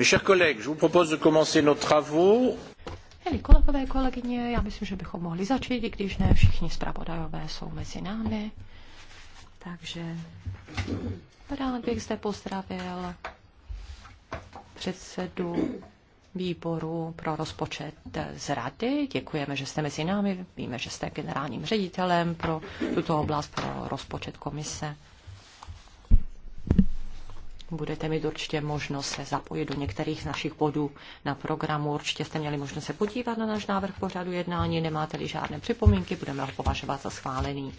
Mes chers collègues, je vous propose de commencer nos travaux. Milí kolegové, kolegyně, já myslím, že bychom mohli začít, i když ne všichni zpravodajové jsou mezi námi. Takže rád bych zde pozdravil předsedu výboru pro rozpočet z Rady. Děkujeme, že jste mezi námi. Víme, že jste generálním ředitelem pro tuto oblast, pro rozpočet komise budete mít určitě možnost se zapojit do některých z našich bodů na programu. Určitě jste měli možnost se podívat na náš návrh pořadu jednání. Nemáte-li žádné připomínky, budeme ho považovat za schválený.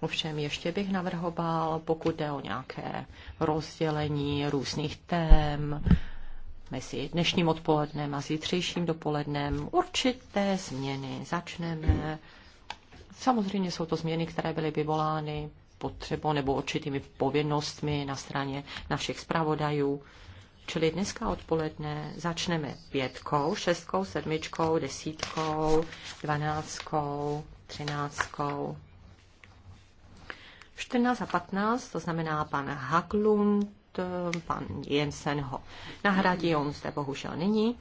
Ovšem ještě bych navrhoval, pokud jde o nějaké rozdělení různých tém mezi dnešním odpolednem a zítřejším dopolednem, určité změny začneme. Samozřejmě jsou to změny, které byly vyvolány by potřebou nebo určitými povinnostmi na straně našich zpravodajů. Čili dneska odpoledne začneme pětkou, šestkou, sedmičkou, desítkou, dvanáctkou, třináctkou. 14 a 15, to znamená pan Haglund, pan Jensen ho nahradí, on zde bohužel není,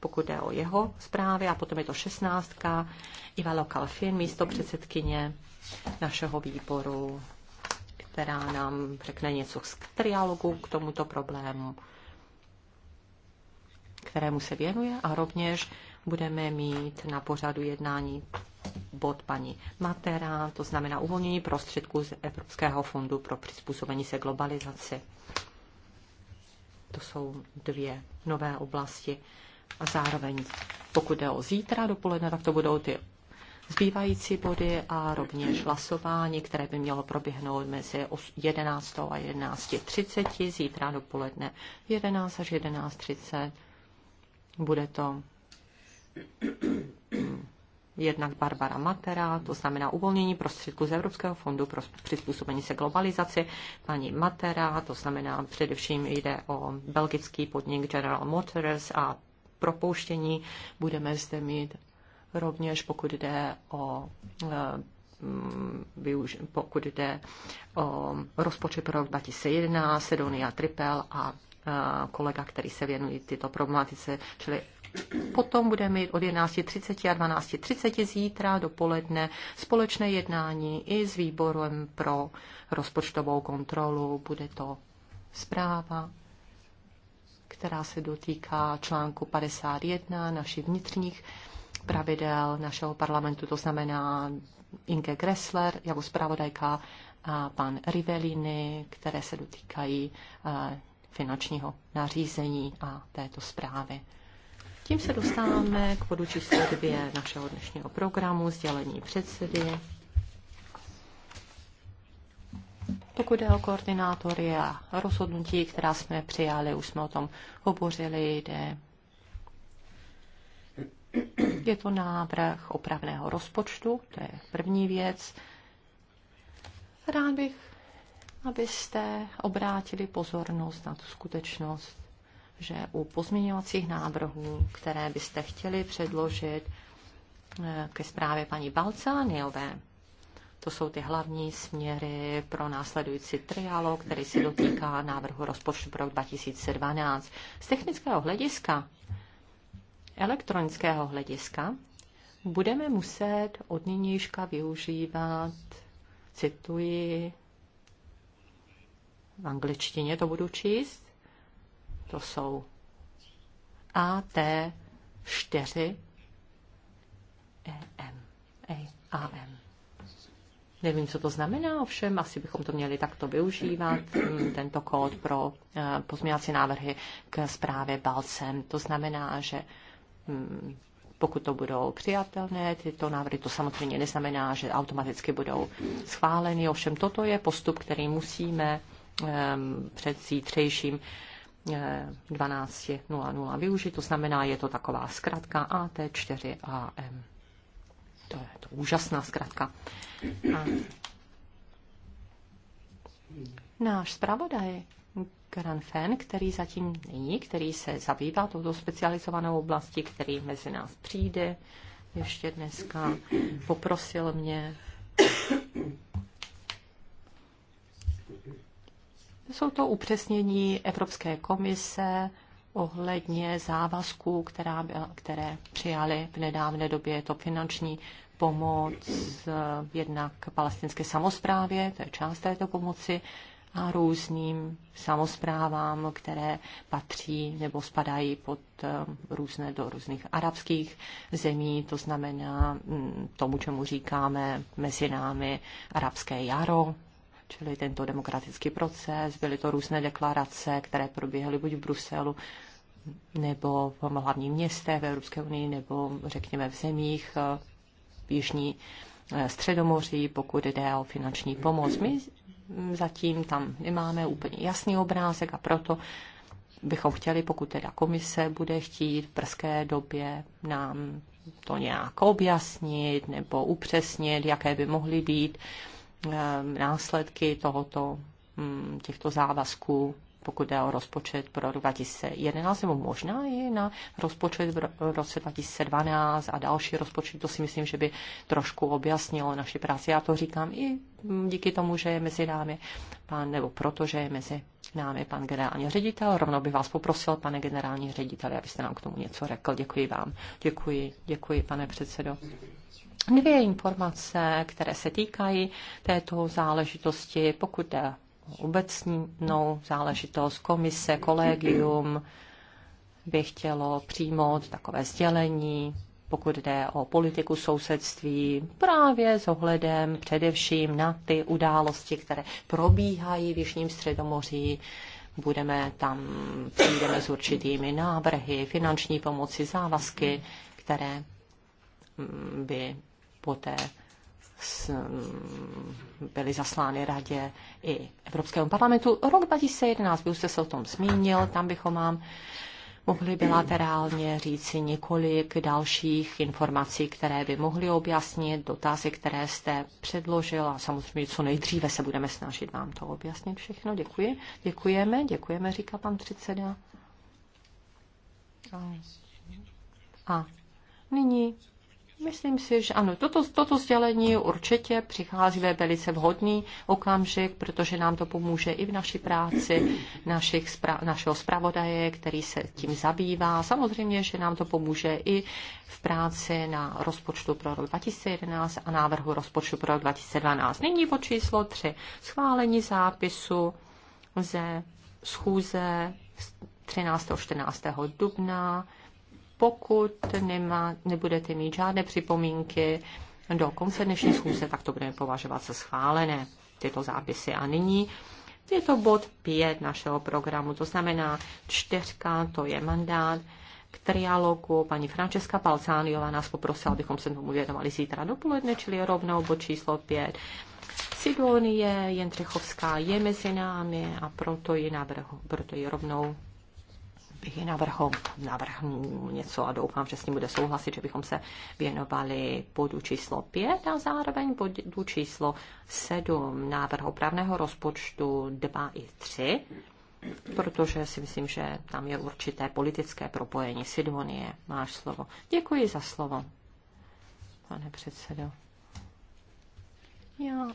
pokud jde o jeho zprávy, a potom je to 16. Ivalo Kalfin, místo předsedkyně našeho výboru která nám řekne něco z trialogu k tomuto problému, kterému se věnuje a rovněž budeme mít na pořadu jednání bod paní Matera, to znamená uvolnění prostředků z Evropského fondu pro přizpůsobení se globalizaci. To jsou dvě nové oblasti. A zároveň, pokud jde o zítra dopoledne, tak to budou ty zbývající body a rovněž hlasování, které by mělo proběhnout mezi 11. a 11.30, zítra dopoledne 11 až 11.30. Bude to jednak Barbara Matera, to znamená uvolnění prostředků z Evropského fondu pro přizpůsobení se globalizaci, paní Matera, to znamená především jde o belgický podnik General Motors a propouštění. Budeme zde mít rovněž pokud jde o eh, pokud jde o rozpočet pro rok 2011, Sedonia Tripel a eh, kolega, který se věnují tyto problematice, čili Potom budeme mít od 11.30 a 12.30 zítra dopoledne společné jednání i s výborem pro rozpočtovou kontrolu. Bude to zpráva, která se dotýká článku 51 našich vnitřních pravidel našeho parlamentu, to znamená Inge Gressler jako zpravodajka a pan Rivellini, které se dotýkají eh, finančního nařízení a této zprávy. Tím se dostáváme k bodu číslo dvě našeho dnešního programu, sdělení předsedy. Pokud jde o koordinátory a rozhodnutí, která jsme přijali, už jsme o tom hovořili, jde je to návrh opravného rozpočtu, to je první věc. Rád bych, abyste obrátili pozornost na tu skutečnost, že u pozměňovacích návrhů, které byste chtěli předložit eh, ke zprávě paní Balcániové, to jsou ty hlavní směry pro následující trialog, který se dotýká návrhu rozpočtu pro 2012. Z technického hlediska elektronického hlediska budeme muset od nynějška využívat, cituji, v angličtině to budu číst, to jsou AT4 EM. AM. Nevím, co to znamená, ovšem asi bychom to měli takto využívat, mm, tento kód pro eh, pozměňovací návrhy k zprávě Balcem. To znamená, že Hmm, pokud to budou přijatelné, tyto návrhy, to samozřejmě neznamená, že automaticky budou schváleny. Ovšem toto je postup, který musíme ehm, před zítřejším 12.00 eh, využít. To znamená, je to taková zkratka AT4AM. To je to úžasná zkratka. A náš zpravodaj Granfen, který zatím není, který se zabývá touto specializovanou oblastí, který mezi nás přijde ještě dneska, poprosil mě. Jsou to upřesnění Evropské komise ohledně závazků, která, které přijali v nedávné době. Je to finanční pomoc eh, jednak palestinské samozprávě, to je část této pomoci, a různým samozprávám, které patří nebo spadají pod eh, různé do různých arabských zemí, to znamená mm, tomu, čemu říkáme mezi námi arabské jaro, čili tento demokratický proces. Byly to různé deklarace, které proběhly buď v Bruselu, nebo v hlavním městě v Evropské unii, nebo řekněme v zemích eh, v Jižní eh, Středomoří, pokud jde o finanční pomoc. My zatím tam nemáme úplně jasný obrázek a proto bychom chtěli, pokud teda komise bude chtít v brzké době nám to nějak objasnit nebo upřesnit, jaké by mohly být eh, následky tohoto, hm, těchto závazků pokud jde o rozpočet pro rok 2011 nebo možná i na rozpočet v roce 2012 a další rozpočet. To si myslím, že by trošku objasnilo naši práci. Já to říkám i díky tomu, že je mezi námi pan, nebo protože je mezi námi pan generální ředitel. Rovno bych vás poprosil, pane generální ředitel, abyste nám k tomu něco řekl. Děkuji vám. Děkuji, děkuji, pane předsedo dvě informace, které se týkají této záležitosti, pokud jde obecnou záležitost, komise, kolegium by chtělo přijmout takové sdělení, pokud jde o politiku sousedství, právě s ohledem především na ty události, které probíhají v Jižním středomoří. Budeme tam, přijdeme s určitými návrhy, finanční pomoci, závazky, které mm, by poté Mm, byly zaslány radě i Evropskému parlamentu. Rok 2011, vy už jste se o tom zmínil, tam bychom vám mohli bilaterálně říci několik dalších informací, které by mohly objasnit, dotazy, které jste předložil a samozřejmě co nejdříve se budeme snažit vám to objasnit všechno. Děkuji. Děkujeme, děkujeme, říká pan předseda. A nyní Myslím si, že ano, toto, toto sdělení určitě přichází ve velice vhodný okamžik, protože nám to pomůže i v naší práci našich, spra, našeho zpravodaje, který se tím zabývá. Samozřejmě, že nám to pomůže i v práci na rozpočtu pro rok 2011 a návrhu rozpočtu pro rok 2012. Nyní po číslo 3. Schválení zápisu ze schůze 13. 14. dubna pokud nemá, nebudete mít žádné připomínky do konce dnešní schůze, tak to budeme považovat za schválené, tyto zápisy. A nyní je to bod 5 našeho programu, to znamená čtyřka, to je mandát k trialogu. Paní Francesca Palcániová nás poprosila, abychom se tomu věnovali zítra dopoledne, čili rovnou bod číslo 5. Sidonie Jendřichovská je mezi námi a proto ji, navrhu, proto ji rovnou bych ji navrhl, navrhnu něco a doufám, že s ním bude souhlasit, že bychom se věnovali bodu číslo 5 a zároveň bodu číslo 7 návrh opravného rozpočtu 2 i 3, protože si myslím, že tam je určité politické propojení. Sidonie, máš slovo. Děkuji za slovo, pane předsedo. Já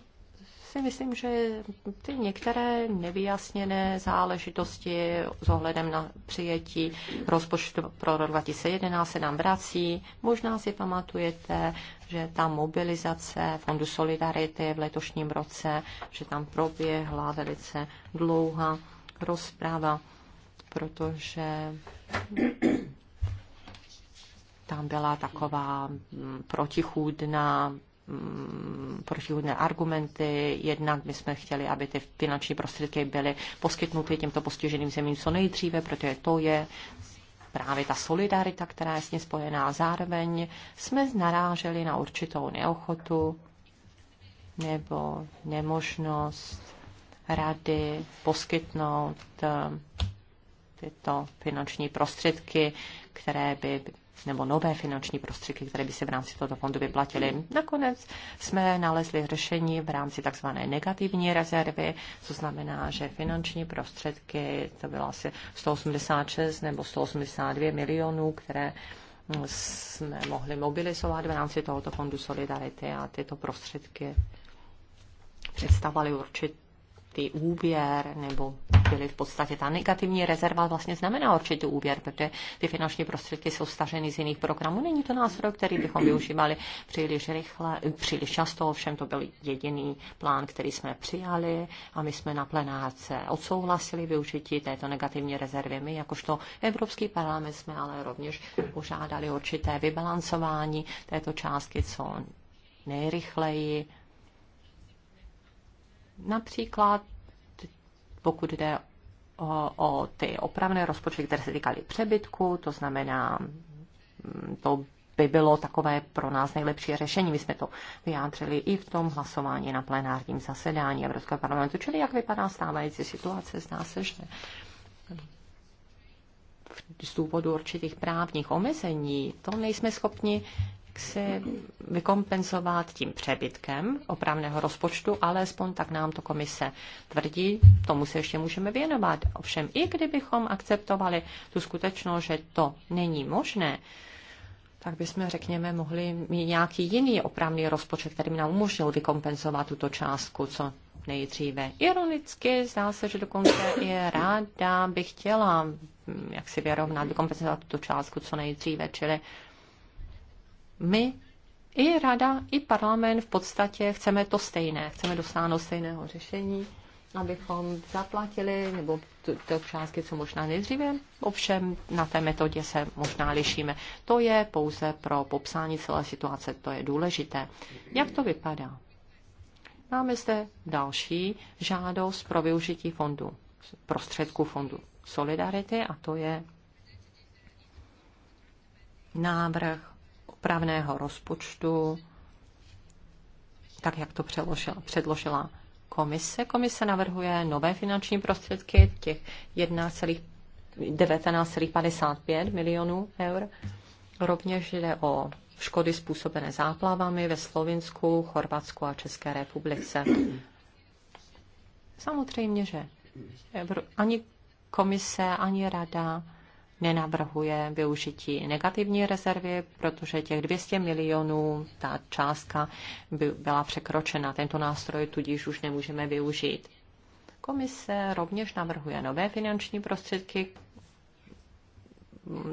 si myslím, že ty některé nevyjasněné záležitosti s ohledem na přijetí rozpočtu pro rok 2011 se nám vrací. Možná si pamatujete, že ta mobilizace Fondu Solidarity v letošním roce, že tam proběhla velice dlouhá rozprava, protože tam byla taková protichůdná Mm, protichudné argumenty. Jednak my jsme chtěli, aby ty finanční prostředky byly poskytnuty těmto postiženým zemím co nejdříve, protože to je právě ta solidarita, která je s ní spojená. Zároveň jsme naráželi na určitou neochotu nebo nemožnost rady poskytnout eh, tyto finanční prostředky, které by nebo nové finanční prostředky, které by se v rámci tohoto fondu vyplatily. Nakonec jsme nalezli řešení v rámci tzv. negativní rezervy, co znamená, že finanční prostředky, to bylo asi 186 nebo 182 milionů, které jsme mohli mobilizovat v rámci tohoto fondu Solidarity a tyto prostředky představovaly určitě ty úvěr nebo byly v podstatě ta negativní rezerva vlastně znamená určitý úvěr, protože ty finanční prostředky jsou staženy z jiných programů. Není to nástroj, který bychom využívali příliš rychle, příliš často, ovšem to byl jediný plán, který jsme přijali a my jsme na plenáce odsouhlasili využití této negativní rezervy. My jakožto Evropský parlament jsme ale rovněž požádali určité vybalancování této částky co nejrychleji Například pokud jde o, o ty opravné rozpočty, které se týkaly přebytku, to znamená, mm, to by bylo takové pro nás nejlepší řešení. My jsme to vyjádřili i v tom hlasování na plenárním zasedání Evropského parlamentu. Čili jak vypadá stávající situace, zdá se, že z důvodu určitých právních omezení to nejsme schopni jaksi vykompenzovat tím přebytkem opravného rozpočtu, alespoň tak nám to komise tvrdí, tomu se ještě můžeme věnovat. Ovšem, i kdybychom akceptovali tu skutečnost, že to není možné, tak bychom, řekněme, mohli mít nějaký jiný opravný rozpočet, který by nám umožnil vykompenzovat tuto částku, co nejdříve. Ironicky zdá se, že dokonce i ráda bych chtěla mm, jak si vyrovnat, vykompenzovat tuto částku co nejdříve, čili my i rada, i parlament v podstatě chceme to stejné, chceme dosáhnout stejného řešení, abychom zaplatili nebo to částky, co možná nejdříve. Ovšem na té metodě se možná lišíme. To je pouze pro popsání celé situace, to je důležité. Jak to vypadá? Máme zde další žádost pro využití fondu, prostředku fondu Solidarity a to je návrh opravného rozpočtu, tak jak to předložila, předložila komise. Komise navrhuje nové finanční prostředky, těch 19,55 milionů eur. Rovněž jde o škody způsobené záplavami ve Slovinsku, Chorvatsku a České republice. Samozřejmě, že ani komise, ani rada nenavrhuje využití negativní rezervy, protože těch 200 milionů, ta částka by byla překročena. Tento nástroj tudíž už nemůžeme využít. Komise rovněž navrhuje nové finanční prostředky,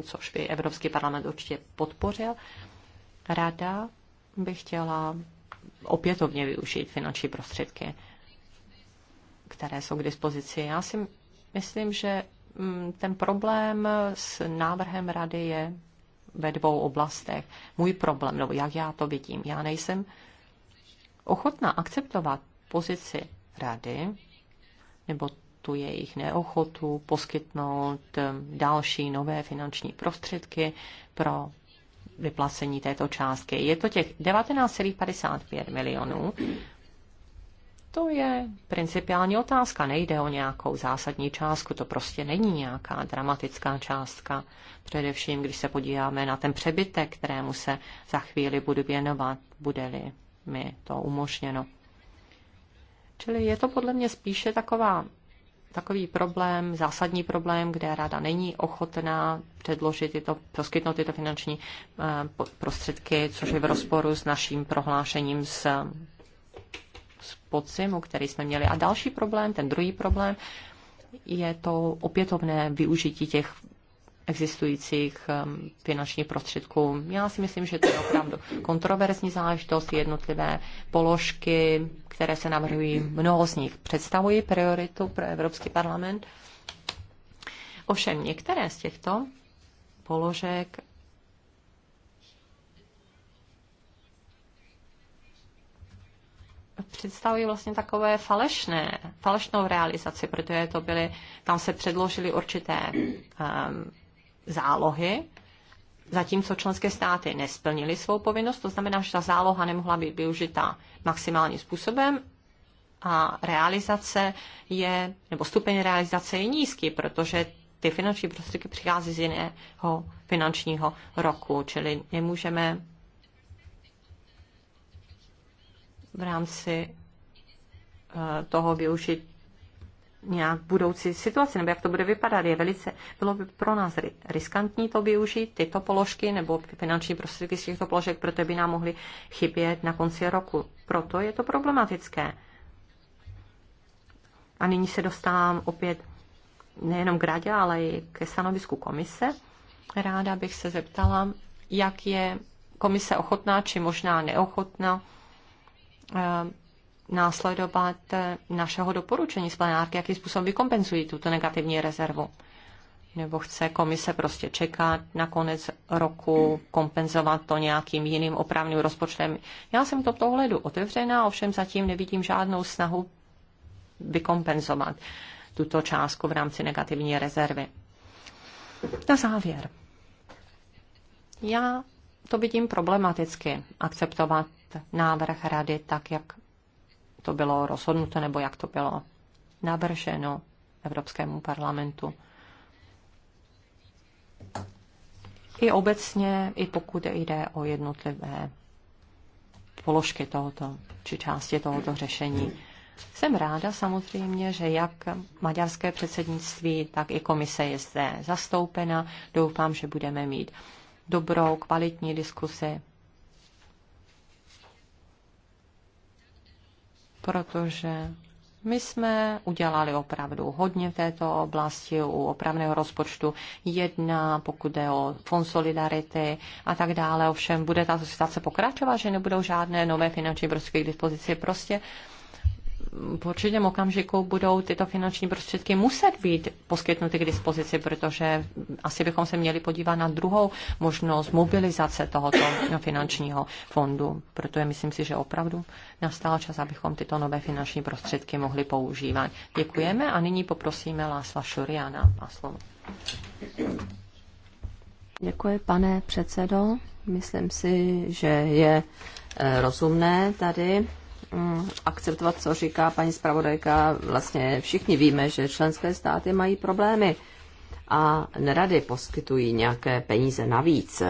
což by Evropský parlament určitě podpořil. Rada by chtěla opětovně využít finanční prostředky, které jsou k dispozici. Já si myslím, že Mm, ten problém s návrhem rady je ve dvou oblastech. Můj problém, nebo jak já to vidím, já nejsem ochotná akceptovat pozici rady, nebo tu jejich neochotu poskytnout mm, další nové finanční prostředky pro vyplacení této částky. Je to těch 19,55 milionů to je principiální otázka, nejde o nějakou zásadní částku, to prostě není nějaká dramatická částka. Především, když se podíváme na ten přebytek, kterému se za chvíli budu věnovat, bude-li mi to umožněno. Čili je to podle mě spíše taková, takový problém, zásadní problém, kde rada není ochotná předložit tyto, poskytnout tyto finanční eh, prostředky, což je v rozporu s naším prohlášením z z podzimu, který jsme měli. A další problém, ten druhý problém, je to opětovné využití těch existujících um, finančních prostředků. Já si myslím, že to je opravdu kontroverzní záležitost, jednotlivé položky, které se navrhují, mnoho z nich představují prioritu pro Evropský parlament. Ovšem některé z těchto položek představují vlastně takové falešné, falešnou realizaci, protože to byly, tam se předložily určité um, zálohy, zatímco členské státy nesplnily svou povinnost, to znamená, že ta záloha nemohla být využita maximálním způsobem a realizace je, nebo stupeň realizace je nízký, protože ty finanční prostředky přichází z jiného finančního roku, čili nemůžeme v rámci eh, toho využít nějak budoucí situaci, nebo jak to bude vypadat. Je velice, bylo by pro nás riskantní to využít, tyto položky nebo finanční prostředky z těchto položek, protože by nám mohly chybět na konci roku. Proto je to problematické. A nyní se dostávám opět nejenom k radě, ale i ke stanovisku komise. Ráda bych se zeptala, jak je komise ochotná či možná neochotná Eh, následovat eh, našeho doporučení z plenárky, jakým způsobem vykompenzují tuto negativní rezervu. Nebo chce komise prostě čekat na konec roku, kompenzovat to nějakým jiným opravným rozpočtem. Já jsem to ohledu otevřená, ovšem zatím nevidím žádnou snahu vykompenzovat tuto částku v rámci negativní rezervy. Na závěr. Já to vidím problematicky akceptovat návrh rady tak, jak to bylo rozhodnuto nebo jak to bylo navrženo Evropskému parlamentu. I obecně, i pokud jde o jednotlivé položky tohoto, či části tohoto řešení. Jsem ráda samozřejmě, že jak maďarské předsednictví, tak i komise je zde zastoupena. Doufám, že budeme mít dobrou, kvalitní diskusi protože my jsme udělali opravdu hodně v této oblasti u opravného rozpočtu jedna, pokud je o fond solidarity a tak dále. Ovšem bude ta situace pokračovat, že nebudou žádné nové finanční prostředky k dispozici. Prostě v určitém okamžiku budou tyto finanční prostředky muset být poskytnuty k dispozici, protože asi bychom se měli podívat na druhou možnost mobilizace tohoto finančního fondu. Proto myslím si, že opravdu nastal čas, abychom tyto nové finanční prostředky mohli používat. Děkujeme a nyní poprosíme Lásla Šuriana a slovo. Děkuji, pane předsedo. Myslím si, že je eh, rozumné tady Mm, akceptovat, co říká paní zpravodajka. Vlastně všichni víme, že členské státy mají problémy a nerady poskytují nějaké peníze navíc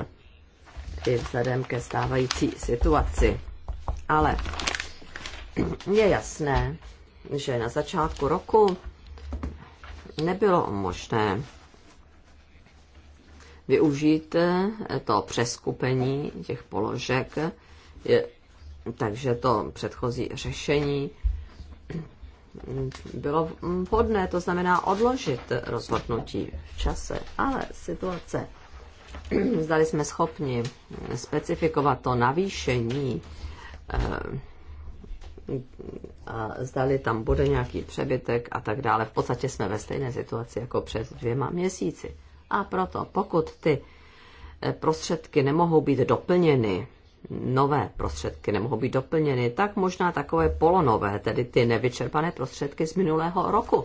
i vzhledem ke stávající situaci. Ale je jasné, že na začátku roku nebylo možné využít to přeskupení těch položek, takže to předchozí řešení bylo vhodné, to znamená odložit rozhodnutí v čase, ale situace, zdali jsme schopni specifikovat to navýšení, eh, a zdali tam bude nějaký přebytek a tak dále. V podstatě jsme ve stejné situaci jako před dvěma měsíci. A proto, pokud ty eh, prostředky nemohou být doplněny nové prostředky nemohou být doplněny, tak možná takové polonové, tedy ty nevyčerpané prostředky z minulého roku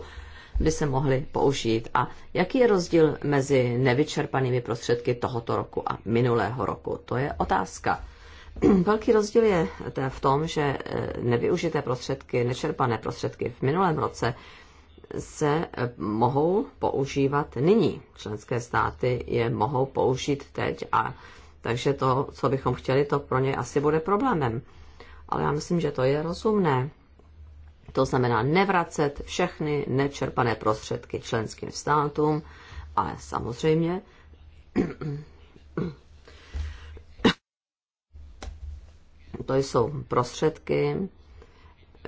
by se mohly použít. A jaký je rozdíl mezi nevyčerpanými prostředky tohoto roku a minulého roku? To je otázka. Velký rozdíl je v tom, že e, nevyužité prostředky, nečerpané prostředky v minulém roce se e, mohou používat nyní. Členské státy je mohou použít teď a takže to, co bychom chtěli, to pro ně asi bude problémem. Ale já myslím, že to je rozumné. To znamená nevracet všechny nečerpané prostředky členským státům, ale samozřejmě to jsou prostředky,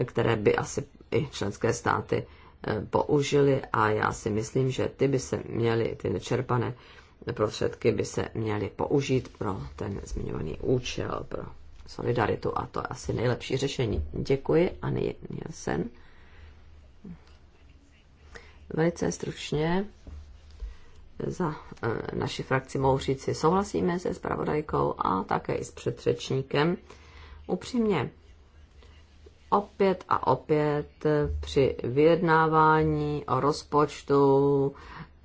které by asi i členské státy eh, použili a já si myslím, že ty by se měly, ty nečerpané prostředky by se měly použít pro ten zmiňovaný účel, pro solidaritu a to je asi nejlepší řešení. Děkuji, Ani Nielsen. Velice stručně za eh, naši frakci mohu si souhlasíme se spravodajkou a také i s předřečníkem. Upřímně, opět a opět při vyjednávání o rozpočtu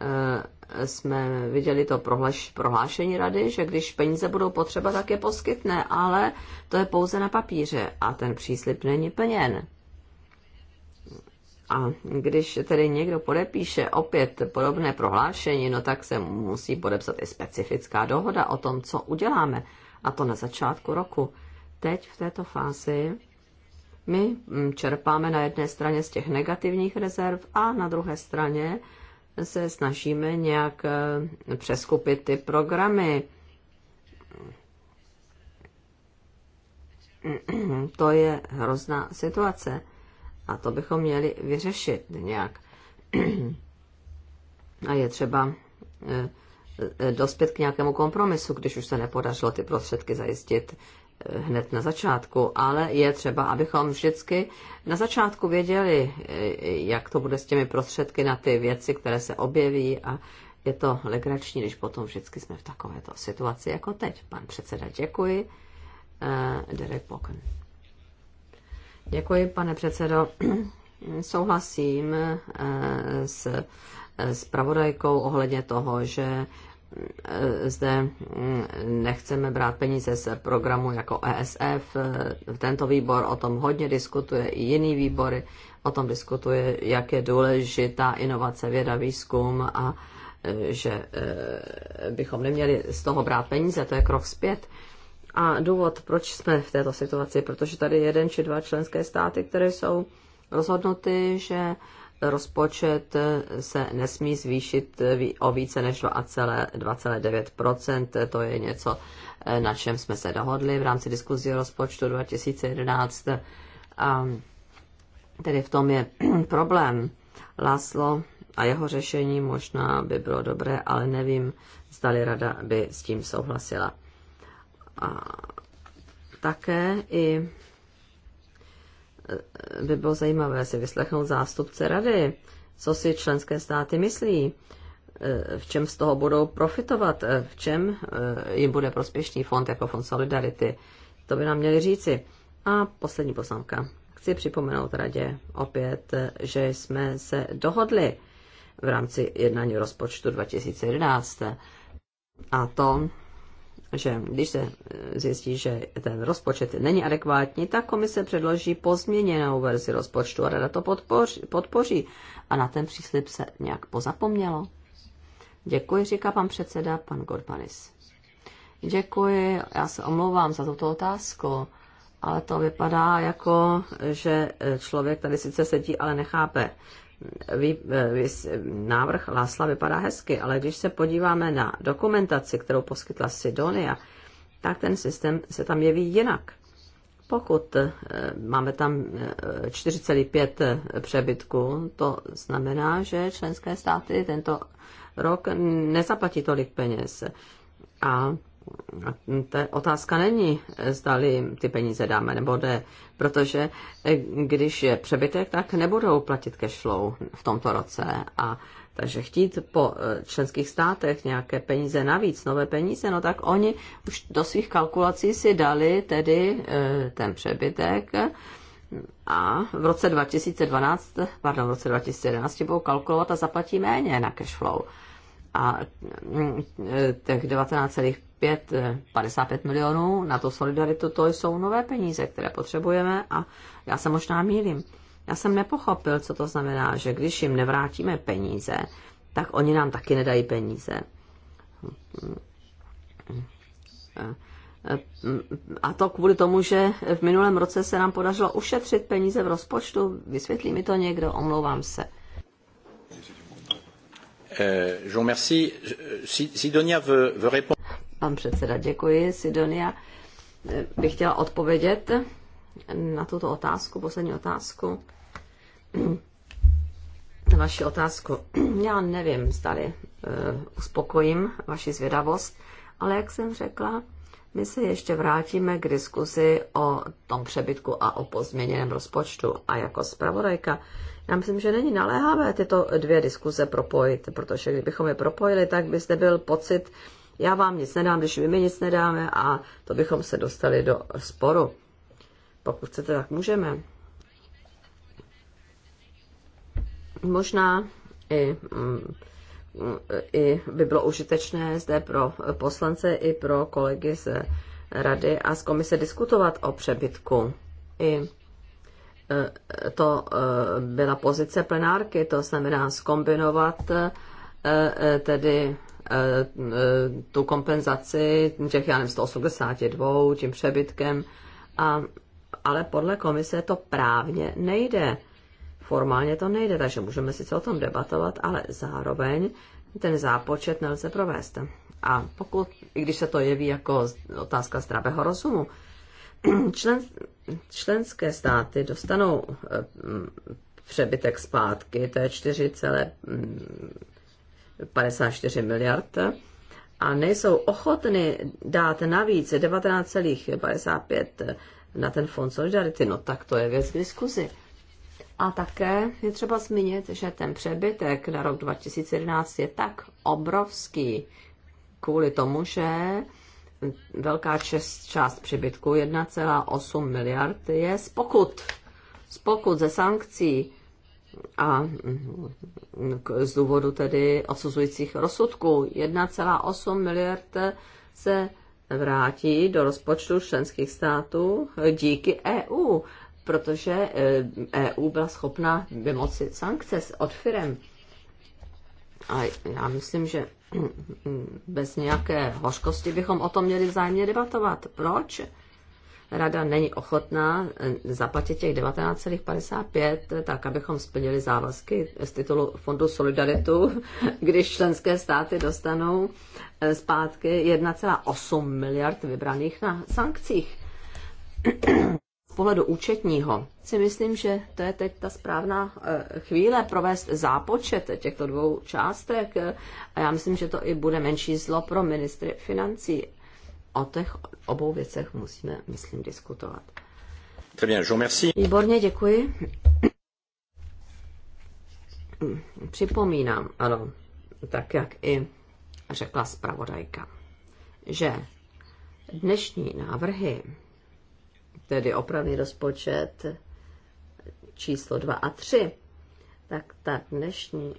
eh, jsme viděli to prohlaš, prohlášení rady, že když peníze budou potřeba, tak je poskytne, ale to je pouze na papíře a ten příslip není plněn. A když tedy někdo podepíše opět podobné prohlášení, no tak se musí podepsat i specifická dohoda o tom, co uděláme. A to na začátku roku. Teď v této fázi my mm, čerpáme na jedné straně z těch negativních rezerv a na druhé straně se snažíme nějak eh, přeskupit ty programy. To je hrozná situace a to bychom měli vyřešit nějak. A je třeba eh, eh, dospět k nějakému kompromisu, když už se nepodařilo ty prostředky zajistit hned na začátku, ale je třeba, abychom vždycky na začátku věděli, jak to bude s těmi prostředky na ty věci, které se objeví a je to legrační, když potom vždycky jsme v takovéto situaci jako teď. Pan předseda, děkuji. Eh, Derek Poken. Děkuji, pane předsedo. Souhlasím eh, s eh, s pravodajkou ohledně toho, že zde mm, nechceme brát peníze z programu jako ESF. Tento výbor o tom hodně diskutuje, i jiný výbory o tom diskutuje, jak je důležitá inovace, věda, výzkum a e, že e, bychom neměli z toho brát peníze, to je krok zpět. A důvod, proč jsme v této situaci, protože tady jeden či dva členské státy, které jsou rozhodnuty, že rozpočet se nesmí zvýšit o více než 2,9%. To je něco, eh, na čem jsme se dohodli v rámci diskuzí o rozpočtu 2011. A tedy v tom je problém. Laslo a jeho řešení možná by bylo dobré, ale nevím, zdali rada by s tím souhlasila. A také i by bylo zajímavé si vyslechnout zástupce rady, co si členské státy myslí, e, v čem z toho budou profitovat, e, v čem e, jim bude prospěšný fond jako fond Solidarity. To by nám měli říci. A poslední poznámka. Chci připomenout radě opět, že jsme se dohodli v rámci jednání rozpočtu 2011. A to že když se eh, zjistí, že ten rozpočet není adekvátní, tak komise předloží pozměněnou verzi rozpočtu a rada to podpoří, podpoří. A na ten příslip se nějak pozapomnělo. Děkuji, říká pan předseda, pan Gorbanis. Děkuji, já se omlouvám za tuto otázku, ale to vypadá jako, že člověk tady sice sedí, ale nechápe, vy, eh, vy, návrh Lásla vypadá hezky, ale když se podíváme na dokumentaci, kterou poskytla Sidonia, tak ten systém se tam jeví jinak. Pokud eh, máme tam 4,5 eh, přebytku, to znamená, že členské státy tento rok nezaplatí tolik peněz. A ta otázka není, zdali ty peníze dáme nebo ne, protože e, když je přebytek, tak nebudou platit cash flow v tomto roce. A takže chtít po e, členských státech nějaké peníze navíc, nové peníze, no tak oni už do svých kalkulací si dali tedy e, ten přebytek a v roce 2012, pardon, v roce 2011 budou kalkulovat a zaplatí méně na cash flow a eh, těch 19,5, 55 eh, milionů na tu solidaritu, to jsou nové peníze, které potřebujeme a já se možná mílim. Já jsem nepochopil, co to znamená, že když jim nevrátíme peníze, tak oni nám taky nedají peníze. A to kvůli tomu, že v minulém roce se nám podařilo ušetřit peníze v rozpočtu. Vysvětlí mi to někdo, omlouvám se. Eh, je vous remercie. Eh, Sidonia veut, veut répondre. Pan předseda, děkuji. Sidonia eh, bych chtěla odpovědět na tuto otázku, poslední otázku. Vaši otázku. Já nevím, zdali uspokojím vaši zvědavost, ale jak jsem řekla, my se ještě vrátíme k diskuzi o tom přebytku a o pozměněném rozpočtu. A jako zpravodajka, já myslím, že není naléhavé tyto dvě diskuze propojit, protože kdybychom je propojili, tak by zde byl pocit, já vám nic nedám, když vy mi nic nedáme a to bychom se dostali do sporu. Pokud chcete, tak můžeme. Možná i mm, i by bylo užitečné zde pro poslance i pro kolegy z rady a z komise diskutovat o přebytku. I e, to e, byla pozice plenárky, to znamená skombinovat e, tedy tu kompenzaci těch, já nevím, 182 tím přebytkem, a, ale podle komise to právně nejde Formálně to nejde, takže můžeme sice o tom debatovat, ale zároveň ten zápočet nelze provést. A pokud, i když se to jeví jako otázka zdravého rozumu, člen, členské státy dostanou eh, mm, přebytek zpátky, to je 4,54 mm, miliard, a nejsou ochotny dát navíc 19,55 na ten fond solidarity, no tak to je věc k diskuzi. A také je třeba zmínit, že ten přebytek na rok 2011 je tak obrovský kvůli tomu, že velká čest, část přebytku 1,8 miliard je z pokut. Z pokut ze sankcí a mm, z důvodu tedy odsuzujících rozsudků 1,8 miliard se vrátí do rozpočtu členských států díky EU protože EU eh, e byla schopna vymocit sankce od firem. A já myslím, že bez nějaké hořkosti bychom o tom měli vzájemně debatovat. Proč? Rada není ochotná eh, zaplatit těch 19,55, eh, tak abychom splnili závazky z titulu Fondu Solidaritu, když členské státy dostanou zpátky 1,8 miliard vybraných na sankcích. pohledu účetního si myslím, že to je teď ta správná eh, chvíle provést zápočet těchto dvou částek a já myslím, že to i bude menší zlo pro ministry financí. O těch obou věcech musíme, myslím, diskutovat. Très bien, je merci. Výborně, děkuji. Připomínám, ano, tak jak i řekla zpravodajka, že dnešní návrhy tedy opravný rozpočet číslo 2 a 3, tak ta dnešní,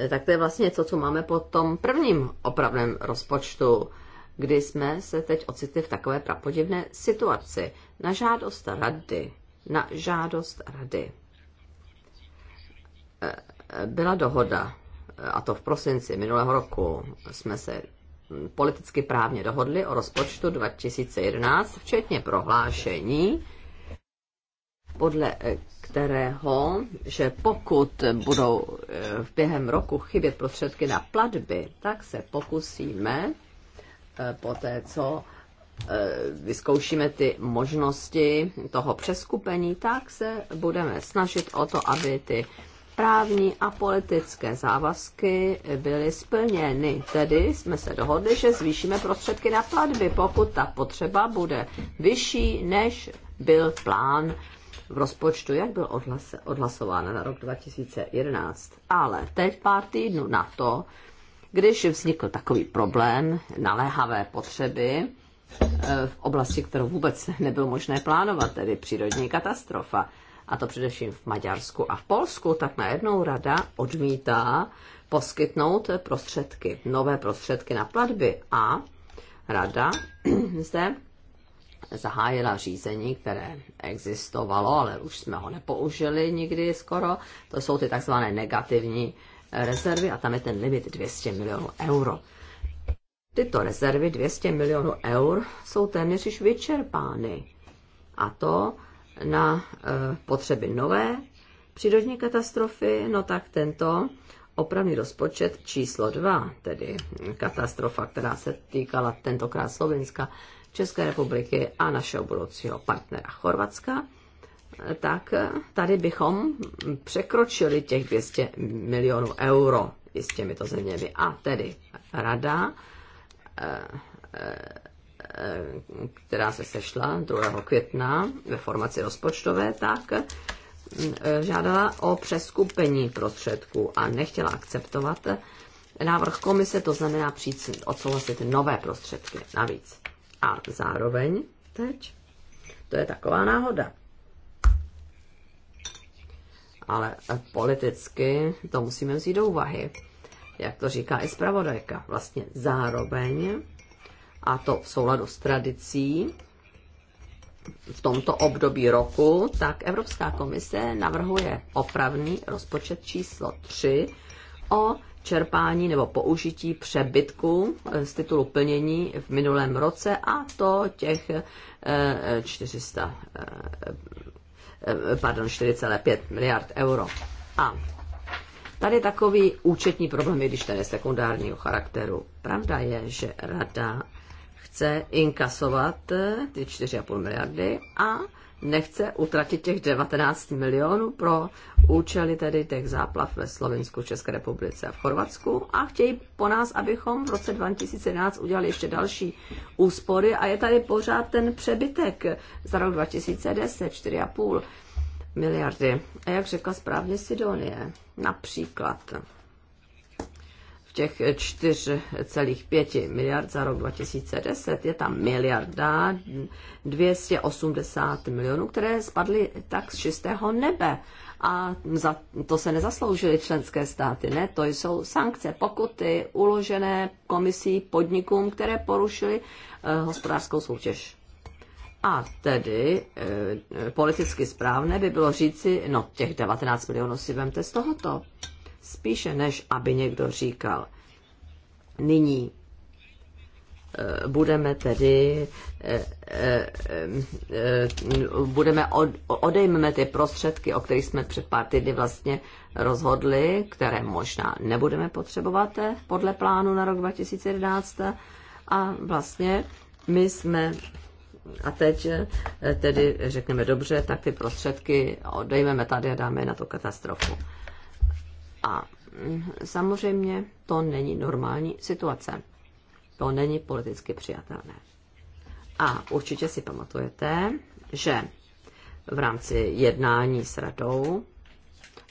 eh, tak to je vlastně to, co máme po tom prvním opravném rozpočtu, kdy jsme se teď ocitli v takové prapodivné situaci. Na žádost rady, na žádost rady eh, eh, byla dohoda, a to v prosinci minulého roku jsme se politicky právně dohodli o rozpočtu 2011, včetně prohlášení, podle eh, kterého, že pokud budou eh, v během roku chybět prostředky na platby, tak se pokusíme eh, po té, co vyzkoušíme ty možnosti toho přeskupení, tak se budeme snažit o to, aby ty právní a politické závazky byly splněny. Tedy jsme se dohodli, že zvýšíme prostředky na platby, pokud ta potřeba bude vyšší, než byl plán v rozpočtu, jak byl odhlas, odhlasován na rok 2011. Ale teď pár týdnů na to, když vznikl takový problém, naléhavé potřeby eh, v oblasti, kterou vůbec nebylo možné plánovat, tedy přírodní katastrofa, a to především v Maďarsku a v Polsku, tak najednou rada odmítá poskytnout prostředky, nové prostředky na platby a rada zde zahájila řízení, které existovalo, ale už jsme ho nepoužili nikdy skoro. To jsou ty takzvané negativní rezervy a tam je ten limit 200 milionů euro. Tyto rezervy 200 milionů eur jsou téměř již vyčerpány. A to na e, potřeby nové přírodní katastrofy, no tak tento opravný rozpočet číslo 2, tedy katastrofa, která se týkala tentokrát Slovenska, České republiky a našeho budoucího partnera Chorvatska, e, tak e, tady bychom překročili těch 200 milionů euro s těmito zeměmi. A tedy rada která se sešla 2. května ve formaci rozpočtové, tak mm, e, žádala o přeskupení prostředků a nechtěla akceptovat návrh komise, to znamená přijít odsouhlasit nové prostředky navíc. A zároveň teď, to je taková náhoda. Ale politicky to musíme vzít do úvahy. Jak to říká i zpravodajka, vlastně zároveň a to v souladu s tradicí v tomto období roku, tak Evropská komise navrhuje opravný rozpočet číslo 3 o čerpání nebo použití přebytku eh, z titulu plnění v minulém roce a to těch 400, eh, eh, pardon, 4,5 miliard euro. A tady takový účetní problém, i když ten je sekundárního charakteru. Pravda je, že rada chce inkasovat ty 4,5 miliardy a nechce utratit těch 19 milionů pro účely tedy těch záplav ve Slovensku, České republice a v Chorvatsku a chtějí po nás, abychom v roce 2011 udělali ještě další úspory a je tady pořád ten přebytek za rok 2010, 4,5 miliardy. A jak řekla správně Sidonie, například těch 4,5 miliard za rok 2010 je tam miliarda 280 milionů, které spadly tak z čistého nebe. A za, to se nezasloužily členské státy, ne? To jsou sankce, pokuty uložené komisí podnikům, které porušily eh, hospodářskou soutěž. A tedy eh, politicky správné by bylo říci, no těch 19 milionů si vemte z tohoto spíše než aby někdo říkal, nyní eh, budeme tedy eh, eh, budeme odejmeme ty prostředky, o kterých jsme před pár týdny vlastně rozhodli, které možná nebudeme potřebovat podle plánu na rok 2011 a vlastně my jsme a teď tedy řekneme dobře, tak ty prostředky odejmeme tady a dáme na tu katastrofu. A mm, samozřejmě to není normální situace. To není politicky přijatelné. A určitě si pamatujete, že v rámci jednání s radou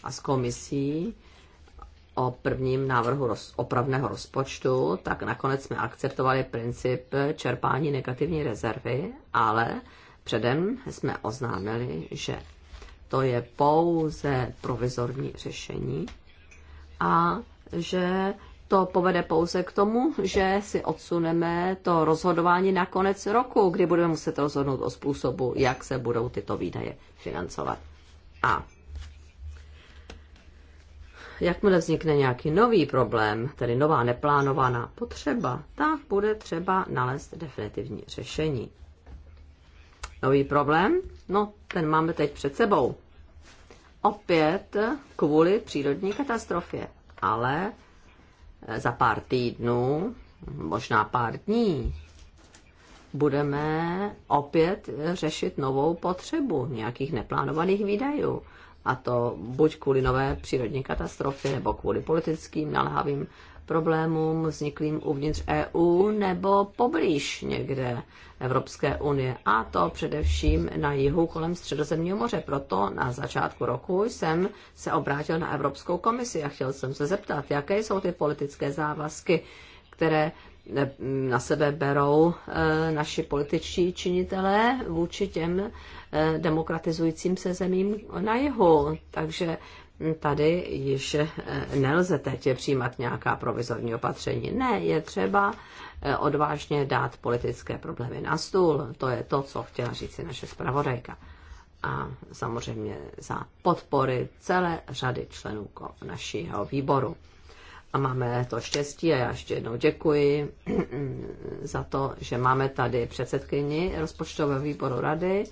a s komisí o prvním návrhu roz, opravného rozpočtu, tak nakonec jsme akceptovali princip čerpání negativní rezervy, ale předem jsme oznámili, že to je pouze provizorní řešení a že to povede pouze k tomu, že si odsuneme to rozhodování na konec roku, kdy budeme muset rozhodnout o způsobu, jak se budou tyto výdaje financovat. A jakmile vznikne nějaký nový problém, tedy nová neplánovaná potřeba, tak bude třeba nalézt definitivní řešení. Nový problém? No, ten máme teď před sebou opět kvůli přírodní katastrofě. Ale za pár týdnů, možná pár dní, budeme opět řešit novou potřebu nějakých neplánovaných výdajů. A to buď kvůli nové přírodní katastrofě, nebo kvůli politickým nalhavým problémům vzniklým uvnitř EU nebo poblíž někde Evropské unie, a to především na jihu kolem Středozemního moře. Proto na začátku roku jsem se obrátil na Evropskou komisi a chtěl jsem se zeptat, jaké jsou ty politické závazky, které eh, na sebe berou eh, naši političtí činitelé vůči těm eh, demokratizujícím se zemím na jihu. Takže tady již eh, nelze teď přijímat nějaká provizorní opatření. Ne, je třeba eh, odvážně dát politické problémy na stůl. To je to, co chtěla si naše zpravodajka. A samozřejmě za podpory celé řady členů našeho výboru. A máme to štěstí a já ještě jednou děkuji za to, že máme tady předsedkyni rozpočtového výboru rady,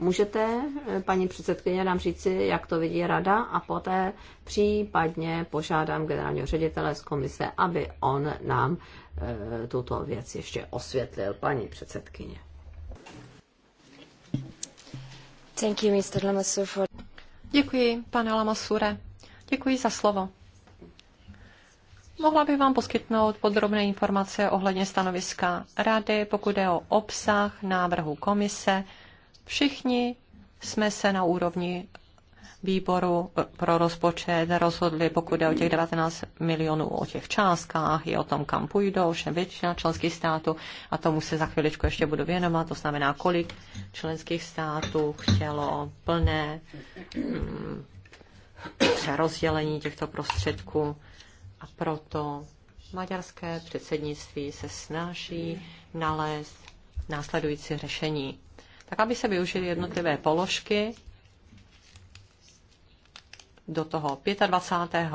Můžete, eh, paní předsedkyně, nám říci, jak to vidí rada a poté případně požádám generálního ředitele z komise, aby on nám e, tuto věc ještě osvětlil, paní předsedkyně. Thank you, Mr. Lamassu, for... Děkuji, pane Lamasure. Děkuji za slovo. Mohla bych vám poskytnout podrobné informace ohledně stanoviska Rady, pokud je o obsah návrhu komise Všichni jsme se na úrovni výboru pro rozpočet rozhodli, pokud je o těch 19 milionů, o těch částkách i o tom, kam půjdou, všem většina členských států a tomu se za chviličku ještě budu věnovat, to znamená, kolik členských států chtělo plné mm, přerozdělení těchto prostředků a proto maďarské předsednictví se snaží nalézt následující řešení tak aby se využily jednotlivé položky do toho 25.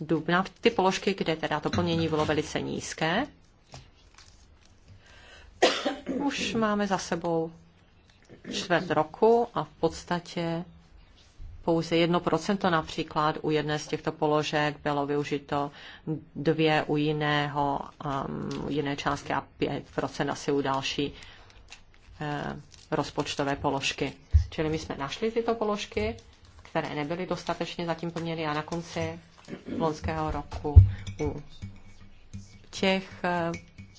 dubna, ty položky, kde teda to plnění bylo velice nízké. Už máme za sebou čtvrt roku a v podstatě pouze 1% například u jedné z těchto položek bylo využito, dvě u jiného, um, jiné částky a 5% asi u další. Eh, rozpočtové položky. Čili my jsme našli tyto položky, které nebyly dostatečně zatím plněny a na konci loňského roku u těch eh,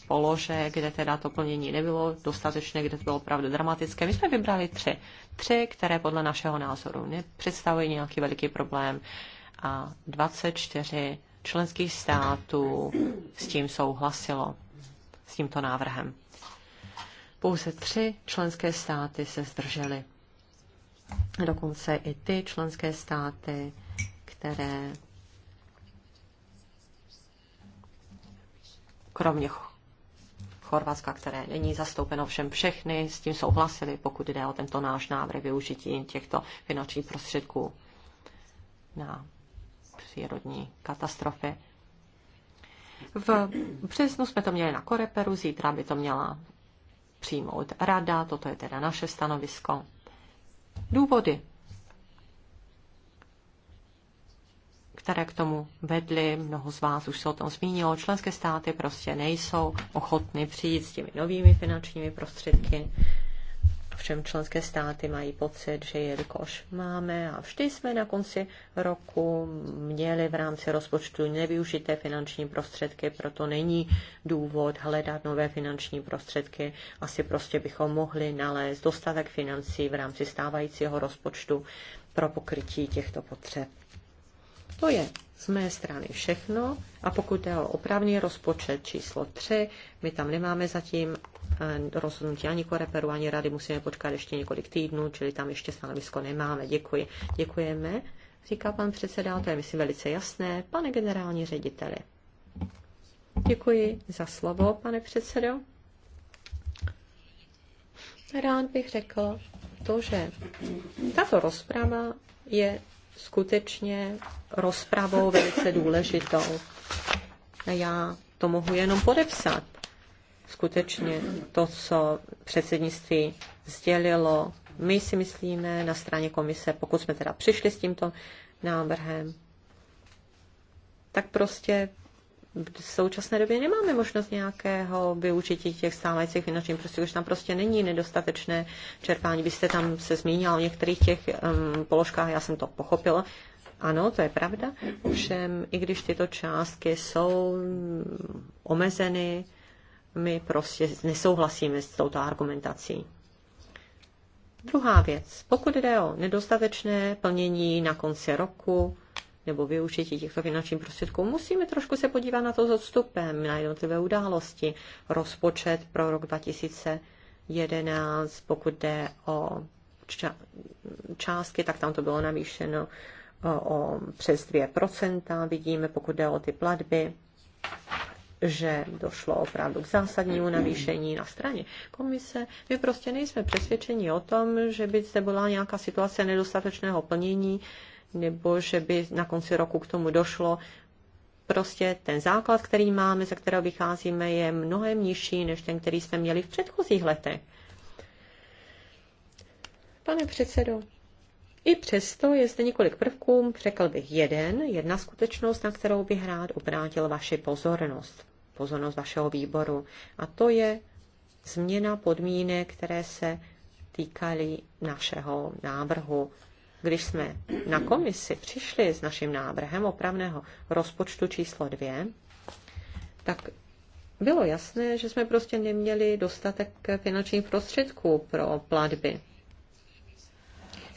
položek, kde teda to plnění nebylo dostatečné, kde to bylo opravdu dramatické. My jsme vybrali tři. Tři, které podle našeho názoru nepředstavují nějaký veliký problém a 24 členských států s tím souhlasilo, s tímto návrhem. Pouze tři členské státy se zdržely. Dokonce i ty členské státy, které kromě Chorvatska, které není zastoupeno všem všechny, s tím souhlasili, pokud jde o tento náš návrh využití těchto finančních prostředků na přírodní katastrofy. V březnu jsme to měli na Koreperu, zítra by to měla přijmout rada, toto je teda naše stanovisko. Důvody, které k tomu vedly, mnoho z vás už se o tom zmínilo, členské státy prostě nejsou ochotny přijít s těmi novými finančními prostředky, Ovšem členské státy mají pocit, že jelikož máme a vždy jsme na konci roku měli v rámci rozpočtu nevyužité finanční prostředky, proto není důvod hledat nové finanční prostředky. Asi prostě bychom mohli nalézt dostatek financí v rámci stávajícího rozpočtu pro pokrytí těchto potřeb. To je z mé strany všechno a pokud je o opravný rozpočet číslo 3, my tam nemáme zatím Eh, rozhodnutí ani koreperu, ani rady. Musíme počkat ještě několik týdnů, čili tam ještě stanovisko nemáme. Děkuji. Děkujeme, říká pan předseda, to je myslím velice jasné. Pane generální řediteli. Děkuji za slovo, pane předsedo. Rád bych řekl to, že tato rozprava je skutečně rozpravou velice důležitou. já to mohu jenom podepsat skutečně to, co předsednictví sdělilo, my si myslíme na straně komise, pokud jsme teda přišli s tímto návrhem, tak prostě v současné době nemáme možnost nějakého využití těch stávajících finančních prostředků, tam prostě není nedostatečné čerpání. Vy jste tam se zmínil o některých těch um, položkách, já jsem to pochopila. Ano, to je pravda, ovšem i když tyto částky jsou omezeny, my prostě nesouhlasíme s touto argumentací. Druhá věc. Pokud jde o nedostatečné plnění na konci roku nebo využití těchto finančních prostředků, musíme trošku se podívat na to s odstupem, na jednotlivé události. Rozpočet pro rok 2011, pokud jde o částky, tak tam to bylo navýšeno o přes 2%, vidíme, pokud jde o ty platby že došlo opravdu k zásadnímu navýšení na straně komise. My prostě nejsme přesvědčeni o tom, že by zde byla nějaká situace nedostatečného plnění nebo že by na konci roku k tomu došlo. Prostě ten základ, který máme, ze kterého vycházíme, je mnohem nižší než ten, který jsme měli v předchozích letech. Pane předsedo, i přesto je zde několik prvků, řekl bych jeden, jedna skutečnost, na kterou bych rád obrátil vaši pozornost pozornost vašeho výboru. A to je změna podmínek, které se týkaly našeho návrhu. Když jsme na komisi přišli s naším návrhem opravného rozpočtu číslo dvě, tak bylo jasné, že jsme prostě neměli dostatek finančních prostředků pro platby.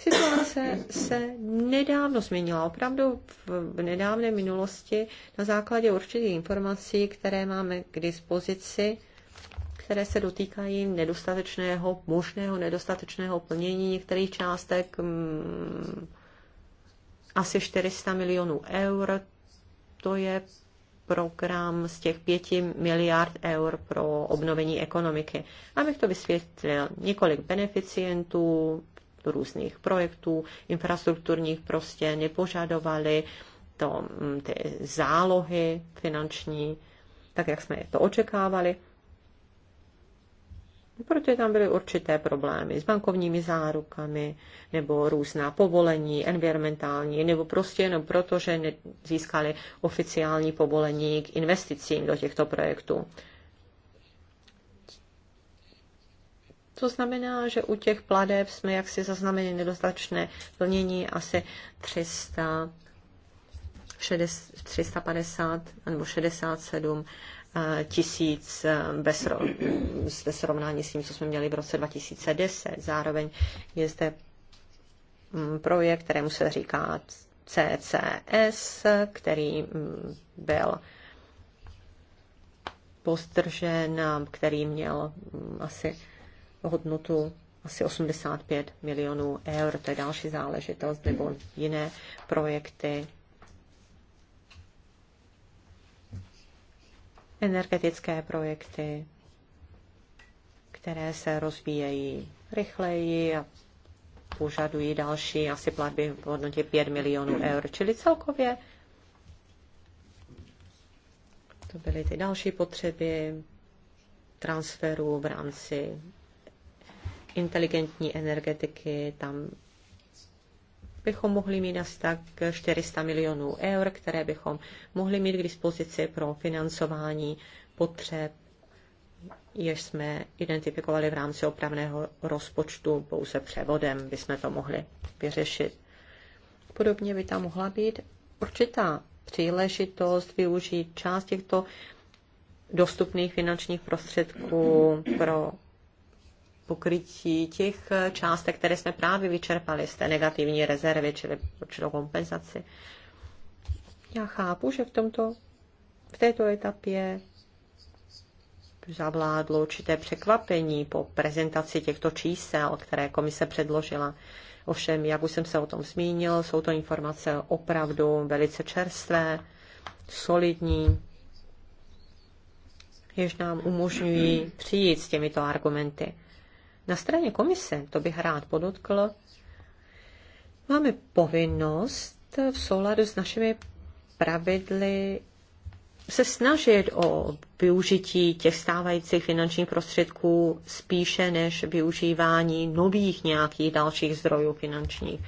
Situace se nedávno změnila, opravdu v nedávné minulosti na základě určitých informací, které máme k dispozici, které se dotýkají nedostatečného, možného nedostatečného plnění některých částek mm, asi 400 milionů eur. To je program z těch 5 miliard eur pro obnovení ekonomiky. Abych to vysvětlil, několik beneficientů, různých projektů infrastrukturních prostě nepožadovali to, mm, ty zálohy finanční, tak jak jsme to očekávali, protože tam byly určité problémy s bankovními zárukami nebo různá povolení environmentální, nebo prostě jenom proto, že získali oficiální povolení k investicím do těchto projektů. To znamená, že u těch pladeb jsme jaksi zaznamenali nedostatečné plnění asi 300, 60, 350 nebo 67 eh, tisíc eh, bez, ve srovnání s tím, co jsme měli v roce 2010. Zároveň je zde mm, projekt, kterému se říká CCS, který mm, byl postržen, který měl mm, asi hodnotu asi 85 milionů eur. To je další záležitost, nebo jiné projekty. Energetické projekty, které se rozvíjejí rychleji a požadují další asi platby v hodnotě 5 milionů eur, čili celkově to byly ty další potřeby transferu v rámci inteligentní energetiky, tam bychom mohli mít asi tak 400 milionů eur, které bychom mohli mít k dispozici pro financování potřeb, jež jsme identifikovali v rámci opravného rozpočtu, pouze převodem jsme to mohli vyřešit. Podobně by tam mohla být určitá příležitost využít část těchto dostupných finančních prostředků pro pokrytí těch eh, částek, které jsme právě vyčerpali z té negativní rezervy, čili určitou kompenzaci. Já chápu, že v, tomto, v této etapě zavládlo určité překvapení po prezentaci těchto čísel, které komise předložila. Ovšem, jak už jsem se o tom zmínil, jsou to informace opravdu velice čerstvé, solidní, jež nám umožňují přijít s těmito argumenty. Na straně komise, to bych rád podotkl, máme povinnost v souladu s našimi pravidly se snažit o využití těch stávajících finančních prostředků spíše než využívání nových nějakých dalších zdrojů finančních.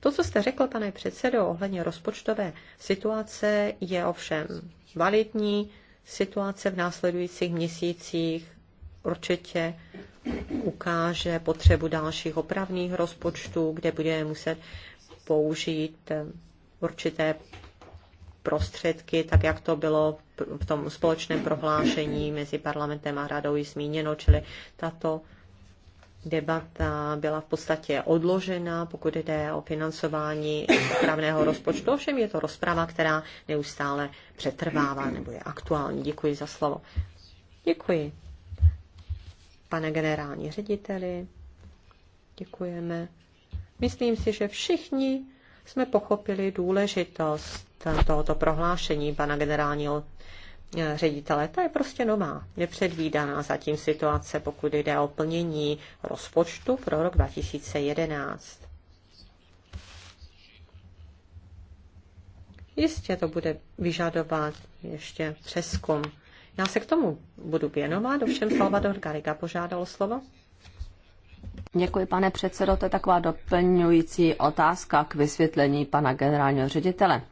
To, co jste řekl, pane předsedo, ohledně rozpočtové situace, je ovšem validní. Situace v následujících měsících určitě ukáže potřebu dalších opravných rozpočtů, kde budeme muset použít eh, určité prostředky, tak jak to bylo v tom společném prohlášení mezi parlamentem a radou i zmíněno, čili tato debata byla v podstatě odložena, pokud jde o financování opravného rozpočtu. Ovšem je to rozprava, která neustále přetrvává nebo je aktuální. Děkuji za slovo. Děkuji pane generální řediteli. Děkujeme. Myslím si, že všichni jsme pochopili důležitost tohoto prohlášení pana generálního eh, ředitele. To je prostě nová, nepředvídaná zatím situace, pokud jde o plnění rozpočtu pro rok 2011. Jistě to bude vyžadovat ještě přeskum já se k tomu budu věnovat, ovšem Salvador Garriga požádal slovo. Děkuji, pane předsedo. To je taková doplňující otázka k vysvětlení pana generálního ředitele.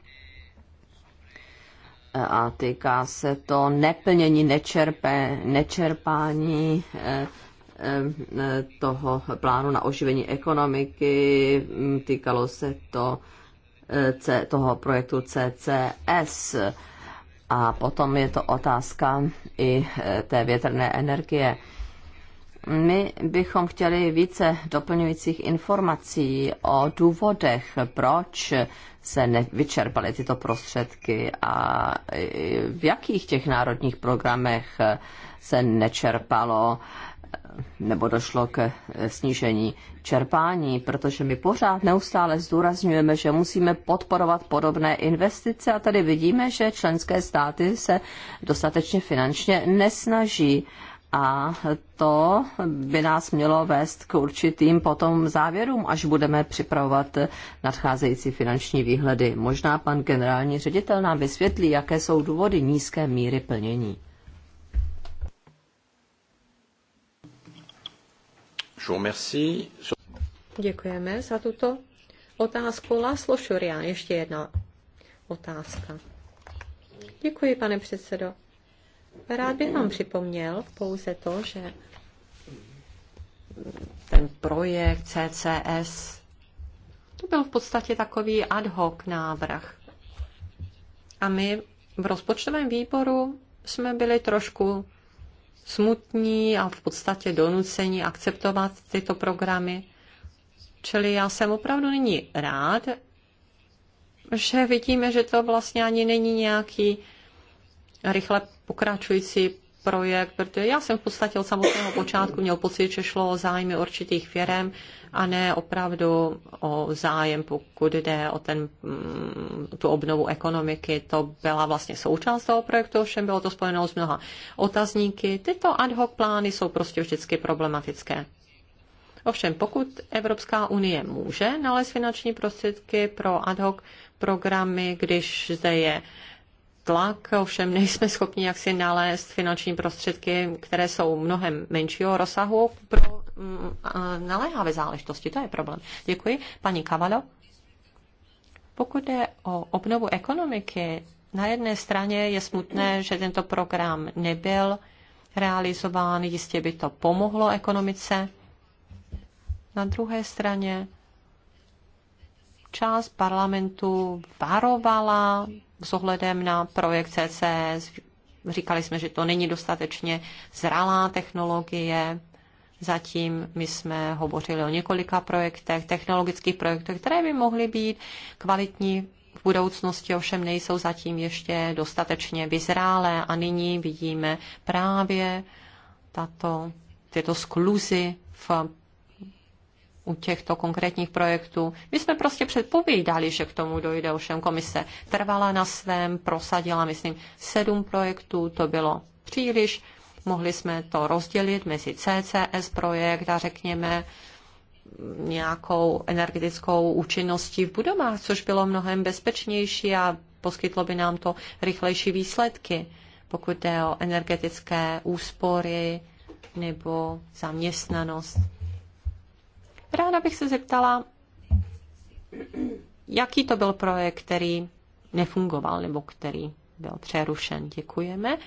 A týká se to neplnění, nečerpe, nečerpání eh, eh, toho plánu na oživení ekonomiky. Týkalo se to eh, toho projektu CCS a potom je to otázka i e, té větrné energie. My bychom chtěli více doplňujících informací o důvodech, proč se nevyčerpaly tyto prostředky a e, v jakých těch národních programech se nečerpalo nebo došlo k snížení čerpání, protože my pořád neustále zdůrazňujeme, že musíme podporovat podobné investice a tady vidíme, že členské státy se dostatečně finančně nesnaží. A to by nás mělo vést k určitým potom závěrům, až budeme připravovat nadcházející finanční výhledy. Možná pan generální ředitel nám vysvětlí, jaké jsou důvody nízké míry plnění. Děkujeme za tuto otázku. Láslo Šurian, ještě jedna otázka. Děkuji, pane předsedo. Rád bych vám připomněl pouze to, že ten projekt CCS, to byl v podstatě takový ad hoc návrh. A my v rozpočtovém výboru jsme byli trošku smutní a v podstatě donuceni akceptovat tyto programy. Čili já jsem opravdu nyní rád, že vidíme, že to vlastně ani není nějaký rychle pokračující projekt, protože já jsem v podstatě od samotného počátku měl pocit, že šlo o zájmy určitých firm a ne opravdu o zájem, pokud jde o ten, mm, tu obnovu ekonomiky. To byla vlastně součást toho projektu, ovšem bylo to spojeno s mnoha otazníky. Tyto ad hoc plány jsou prostě vždycky problematické. Ovšem, pokud Evropská unie může nalézt finanční prostředky pro ad hoc programy, když zde je uh, tlak, ovšem nejsme schopni jaksi nalézt finanční prostředky, které jsou mnohem menšího rozsahu pro mm, naléhavé záležitosti. To je problém. Děkuji. Paní Kavalo? Pokud je o obnovu ekonomiky, na jedné straně je smutné, že tento program nebyl realizován, jistě by to pomohlo ekonomice. Na druhé straně část parlamentu varovala s ohledem na projekt CCS. Říkali jsme, že to není dostatečně zralá technologie. Zatím my jsme hovořili o několika projektech, technologických projektech, které by mohly být kvalitní v budoucnosti ovšem nejsou zatím ještě dostatečně vyzrálé a nyní vidíme právě tato, tyto skluzy v u těchto konkrétních projektů. My jsme prostě předpovídali, že k tomu dojde, ovšem komise trvala na svém, prosadila, myslím, sedm projektů, to bylo příliš, mohli jsme to rozdělit mezi CCS projekt a řekněme nějakou energetickou účinností v budovách, což bylo mnohem bezpečnější a poskytlo by nám to rychlejší výsledky, pokud jde o energetické úspory nebo zaměstnanost. Ráda bych se zeptala, jaký to byl projekt, který nefungoval nebo který byl přerušen. Děkujeme.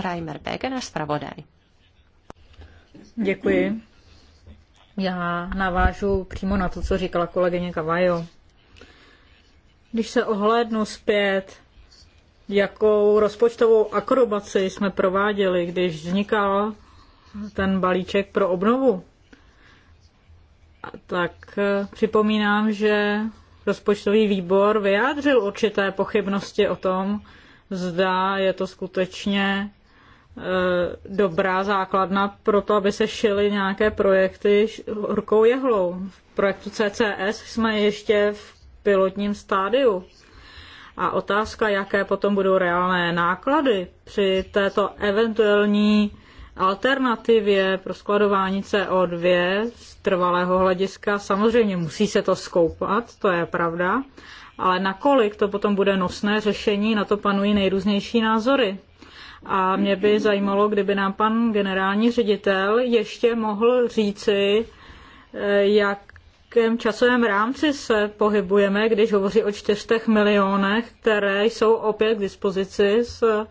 Reimer Bege, náš zpravodaj. Děkuji. Já navážu přímo na to, co říkala kolegyně Kavajo. Když se ohlédnu zpět, jakou rozpočtovou akrobaci jsme prováděli, když vznikal ten balíček pro obnovu, tak eh, připomínám, že rozpočtový výbor vyjádřil určité pochybnosti o tom, zda je to skutečně eh, dobrá základna pro to, aby se šily nějaké projekty horkou jehlou. V projektu CCS jsme ještě v pilotním stádiu. A otázka, jaké potom budou reálné náklady při této eventuální alternativě pro skladování CO2 trvalého hlediska. Samozřejmě musí se to skoupat, to je pravda, ale nakolik to potom bude nosné řešení, na to panují nejrůznější názory. A mě by zajímalo, kdyby nám pan generální ředitel ještě mohl říci, jak eh, jakém časovém rámci se pohybujeme, když hovoří o čtyřtech milionech, které jsou opět k dispozici z eh,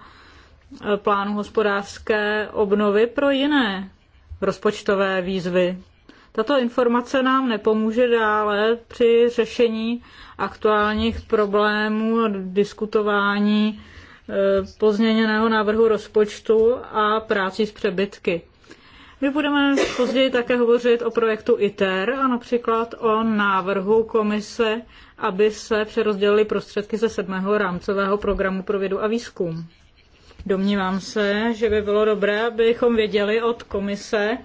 plánu hospodářské obnovy pro jiné rozpočtové výzvy. Tato informace nám nepomůže dále při řešení aktuálních problémů a diskutování e, pozměněného návrhu rozpočtu a práci s přebytky. My budeme později také hovořit o projektu ITER a například o návrhu komise, aby se přerozdělily prostředky ze sedmého rámcového programu pro vědu a výzkum. Domnívám se, že by bylo dobré, abychom věděli od komise,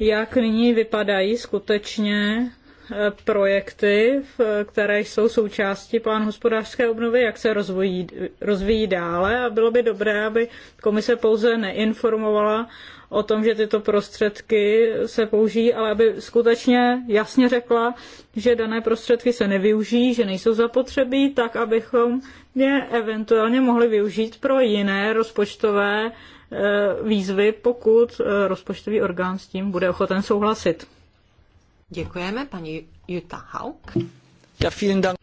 jak nyní vypadají skutečně eh, projekty, které jsou součástí plán hospodářské obnovy, jak se rozvojí, rozvíjí dále a bylo by dobré, aby komise pouze neinformovala o tom, že tyto prostředky se použijí, ale aby skutečně jasně řekla, že dané prostředky se nevyužijí, že nejsou zapotřebí, tak abychom je eventuálně mohli využít pro jiné rozpočtové Eh, výzvy, pokud eh, rozpočtový orgán s tím bude ochoten souhlasit. Děkujeme, paní Jutta Hauk. Ja, vielen Dank.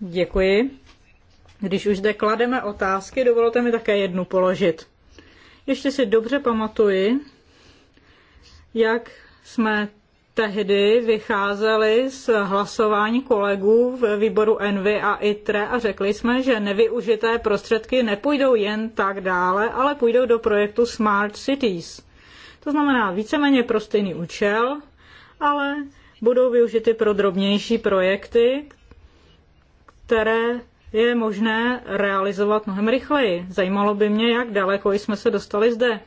Děkuji. Když už zde klademe otázky, dovolte mi také jednu položit. Ještě si dobře pamatuji, jak jsme tehdy vycházeli z hlasování kolegů v výboru Envy a ITRE a řekli jsme, že nevyužité prostředky nepůjdou jen tak dále, ale půjdou do projektu Smart Cities. To znamená víceméně pro stejný účel, ale budou využity pro drobnější projekty, které je možné realizovat mnohem rychleji. Zajímalo by mě, jak daleko jsme se dostali zde.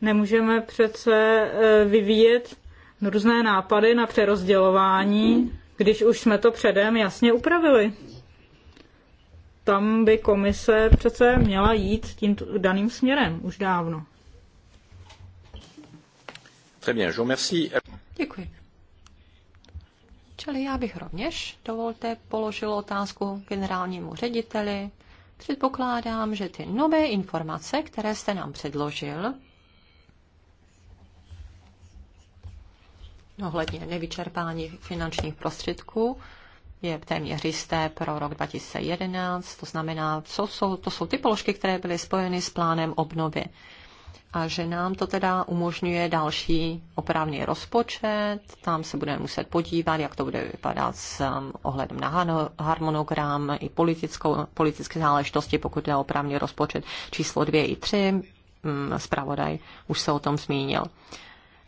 Nemůžeme přece e, vyvíjet různé nápady na přerozdělování, když už jsme to předem jasně upravili. Tam by komise přece měla jít tím daným směrem už dávno. Děkuji. Čili já bych rovněž, dovolte, položil otázku generálnímu řediteli. Předpokládám, že ty nové informace, které jste nám předložil, ohledně nevyčerpání finančních prostředků je téměř jisté pro rok 2011, to znamená, co jsou, to jsou ty položky, které byly spojeny s plánem obnovy. A že nám to teda umožňuje další opravný rozpočet, tam se budeme muset podívat, jak to bude vypadat s um, ohledem na harmonogram i politickou, politické záležitosti, pokud jde o opravný rozpočet číslo 2 i 3, mm, zpravodaj už se o tom zmínil.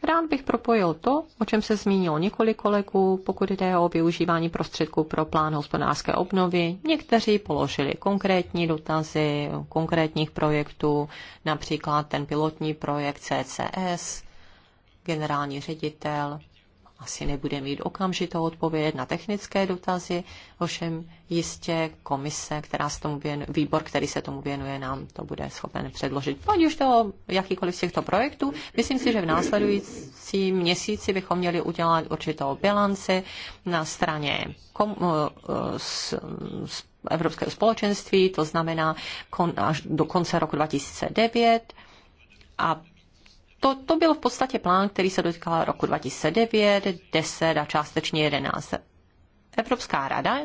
Rád bych propojil to, o čem se zmínilo několik kolegů, pokud jde o využívání prostředků pro plán hospodářské obnovy. Někteří položili konkrétní dotazy konkrétních projektů, například ten pilotní projekt CCS, generální ředitel asi nebude mít okamžitou odpověď na technické dotazy, ovšem jistě komise, která se tomu věnuje, výbor, který se tomu věnuje, nám to bude schopen předložit. Pojď už to jakýkoliv z těchto projektů, myslím si, že v následujícím měsíci bychom měli udělat určitou bilanci na straně kom, eh, s, s Evropského společenství, to znamená kon, až do konce roku 2009, a to, to byl v podstatě plán, který se dotýkal roku 2009, 10 a částečně 11. Evropská rada,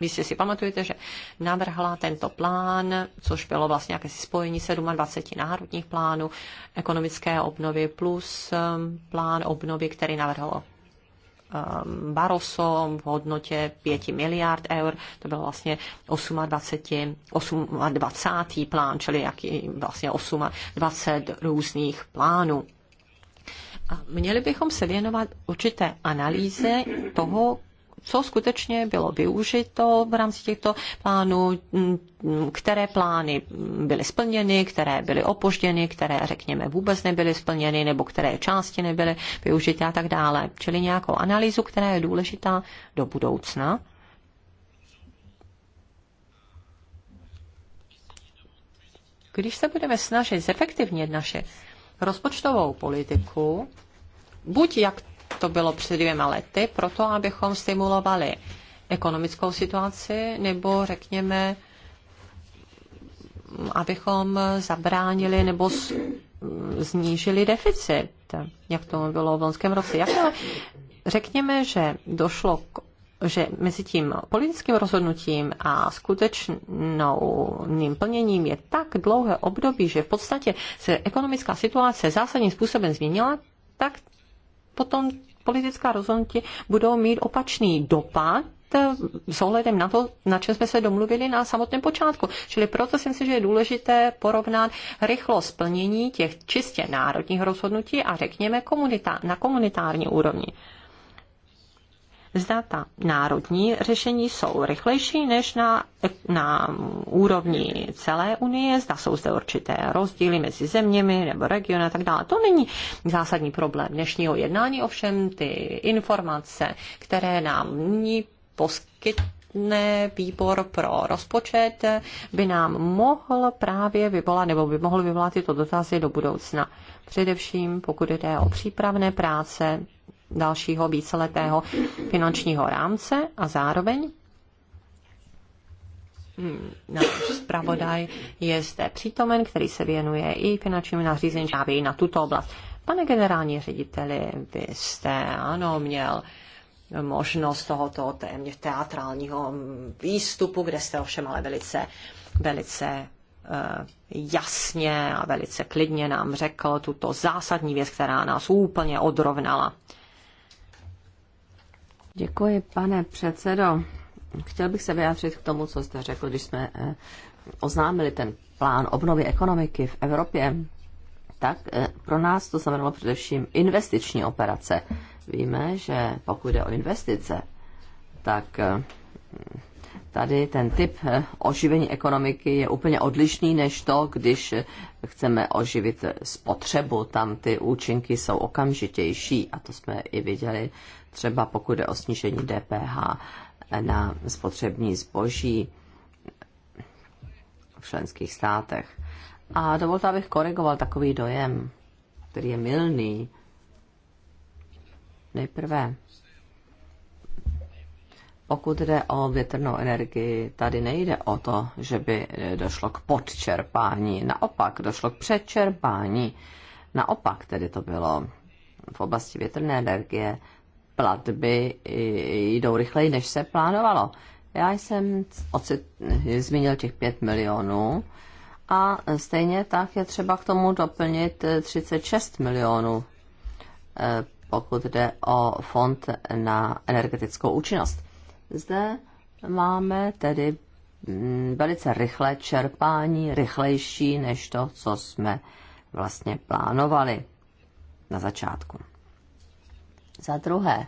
vy si pamatujete, že navrhla tento plán, což bylo vlastně jakési spojení 27 národních plánů ekonomické obnovy plus um, plán obnovy, který navrhlo Um, Barroso v hodnotě 5 miliard eur. To byl vlastně 28, 28. plán, čili jaký vlastně 28 různých plánů. A měli bychom se věnovat určité analýze toho, co skutečně bylo využito v rámci těchto plánů, které plány byly splněny, které byly opožděny, které, řekněme, vůbec nebyly splněny, nebo které části nebyly využity a tak dále. Čili nějakou analýzu, která je důležitá do budoucna. Když se budeme snažit zefektivnit naše rozpočtovou politiku, buď jak to bylo před dvěma lety, proto abychom stimulovali ekonomickou situaci nebo řekněme, abychom zabránili nebo znížili deficit, jak to bylo v loňském roce. Jakmile řekněme, že došlo k že mezi tím politickým rozhodnutím a skutečným plněním je tak dlouhé období, že v podstatě se ekonomická situace zásadním způsobem změnila, tak potom politická rozhodnutí budou mít opačný dopad eh, s ohledem na to, na čem jsme se domluvili na samotném počátku. Čili proto si myslím, že je důležité porovnat rychlost plnění těch čistě národních rozhodnutí a řekněme komunita, na komunitární úrovni zda ta národní řešení jsou rychlejší než na, na úrovni celé Unie, zda jsou zde určité rozdíly mezi zeměmi nebo regiony a tak dále. To není zásadní problém dnešního jednání, ovšem ty informace, které nám nyní poskytne výbor pro rozpočet, by nám mohl právě vyvolat, nebo by mohl vyvolat tyto dotazy do budoucna. Především pokud jde o přípravné práce dalšího víceletého finančního rámce a zároveň hmm, náš zpravodaj je zde přítomen, který se věnuje i finančnímu nařízení právě i na tuto oblast. Pane generální řediteli, vy jste, ano, měl možnost tohoto téměř teatrálního výstupu, kde jste ovšem ale velice, velice eh, jasně a velice klidně nám řekl tuto zásadní věc, která nás úplně odrovnala Děkuji, pane předsedo. Chtěl bych se vyjádřit k tomu, co jste řekl, když jsme eh, oznámili ten plán obnovy ekonomiky v Evropě, tak eh, pro nás to znamenalo především investiční operace. Víme, že pokud jde o investice, tak eh, tady ten typ oživení ekonomiky je úplně odlišný než to, když chceme oživit spotřebu. Tam ty účinky jsou okamžitější a to jsme i viděli třeba pokud jde o snížení DPH na spotřební zboží v členských státech. A dovolte, abych korigoval takový dojem, který je milný. Nejprve, pokud jde o větrnou energii, tady nejde o to, že by došlo k podčerpání. Naopak, došlo k předčerpání. Naopak tedy to bylo v oblasti větrné energie platby jdou rychleji, než se plánovalo. Já jsem ocit, zmínil těch 5 milionů a stejně tak je třeba k tomu doplnit 36 milionů, eh, pokud jde o fond na energetickou účinnost. Zde máme tedy mm, velice rychlé čerpání, rychlejší než to, co jsme vlastně plánovali na začátku. Za druhé,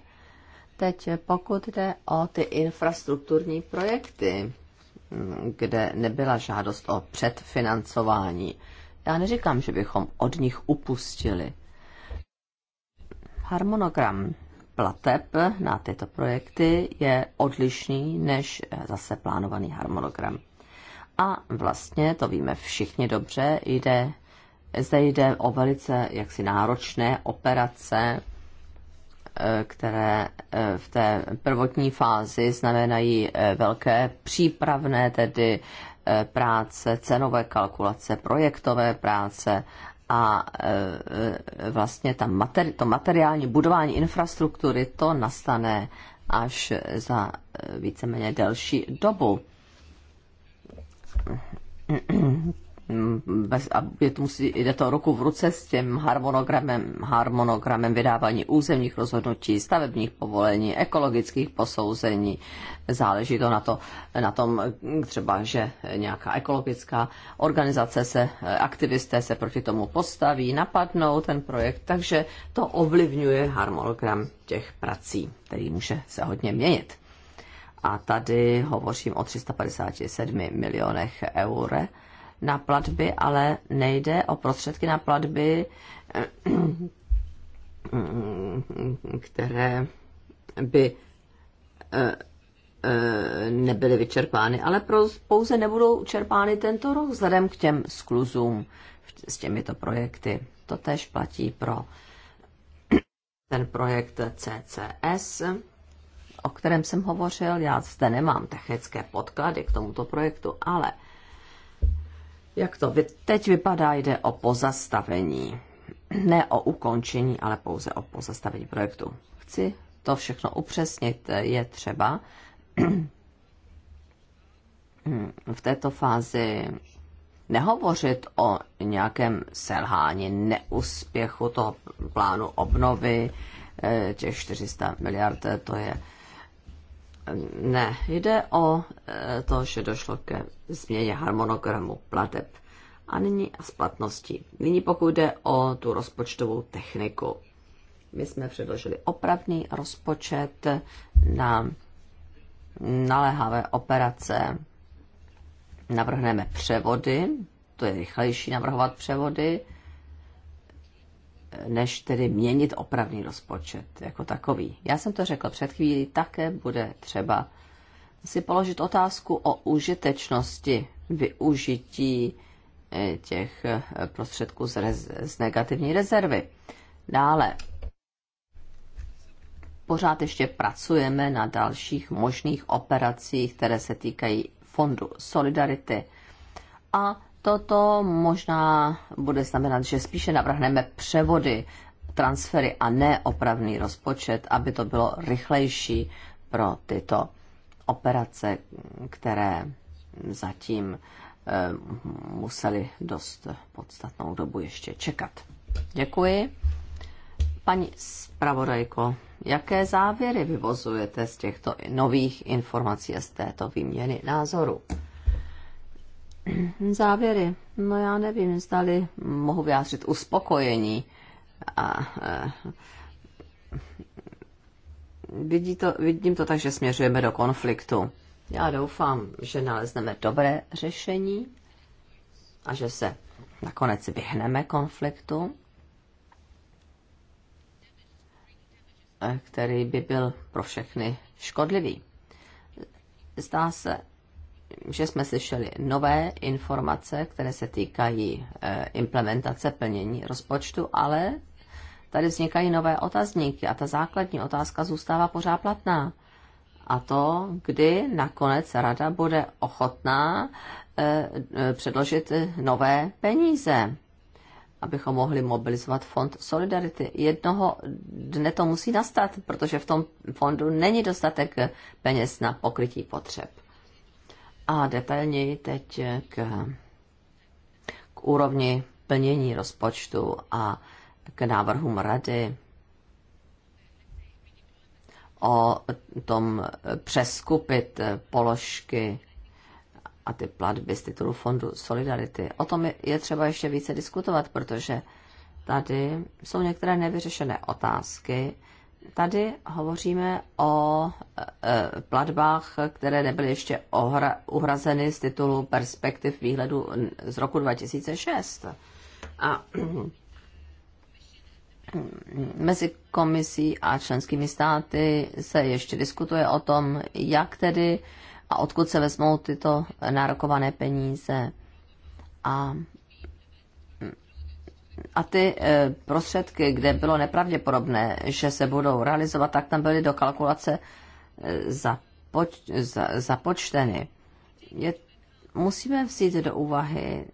teď pokud jde o ty infrastrukturní projekty, kde nebyla žádost o předfinancování, já neříkám, že bychom od nich upustili. Harmonogram plateb na tyto projekty je odlišný než zase plánovaný harmonogram. A vlastně, to víme všichni dobře, jde, zde jde o velice jaksi náročné operace, Eh, které eh, v té prvotní fázi znamenají eh, velké přípravné tedy práce, cenové kalkulace, projektové práce a vlastně ta materi- to materiální budování infrastruktury, to nastane až za víceméně delší dobu a je to musí, jde to ruku v ruce s tím harmonogramem, harmonogramem vydávání územních rozhodnutí, stavebních povolení, ekologických posouzení. Záleží to na, to na tom třeba, že nějaká ekologická organizace se, aktivisté se proti tomu postaví, napadnou ten projekt, takže to ovlivňuje harmonogram těch prací, který může se hodně měnit. A tady hovořím o 357 milionech eur na platby, ale nejde o prostředky na platby, eh, které by eh, eh, nebyly vyčerpány, ale pouze nebudou čerpány tento rok vzhledem k těm skluzům s těmito projekty. To tež platí pro ten projekt CCS, o kterém jsem hovořil. Já zde nemám technické podklady k tomuto projektu, ale jak to teď vypadá, jde o pozastavení. Ne o ukončení, ale pouze o pozastavení projektu. Chci to všechno upřesnit. Je třeba v této fázi nehovořit o nějakém selhání, neúspěchu toho plánu obnovy eh, těch 400 miliard, to je ne, jde o e, to, že došlo ke změně harmonogramu plateb a nyní a splatnosti. Nyní pokud jde o tu rozpočtovou techniku. My jsme předložili opravný rozpočet na naléhavé operace. Navrhneme převody, to je rychlejší navrhovat převody, než tedy měnit opravný rozpočet jako takový. Já jsem to řekl před chvílí, také bude třeba si položit otázku o užitečnosti využití eh, těch eh, prostředků z, rez- z negativní rezervy. Dále, pořád ještě pracujeme na dalších možných operacích, které se týkají fondu Solidarity a Toto možná bude znamenat, že spíše navrhneme převody, transfery a ne opravný rozpočet, aby to bylo rychlejší pro tyto operace, které zatím eh, museli dost podstatnou dobu ještě čekat. Děkuji. Paní zpravodajko, jaké závěry vyvozujete z těchto nových informací a z této výměny názoru? Závěry. No já nevím, zdali mohu vyjádřit uspokojení. A, a, eh, vidí to, vidím to tak, že směřujeme do konfliktu. Já doufám, že nalezneme dobré řešení a že se nakonec vyhneme konfliktu, eh, který by byl pro všechny škodlivý. Zdá se, že jsme slyšeli nové informace, které se týkají eh, implementace plnění rozpočtu, ale tady vznikají nové otazníky a ta základní otázka zůstává pořád platná. A to, kdy nakonec rada bude ochotná eh, eh, předložit nové peníze, abychom mohli mobilizovat fond Solidarity. Jednoho dne to musí nastat, protože v tom fondu není dostatek peněz na pokrytí potřeb. A detailněji teď k, k úrovni plnění rozpočtu a k návrhům rady o tom přeskupit položky a ty platby z titulu Fondu Solidarity. O tom je třeba ještě více diskutovat, protože tady jsou některé nevyřešené otázky, tady hovoříme o e, platbách, které nebyly ještě ohra, uhrazeny z titulu perspektiv výhledu z roku 2006. A mezi komisí a členskými státy se ještě diskutuje o tom, jak tedy a odkud se vezmou tyto nárokované peníze. A a ty eh, prostředky, kde bylo nepravděpodobné, že se budou realizovat, tak tam byly do kalkulace eh, započ, za, započteny. Je, musíme vzít do úvahy,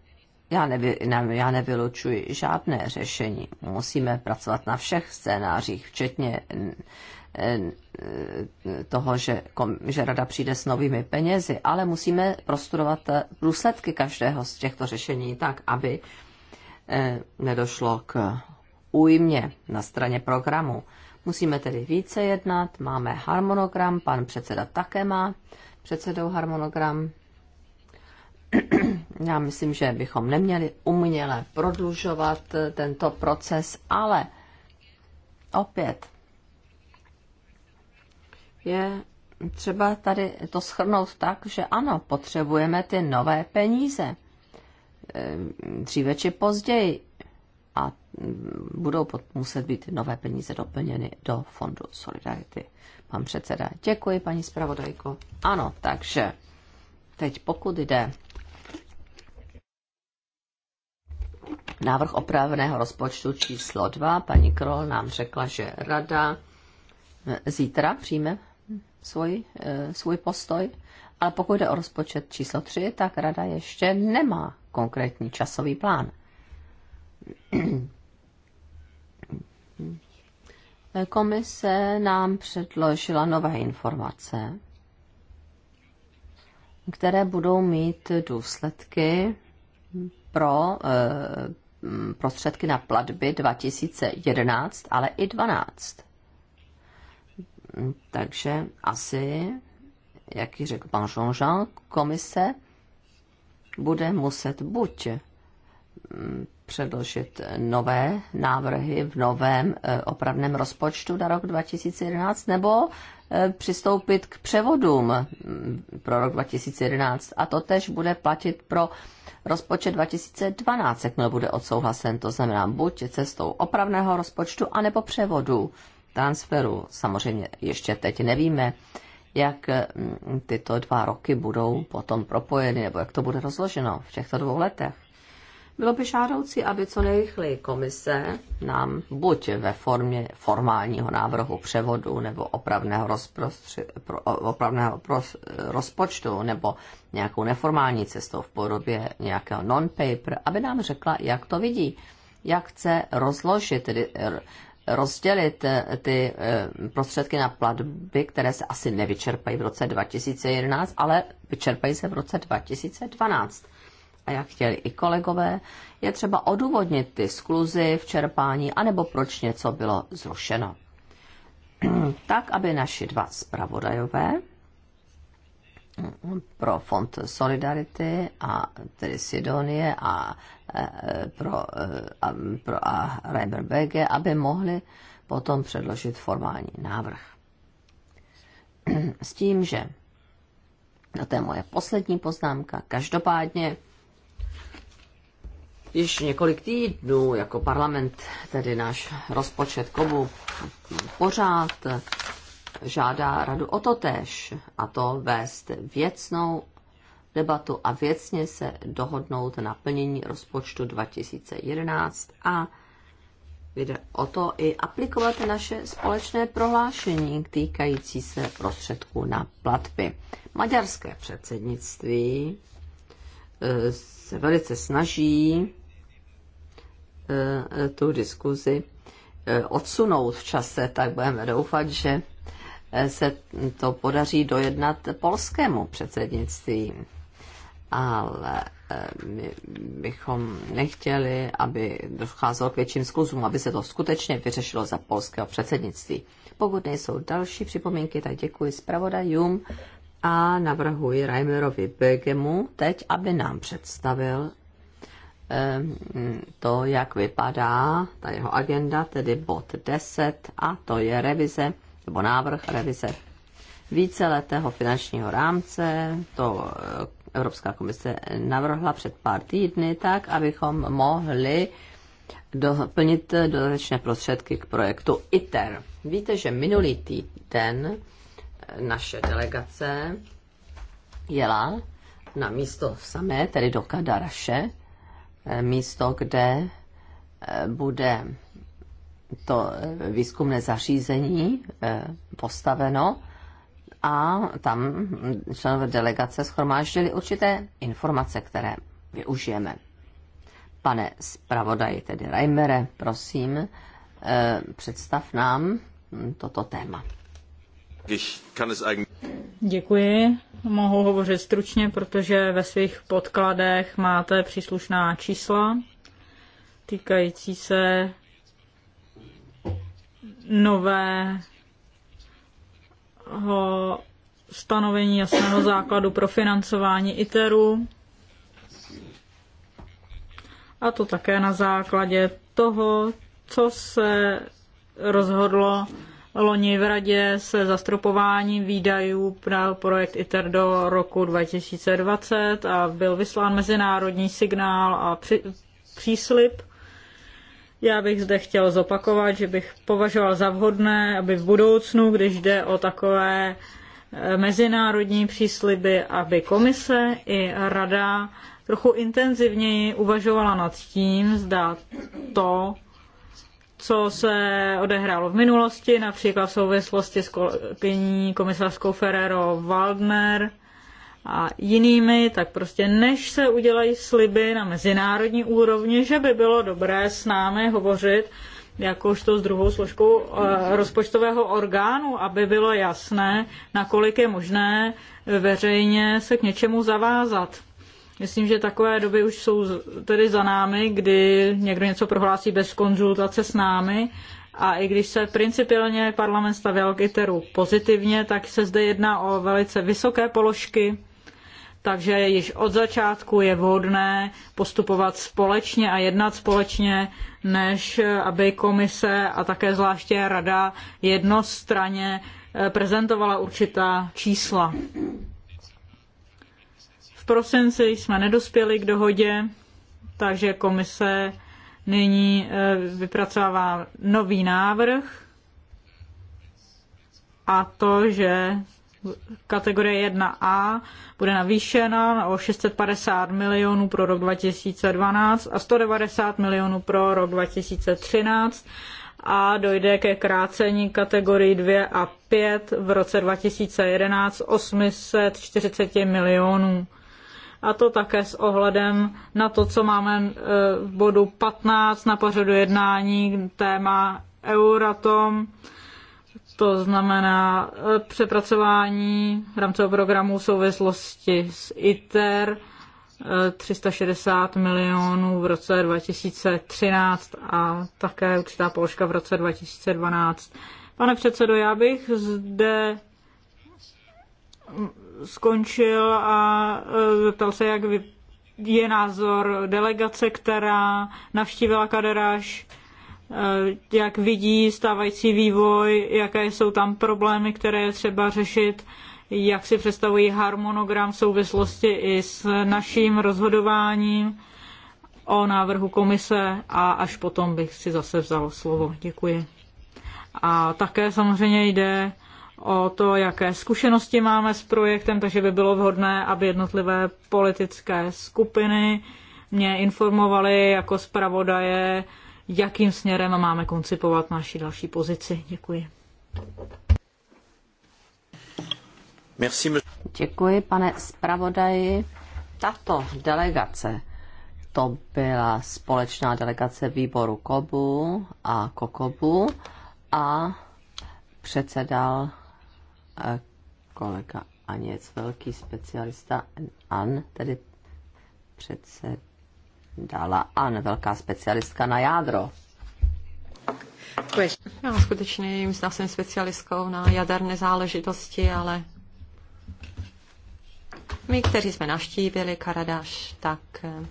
já, nevy, ne, já nevylučuji žádné řešení. Musíme pracovat na všech scénářích, včetně toho, že, kom, že rada přijde s novými penězi, ale musíme prostudovat eh, důsledky každého z těchto řešení tak, aby Eh, nedošlo k újmě na straně programu. Musíme tedy více jednat, máme harmonogram, pan předseda také má předsedou harmonogram. Já myslím, že bychom neměli uměle prodlužovat tento proces, ale opět je třeba tady to schrnout tak, že ano, potřebujeme ty nové peníze Eh, dříve či později a budou muset být nové peníze doplněny do Fondu Solidarity. Pan předseda, děkuji, paní zpravodajko. Ano, takže teď pokud jde návrh opravného rozpočtu číslo 2, paní Krol nám řekla, že rada eh, zítra přijme svůj, eh, svůj postoj ale pokud jde o rozpočet číslo 3, tak rada ještě nemá konkrétní časový plán. Komise nám předložila nové informace, které budou mít důsledky pro eh, prostředky na platby 2011, ale i 12. Takže asi jak ji řekl pan Jean-Jean, komise bude muset buď mm, předložit nové návrhy v novém e, opravném rozpočtu na rok 2011 nebo e, přistoupit k převodům mm, pro rok 2011. A to tež bude platit pro rozpočet 2012, jakmile bude odsouhlasen. To znamená buď cestou opravného rozpočtu, anebo převodu transferu. Samozřejmě ještě teď nevíme, jak mm, tyto dva roky budou potom propojeny, nebo jak to bude rozloženo v těchto dvou letech. Bylo by žádoucí, aby co nejrychleji komise nám buď ve formě formálního návrhu převodu nebo opravného, pro, opravného pros, rozpočtu nebo nějakou neformální cestou v podobě nějakého non-paper, aby nám řekla, jak to vidí, jak chce rozložit tedy rozdělit eh, ty eh, prostředky na platby, které se asi nevyčerpají v roce 2011, ale vyčerpají se v roce 2012. A jak chtěli i kolegové, je třeba odůvodnit ty skluzy v čerpání, anebo proč něco bylo zrušeno. tak, aby naši dva zpravodajové pro fond Solidarity a tedy Sidonie a e, pro, e, a, pro a Reimerberge, aby mohli potom předložit formální návrh. S tím, že no to je moje poslední poznámka. Každopádně již několik týdnů jako parlament, tedy náš rozpočet KOBU, pořád žádá radu o to tež, a to vést věcnou debatu a věcně se dohodnout na plnění rozpočtu 2011 a jde o to i aplikovat naše společné prohlášení týkající se prostředků na platby. Maďarské předsednictví eh, se velice snaží eh, tu diskuzi eh, odsunout v čase, tak budeme doufat, že se to podaří dojednat polskému předsednictví. Ale eh, my bychom nechtěli, aby docházelo k větším zkuzům, aby se to skutečně vyřešilo za polského předsednictví. Pokud nejsou další připomínky, tak děkuji zpravodajům a navrhuji Reimerovi Begemu teď, aby nám představil eh, to, jak vypadá ta jeho agenda, tedy bod 10, a to je revize nebo návrh revize víceletého finančního rámce, to eh, Evropská komise navrhla před pár týdny, tak abychom mohli doplnit dodatečné prostředky k projektu ITER. Víte, že minulý týden eh, naše delegace jela na místo samé, tedy do Kadaraše, eh, místo, kde bude to eh, výzkumné zařízení eh, postaveno a tam členové delegace schromáždili určité informace, které využijeme. Pane zpravodaji, tedy Reimere, prosím, eh, představ nám toto téma. Děkuji. Mohu hovořit stručně, protože ve svých podkladech máte příslušná čísla týkající se nového stanovení jasného základu pro financování ITERu. A to také na základě toho, co se rozhodlo loni v radě se zastropováním výdajů pro projekt ITER do roku 2020 a byl vyslán mezinárodní signál a při, příslip já bych zde chtěl zopakovat, že bych považoval za vhodné, aby v budoucnu, když jde o takové eh, mezinárodní přísliby, aby komise i rada trochu intenzivněji uvažovala nad tím, zda to, co se odehrálo v minulosti, například v souvislosti s kolegyní komisařskou Ferrero Waldner, a jinými, tak prostě než se udělají sliby na mezinárodní úrovni, že by bylo dobré s námi hovořit jakožto s druhou složkou eh, rozpočtového orgánu, aby bylo jasné, nakolik je možné veřejně se k něčemu zavázat. Myslím, že takové doby už jsou tedy za námi, kdy někdo něco prohlásí bez konzultace s námi a i když se principiálně parlament stavěl k ITERu pozitivně, tak se zde jedná o velice vysoké položky takže již od začátku je vhodné postupovat společně a jednat společně, než aby komise a také zvláště rada jednostranně eh, prezentovala určitá čísla. V prosinci jsme nedospěli k dohodě, takže komise nyní eh, vypracovává nový návrh a to, že kategorie 1A bude navýšena o 650 milionů pro rok 2012 a 190 milionů pro rok 2013 a dojde ke krácení kategorii 2 a 5 v roce 2011 840 milionů. A to také s ohledem na to, co máme e, v bodu 15 na pořadu jednání téma Euratom to znamená e, přepracování rámcového programu v souvislosti s ITER 360 e, milionů v roce 2013 a také určitá položka v roce 2012. Pane předsedo, já bych zde skončil a e, zeptal se, jak je názor delegace, která navštívila Kaderáš Eh, jak vidí stávající vývoj, jaké jsou tam problémy, které je třeba řešit, jak si představují harmonogram v souvislosti i s naším rozhodováním o návrhu komise a až potom bych si zase vzal slovo. Děkuji. A také samozřejmě jde o to, jaké zkušenosti máme s projektem, takže by bylo vhodné, aby jednotlivé politické skupiny mě informovaly jako zpravodaje, jakým směrem máme koncipovat naši další pozici. Děkuji. Merci. Děkuji, pane zpravodaji. Tato delegace, to byla společná delegace výboru KOBU a KOKOBU a předsedal eh, kolega Aněc, velký specialista An, tedy předsed dala An, velká specialistka na jádro. Já skutečně jim zda jsem specialistkou na jaderné záležitosti, ale my, kteří jsme navštívili Karadaš, tak eh,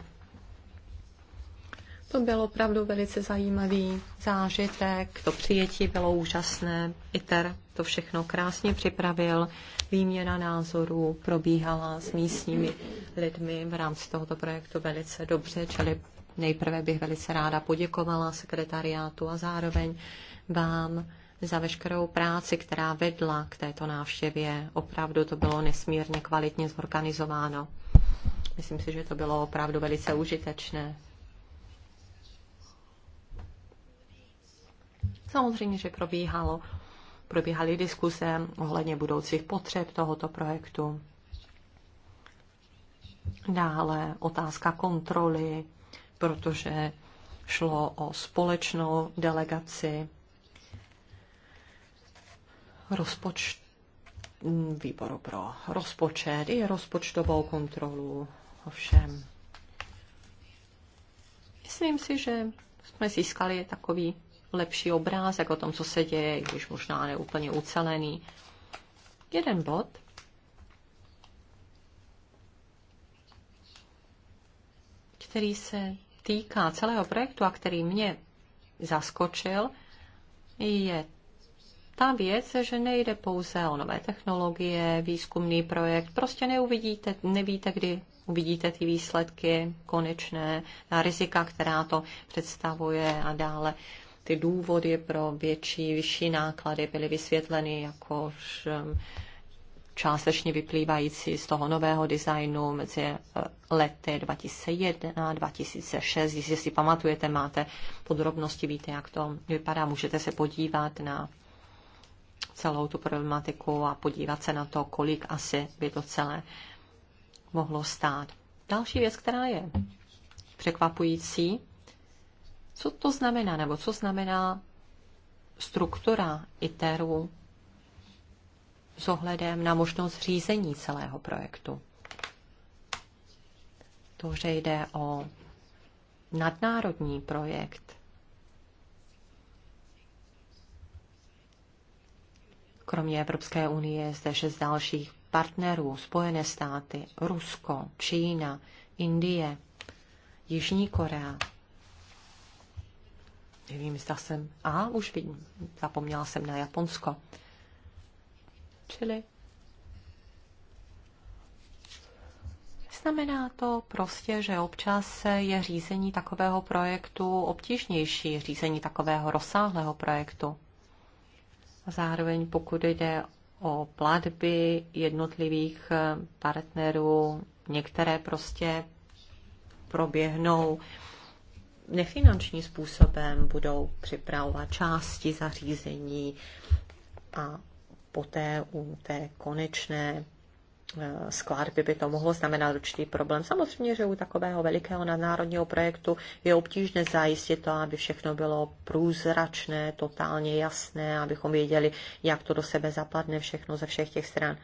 to byl opravdu velice zajímavý zážitek, to přijetí bylo úžasné. ITER to všechno krásně připravil, výměna názorů probíhala s místními lidmi v rámci tohoto projektu velice dobře, čili nejprve bych velice ráda poděkovala sekretariátu a zároveň vám za veškerou práci, která vedla k této návštěvě. Opravdu to bylo nesmírně kvalitně zorganizováno. Myslím si, že to bylo opravdu velice užitečné. Samozřejmě, že probíhalo, probíhaly diskuse ohledně budoucích potřeb tohoto projektu. Dále otázka kontroly, protože šlo o společnou delegaci rozpoč... výboru pro rozpočet i rozpočtovou kontrolu. Ovšem, myslím si, že jsme získali takový lepší obrázek o tom, co se děje, i když možná neúplně ucelený. Jeden bod, který se týká celého projektu a který mě zaskočil, je ta věc, že nejde pouze o nové technologie, výzkumný projekt, prostě neuvidíte, nevíte, kdy uvidíte ty výsledky konečné, rizika, která to představuje a dále ty důvody pro větší, vyšší náklady byly vysvětleny jako um, částečně vyplývající z toho nového designu mezi uh, lety 2001 a 2006. Jestli si pamatujete, máte podrobnosti, víte, jak to vypadá. Můžete se podívat na celou tu problematiku a podívat se na to, kolik asi by to celé mohlo stát. Další věc, která je překvapující, co to znamená, nebo co znamená struktura ITERu s ohledem na možnost řízení celého projektu? To, že jde o nadnárodní projekt, Kromě Evropské unie je zde šest dalších partnerů, Spojené státy, Rusko, Čína, Indie, Jižní Korea, Nevím, zda jsem... A, už vidím. Zapomněla jsem na Japonsko. Čili Znamená to prostě, že občas je řízení takového projektu obtížnější, řízení takového rozsáhlého projektu. A zároveň pokud jde o platby jednotlivých eh, partnerů, některé prostě proběhnou nefinančním způsobem budou připravovat části zařízení a poté u té konečné eh, skladby by to mohlo znamenat určitý problém. Samozřejmě, že u takového velikého nadnárodního projektu je obtížné zajistit to, aby všechno bylo průzračné, totálně jasné, abychom věděli, jak to do sebe zapadne všechno ze všech těch stran.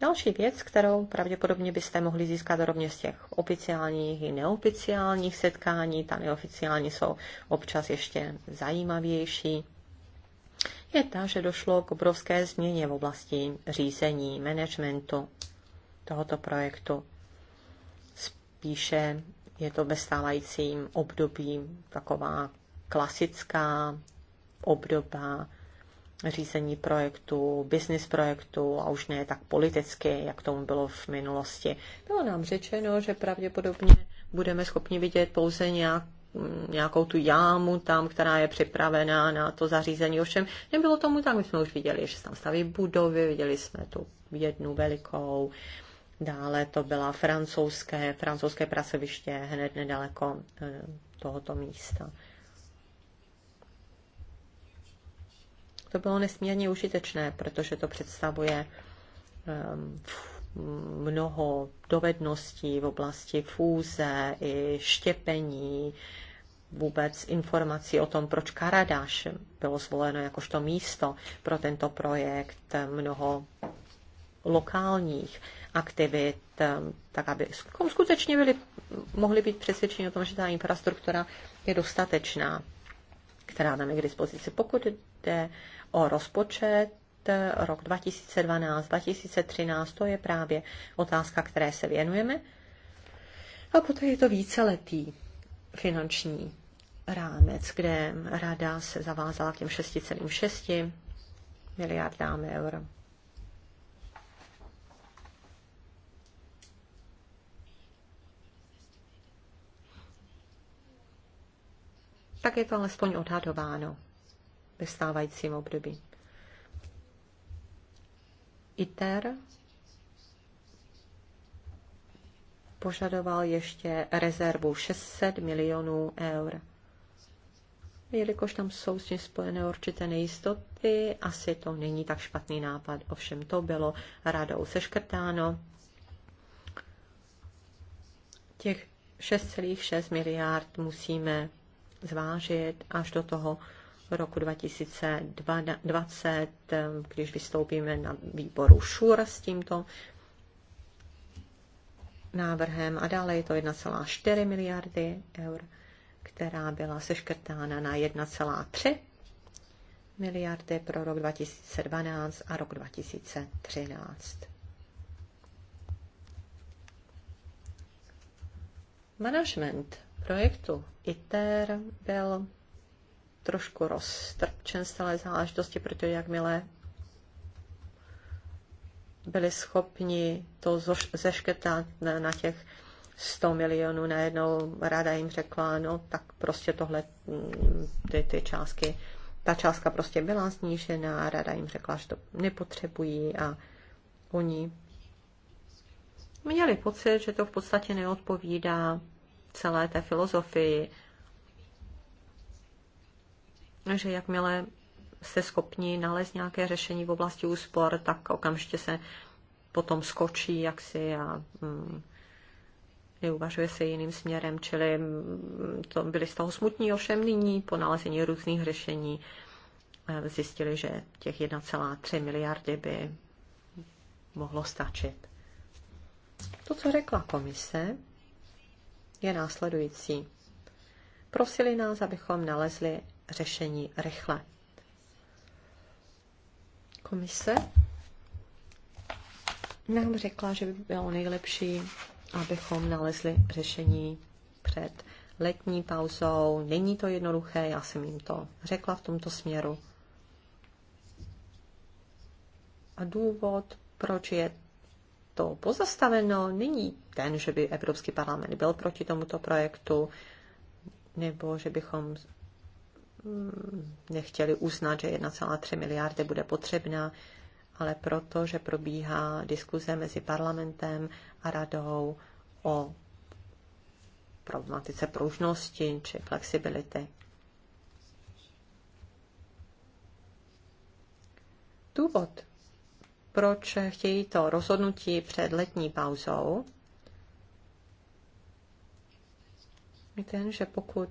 Další věc, kterou pravděpodobně byste mohli získat rovně z těch oficiálních i neoficiálních setkání, ta neoficiální jsou občas ještě zajímavější, je ta, že došlo k obrovské změně v oblasti řízení, managementu tohoto projektu. Spíše je to ve stávajícím období taková klasická obdoba řízení projektu, business projektu a už ne tak politicky, jak tomu bylo v minulosti. Bylo nám řečeno, že pravděpodobně budeme schopni vidět pouze nějak nějakou tu jámu tam, která je připravená na to zařízení. Ovšem nebylo tomu tak, my jsme už viděli, že tam staví budovy, viděli jsme tu jednu velikou, dále to byla francouzské, francouzské pracoviště hned nedaleko eh, tohoto místa. to bylo nesmírně užitečné, protože to představuje ehm, mnoho dovedností v oblasti fůze i štěpení, vůbec informací o tom, proč Karadáš bylo zvoleno jakožto místo pro tento projekt, mnoho lokálních aktivit, ehm, tak aby skutečně byli, mohli být přesvědčeni o tom, že ta infrastruktura je dostatečná, která nám je k dispozici. Pokud jde o rozpočet eh, rok 2012, 2013, to je právě otázka, které se věnujeme. A poté je to víceletý finanční rámec, kde rada se zavázala k těm 6,6 miliardám eur. Tak je to alespoň odhadováno ve stávajícím období. ITER požadoval ještě rezervu 600 milionů eur. Jelikož tam jsou s tím spojené určité nejistoty, asi to není tak špatný nápad. Ovšem to bylo radou seškrtáno. Těch 6,6 miliard musíme zvážit až do toho roku 2020, když vystoupíme na výboru ŠUR s tímto návrhem a dále je to 1,4 miliardy eur, která byla seškrtána na 1,3 miliardy pro rok 2012 a rok 2013. Management projektu ITER byl trošku roztrpčen z celé záležitosti, protože jakmile byli schopni to zeškrtat na těch 100 milionů, najednou rada jim řekla, no tak prostě tohle, mm, ty, ty částky, ta částka prostě byla snížena. rada jim řekla, že to nepotřebují a oni měli pocit, že to v podstatě neodpovídá celé té filozofii že jakmile se schopni nalézt nějaké řešení v oblasti úspor, tak okamžitě se potom skočí jaksi a mm, uvažuje se jiným směrem, čili mm, to, byli z toho smutní, ovšem nyní po nalezení různých řešení eh, zjistili, že těch 1,3 miliardy by mohlo stačit. To, co řekla komise, je následující. Prosili nás, abychom nalezli řešení rychle. Komise nám řekla, že by bylo nejlepší, abychom nalezli řešení před letní pauzou. Není to jednoduché, já jsem jim to řekla v tomto směru. A důvod, proč je to pozastaveno, není ten, že by Evropský parlament byl proti tomuto projektu, nebo že bychom nechtěli uznat, že 1,3 miliardy bude potřebná, ale proto, že probíhá diskuze mezi parlamentem a radou o problematice pružnosti či flexibility. Důvod, proč chtějí to rozhodnutí před letní pauzou, je ten, že pokud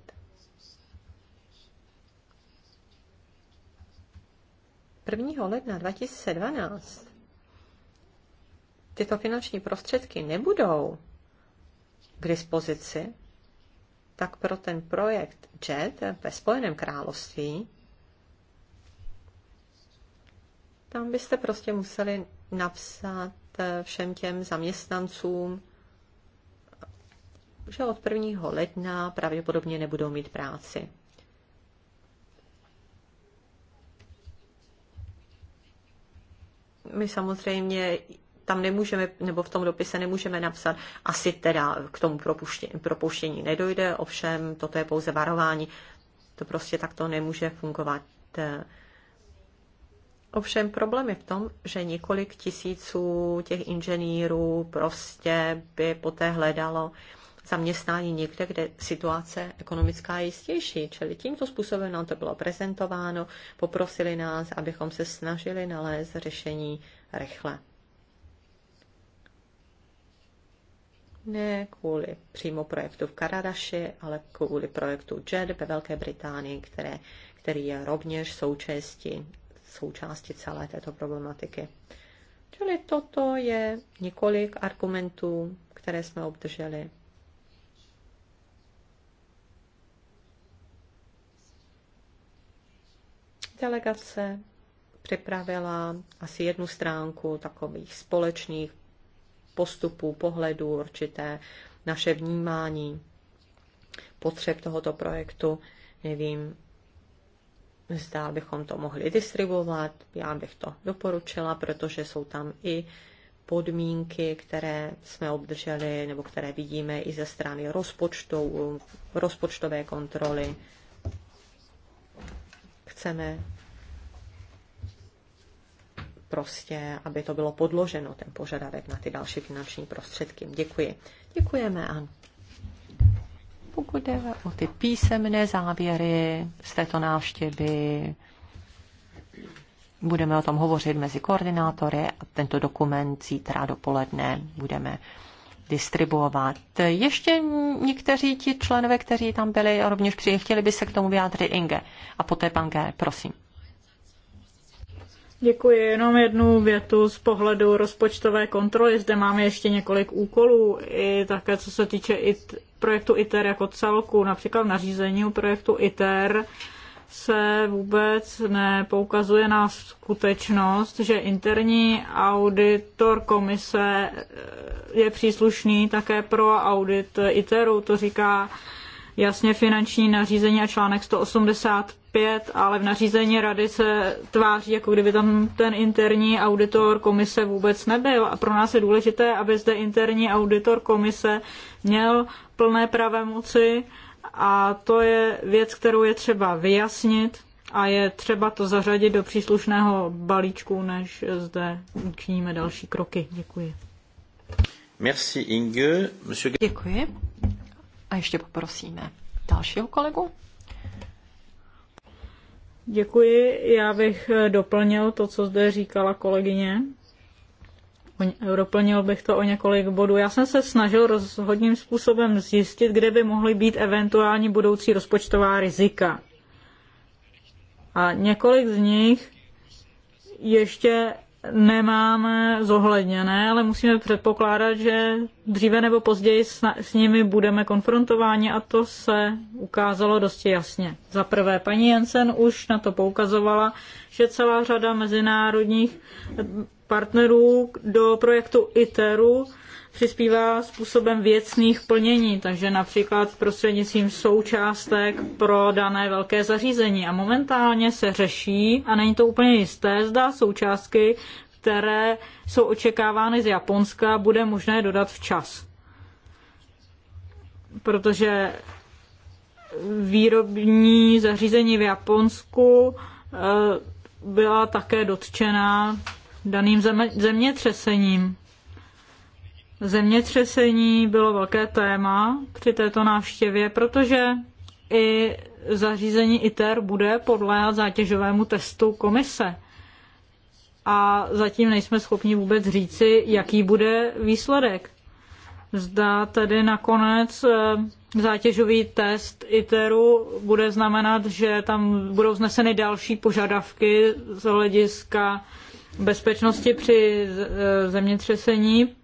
1. ledna 2012 tyto finanční prostředky nebudou k dispozici, tak pro ten projekt JET ve Spojeném království, tam byste prostě museli napsat eh, všem těm zaměstnancům, že od 1. ledna pravděpodobně nebudou mít práci. my samozřejmě tam nemůžeme, nebo v tom dopise nemůžeme napsat, asi teda k tomu propuštění, propuštění nedojde, ovšem toto je pouze varování. To prostě takto nemůže fungovat. Ovšem problém je v tom, že několik tisíců těch inženýrů prostě by poté hledalo uh, zaměstnání někde, kde situace ekonomická je jistější. Čili tímto způsobem nám to bylo prezentováno, poprosili nás, abychom se snažili nalézt řešení rychle. Ne kvůli přímo projektu v Karadaši, ale kvůli projektu JED ve Velké Británii, které, který je rovněž součástí, součástí celé této problematiky. Čili toto je několik argumentů, které jsme obdrželi Delegace připravila asi jednu stránku takových společných postupů, pohledů, určité naše vnímání potřeb tohoto projektu. Nevím, zda bychom to mohli distribuovat, já bych to doporučila, protože jsou tam i podmínky, které jsme obdrželi nebo které vidíme i ze strany rozpočtu, rozpočtové kontroly, chceme prostě, aby to bylo podloženo, ten požadavek na ty další finanční prostředky. Děkuji. Děkujeme, An. Pokud jde o ty písemné závěry z této návštěvy, budeme o tom hovořit mezi koordinátory a tento dokument zítra dopoledne budeme distribuovat. Ještě někteří ti členové, kteří tam byli, a rovněž přijeli, chtěli by se k tomu vyjádřit Inge. A poté pan G, prosím. Děkuji. Jenom jednu větu z pohledu rozpočtové kontroly. Zde máme ještě několik úkolů, i také co se týče IT, projektu ITER jako celku, například nařízení projektu ITER se vůbec nepoukazuje na skutečnost, že interní auditor komise eh, je příslušný také pro audit ITERu. To říká jasně finanční nařízení a článek 185, ale v nařízení rady se tváří, jako kdyby tam ten interní auditor komise vůbec nebyl. A pro nás je důležité, aby zde interní auditor komise měl plné pravé moci a to je věc, kterou je třeba vyjasnit a je třeba to zařadit do příslušného balíčku, než zde učiníme další kroky. Děkuji. Merci Inge. Monsieur... Děkuji. A ještě poprosíme dalšího kolegu. Děkuji. Já bych doplnil to, co zde říkala kolegyně. Doplnil bych to o několik bodů. Já jsem se snažil rozhodným způsobem zjistit, kde by mohly být eventuální budoucí rozpočtová rizika. A několik z nich ještě nemáme zohledněné, ale musíme předpokládat, že dříve nebo později s, s nimi budeme konfrontováni a to se ukázalo dosti jasně. Za prvé, paní Jensen už na to poukazovala, že celá řada mezinárodních partnerů do projektu ITERu přispívá způsobem věcných plnění, takže například prostřednictvím součástek pro dané velké zařízení. A momentálně se řeší, a není to úplně jisté, zda součástky, které jsou očekávány z Japonska, bude možné dodat včas. Protože výrobní zařízení v Japonsku eh, byla také dotčená daným zemětřesením. Zemětřesení bylo velké téma při této návštěvě, protože i zařízení ITER bude podléhat zátěžovému testu komise. A zatím nejsme schopni vůbec říci, jaký bude výsledek. Zda tedy nakonec eh, zátěžový test ITERu bude znamenat, že tam budou vzneseny další požadavky z hlediska bezpečnosti při e, zemětřesení,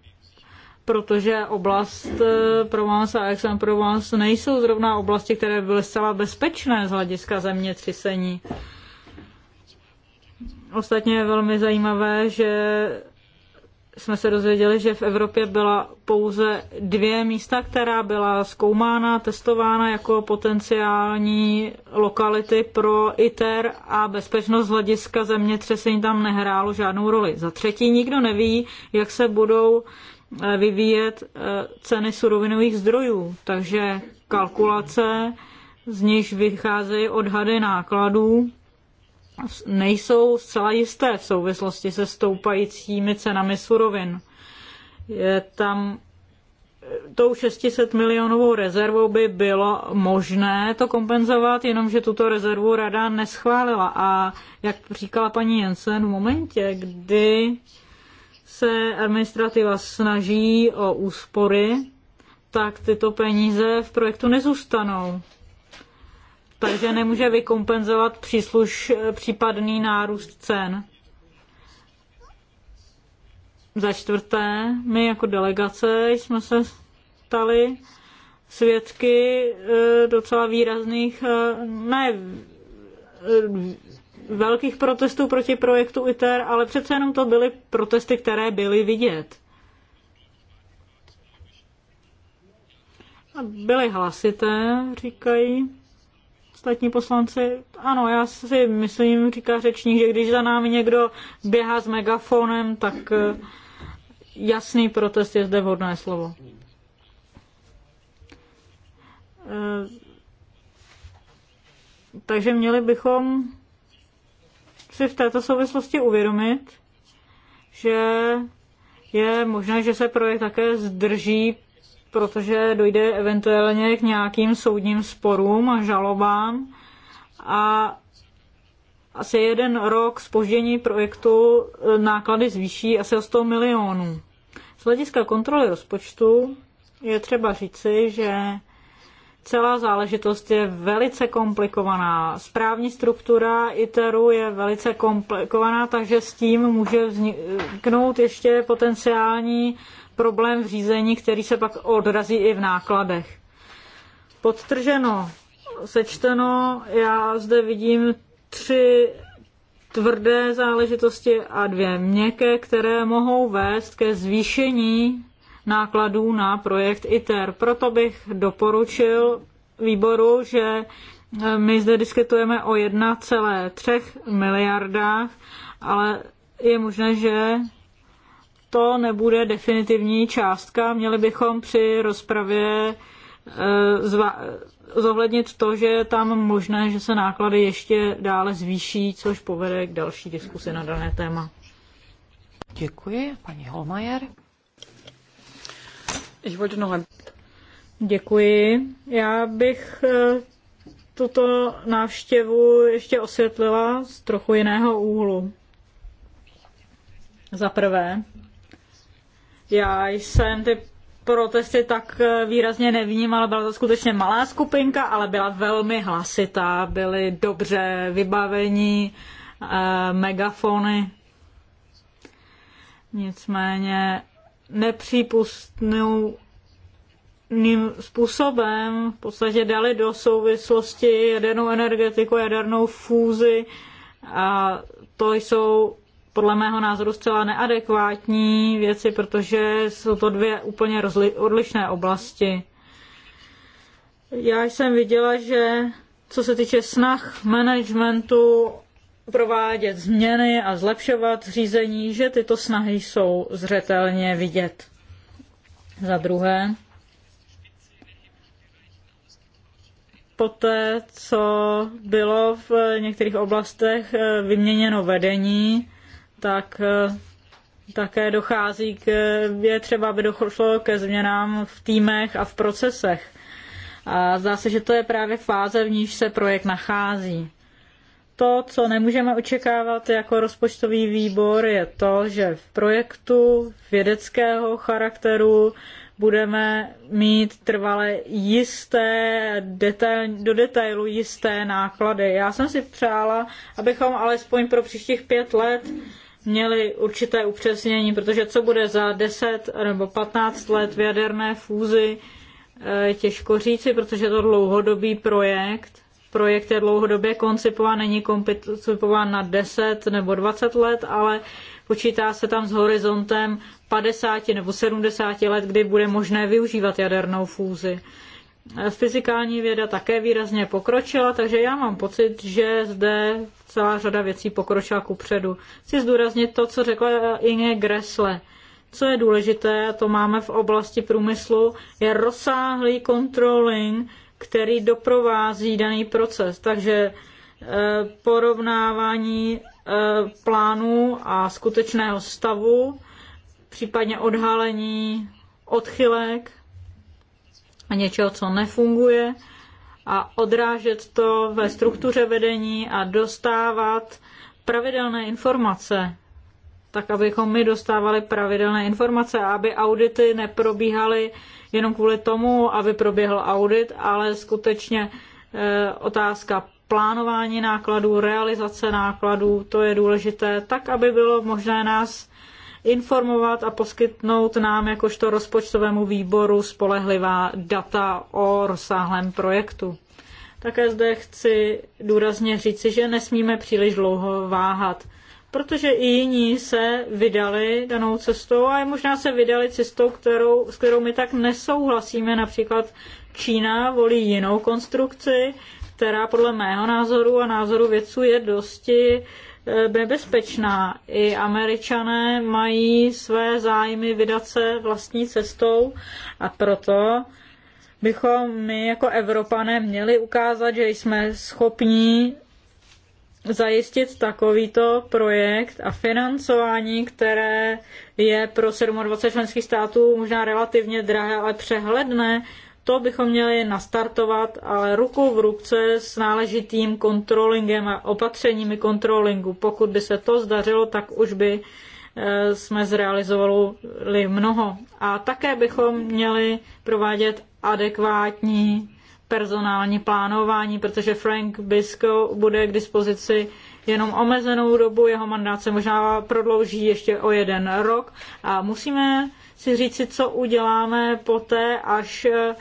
protože oblast e, Provence a Aix-en-Provence nejsou zrovna oblasti, které byly zcela bezpečné z hlediska zemětřesení. Ostatně je velmi zajímavé, že jsme se dozvěděli, že v Evropě byla pouze dvě místa, která byla zkoumána, testována jako potenciální lokality pro ITER a bezpečnost z hlediska zemětřesení tam nehrálo žádnou roli. Za třetí nikdo neví, jak se budou eh, vyvíjet eh, ceny surovinových zdrojů, takže kalkulace z nichž vycházejí odhady nákladů nejsou zcela jisté v souvislosti se stoupajícími cenami surovin. Je tam tou 600 milionovou rezervou by bylo možné to kompenzovat, jenomže tuto rezervu rada neschválila. A jak říkala paní Jensen, v momentě, kdy se administrativa snaží o úspory, tak tyto peníze v projektu nezůstanou takže nemůže vykompenzovat přísluš, případný nárůst cen. Za čtvrté, my jako delegace jsme se stali svědky e, docela výrazných, e, ne e, velkých protestů proti projektu ITER, ale přece jenom to byly protesty, které byly vidět. Byly hlasité, říkají ostatní poslanci. Ano, já si myslím, říká řečník, že když za námi někdo běhá s megafonem, tak eh, jasný protest je zde vhodné slovo. Eh, takže měli bychom si v této souvislosti uvědomit, že je možné, že se projekt také zdrží protože dojde eventuálně k nějakým soudním sporům a žalobám a asi jeden rok spoždění projektu e, náklady zvýší asi o 100 milionů. Z hlediska kontroly rozpočtu je třeba říci, že celá záležitost je velice komplikovaná. Správní struktura ITERu je velice komplikovaná, takže s tím může vzniknout ještě potenciální problém v řízení, který se pak odrazí i v nákladech. Podtrženo, sečteno, já zde vidím tři tvrdé záležitosti a dvě měkké, které mohou vést ke zvýšení nákladů na projekt ITER. Proto bych doporučil výboru, že eh, my zde diskutujeme o 1,3 miliardách, ale je možné, že to nebude definitivní částka. Měli bychom při rozpravě eh, zohlednit to, že je tam možné, že se náklady ještě dále zvýší, což povede k další diskusi na dané téma. Děkuji, paní Holmajer. Ich wollte noch Děkuji. Já bych eh, tuto návštěvu ještě osvětlila z trochu jiného úhlu. Za prvé, já jsem ty protesty tak eh, výrazně nevnímala, byla to skutečně malá skupinka, ale byla velmi hlasitá, byly dobře vybavení, eh, megafony. Nicméně nepřípustnou způsobem v podstatě dali do souvislosti jadernou energetiku, jadernou fúzi a to jsou podle mého názoru zcela neadekvátní věci, protože jsou to dvě úplně odlišné oblasti. Já jsem viděla, že co se týče snah managementu provádět změny a zlepšovat řízení, že tyto snahy jsou zřetelně vidět. Za druhé, poté, co bylo v některých oblastech eh, vyměněno vedení, tak eh, také dochází k, je třeba, aby došlo ke změnám v týmech a v procesech. A zdá se, že to je právě fáze, v níž se projekt nachází. To, co nemůžeme očekávat jako rozpočtový výbor, je to, že v projektu vědeckého charakteru budeme mít trvale jisté, detail, do detailu jisté náklady. Já jsem si přála, abychom alespoň pro příštích pět let měli určité upřesnění, protože co bude za 10 nebo 15 let v jaderné fúzi, eh, těžko říci, protože je to dlouhodobý projekt. Projekt je dlouhodobě koncipován, není koncipován na 10 nebo 20 let, ale počítá se tam s horizontem 50 nebo 70 let, kdy bude možné využívat jadernou fúzi fyzikální věda také výrazně pokročila, takže já mám pocit, že zde celá řada věcí pokročila ku předu. Chci zdůraznit to, co řekla Inge Gressle. Co je důležité, to máme v oblasti průmyslu, je rozsáhlý controlling, který doprovází daný proces. Takže eh, porovnávání eh, plánů a skutečného stavu, případně odhalení odchylek a něčeho, co nefunguje a odrážet to ve struktuře vedení a dostávat pravidelné informace, tak abychom my dostávali pravidelné informace a aby audity neprobíhaly jenom kvůli tomu, aby proběhl audit, ale skutečně e, otázka plánování nákladů, realizace nákladů, to je důležité, tak aby bylo možné nás informovat a poskytnout nám jakožto rozpočtovému výboru spolehlivá data o rozsáhlém projektu. Také zde chci důrazně říci, že nesmíme příliš dlouho váhat, protože i jiní se vydali danou cestou a možná se vydali cestou, kterou, s kterou my tak nesouhlasíme. Například Čína volí jinou konstrukci, která podle mého názoru a názoru vědců je dosti uh, E, nebezpečná. I američané mají své zájmy vydat se vlastní cestou a proto bychom my jako Evropané měli ukázat, že jsme schopní zajistit takovýto projekt a financování, které je pro 27 členských států možná relativně drahé, ale přehledné, to bychom měli nastartovat, ale ruku v ruce s náležitým kontrolingem a opatřeními kontrolingu. Pokud by se to zdařilo, tak už by eh, jsme zrealizovali mnoho. A také bychom měli provádět adekvátní personální plánování, protože Frank Bisco bude k dispozici jenom omezenou dobu, jeho mandát se možná prodlouží ještě o jeden rok a musíme si říci, co uděláme poté, až eh,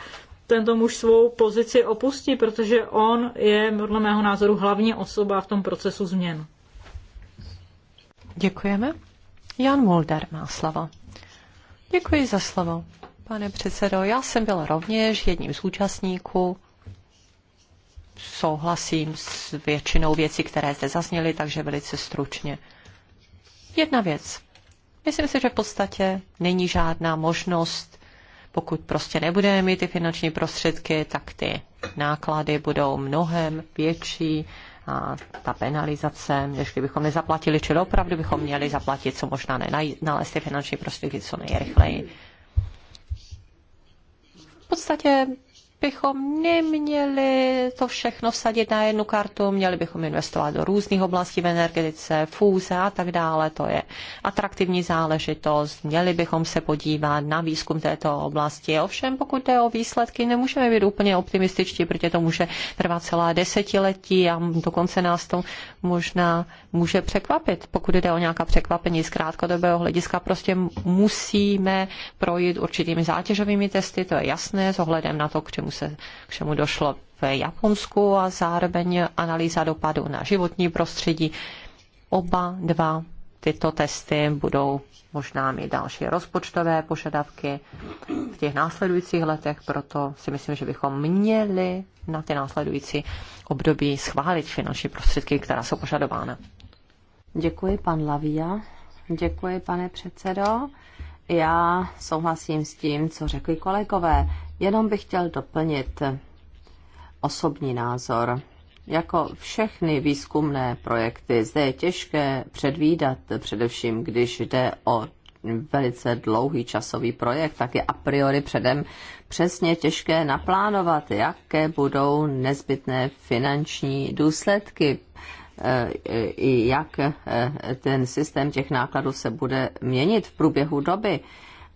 tento muž svou pozici opustí, protože on je, podle mého názoru, hlavní osoba v tom procesu změn. Děkujeme. Jan Mulder má slovo. Děkuji za slovo, pane předsedo. Já jsem byla rovněž jedním z účastníků souhlasím s většinou věcí, které zde zazněly, takže velice stručně. Jedna věc. Myslím si, že v podstatě není žádná možnost, pokud prostě nebudeme mít ty finanční prostředky, tak ty náklady budou mnohem větší a ta penalizace, než kdybychom nezaplatili, čili opravdu bychom měli zaplatit co možná nenalézt ty finanční prostředky co nejrychleji. V podstatě bychom neměli to všechno vsadit na jednu kartu, měli bychom investovat do různých oblastí v energetice, fúze a tak dále. To je atraktivní záležitost. Měli bychom se podívat na výzkum této oblasti. Ovšem, pokud jde o výsledky, nemůžeme být úplně optimističtí, protože to může trvat celá desetiletí a dokonce nás to možná může překvapit. Pokud jde o nějaká překvapení z krátkodobého hlediska, prostě musíme projít určitými zátěžovými testy, to je jasné, s ohledem na to, k čemu se k čemu došlo v Japonsku a zároveň analýza dopadu na životní prostředí. Oba dva tyto testy budou možná mít další rozpočtové požadavky v těch následujících letech, proto si myslím, že bychom měli na ty následující období schválit finanční prostředky, která jsou požadována. Děkuji, pan Lavia. Děkuji, pane předsedo. Já souhlasím s tím, co řekli kolegové. Jenom bych chtěl doplnit osobní názor. Jako všechny výzkumné projekty, zde je těžké předvídat, především když jde o velice dlouhý časový projekt, tak je a priori předem přesně těžké naplánovat, jaké budou nezbytné finanční důsledky Eh, i jak eh, ten systém těch nákladů se bude měnit v průběhu doby.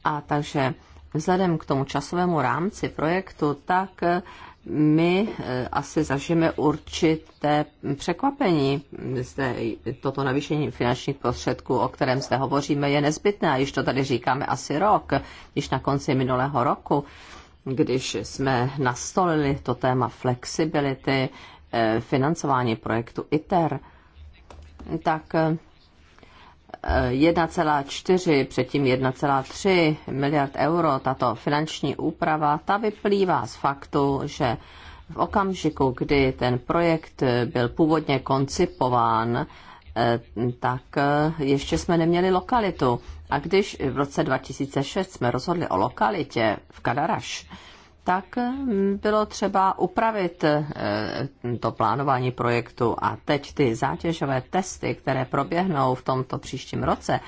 A takže vzhledem k tomu časovému rámci projektu, tak eh, my asi zažijeme určité překvapení. Zde toto navýšení finančních prostředků, o kterém zde hovoříme, je nezbytné. A již to tady říkáme asi rok, již na konci minulého roku, když jsme nastolili to téma flexibility financování projektu ITER, tak 1,4, eh, předtím 1,3 miliard euro, tato finanční úprava, ta vyplývá z faktu, že v okamžiku, kdy ten projekt byl původně koncipován, eh, tak eh, ještě jsme neměli lokalitu. A když v roce 2006 jsme rozhodli o lokalitě v Kadaraš, tak mm, bylo třeba upravit eh, to plánování projektu a teď ty zátěžové testy, které proběhnou v tomto příštím roce,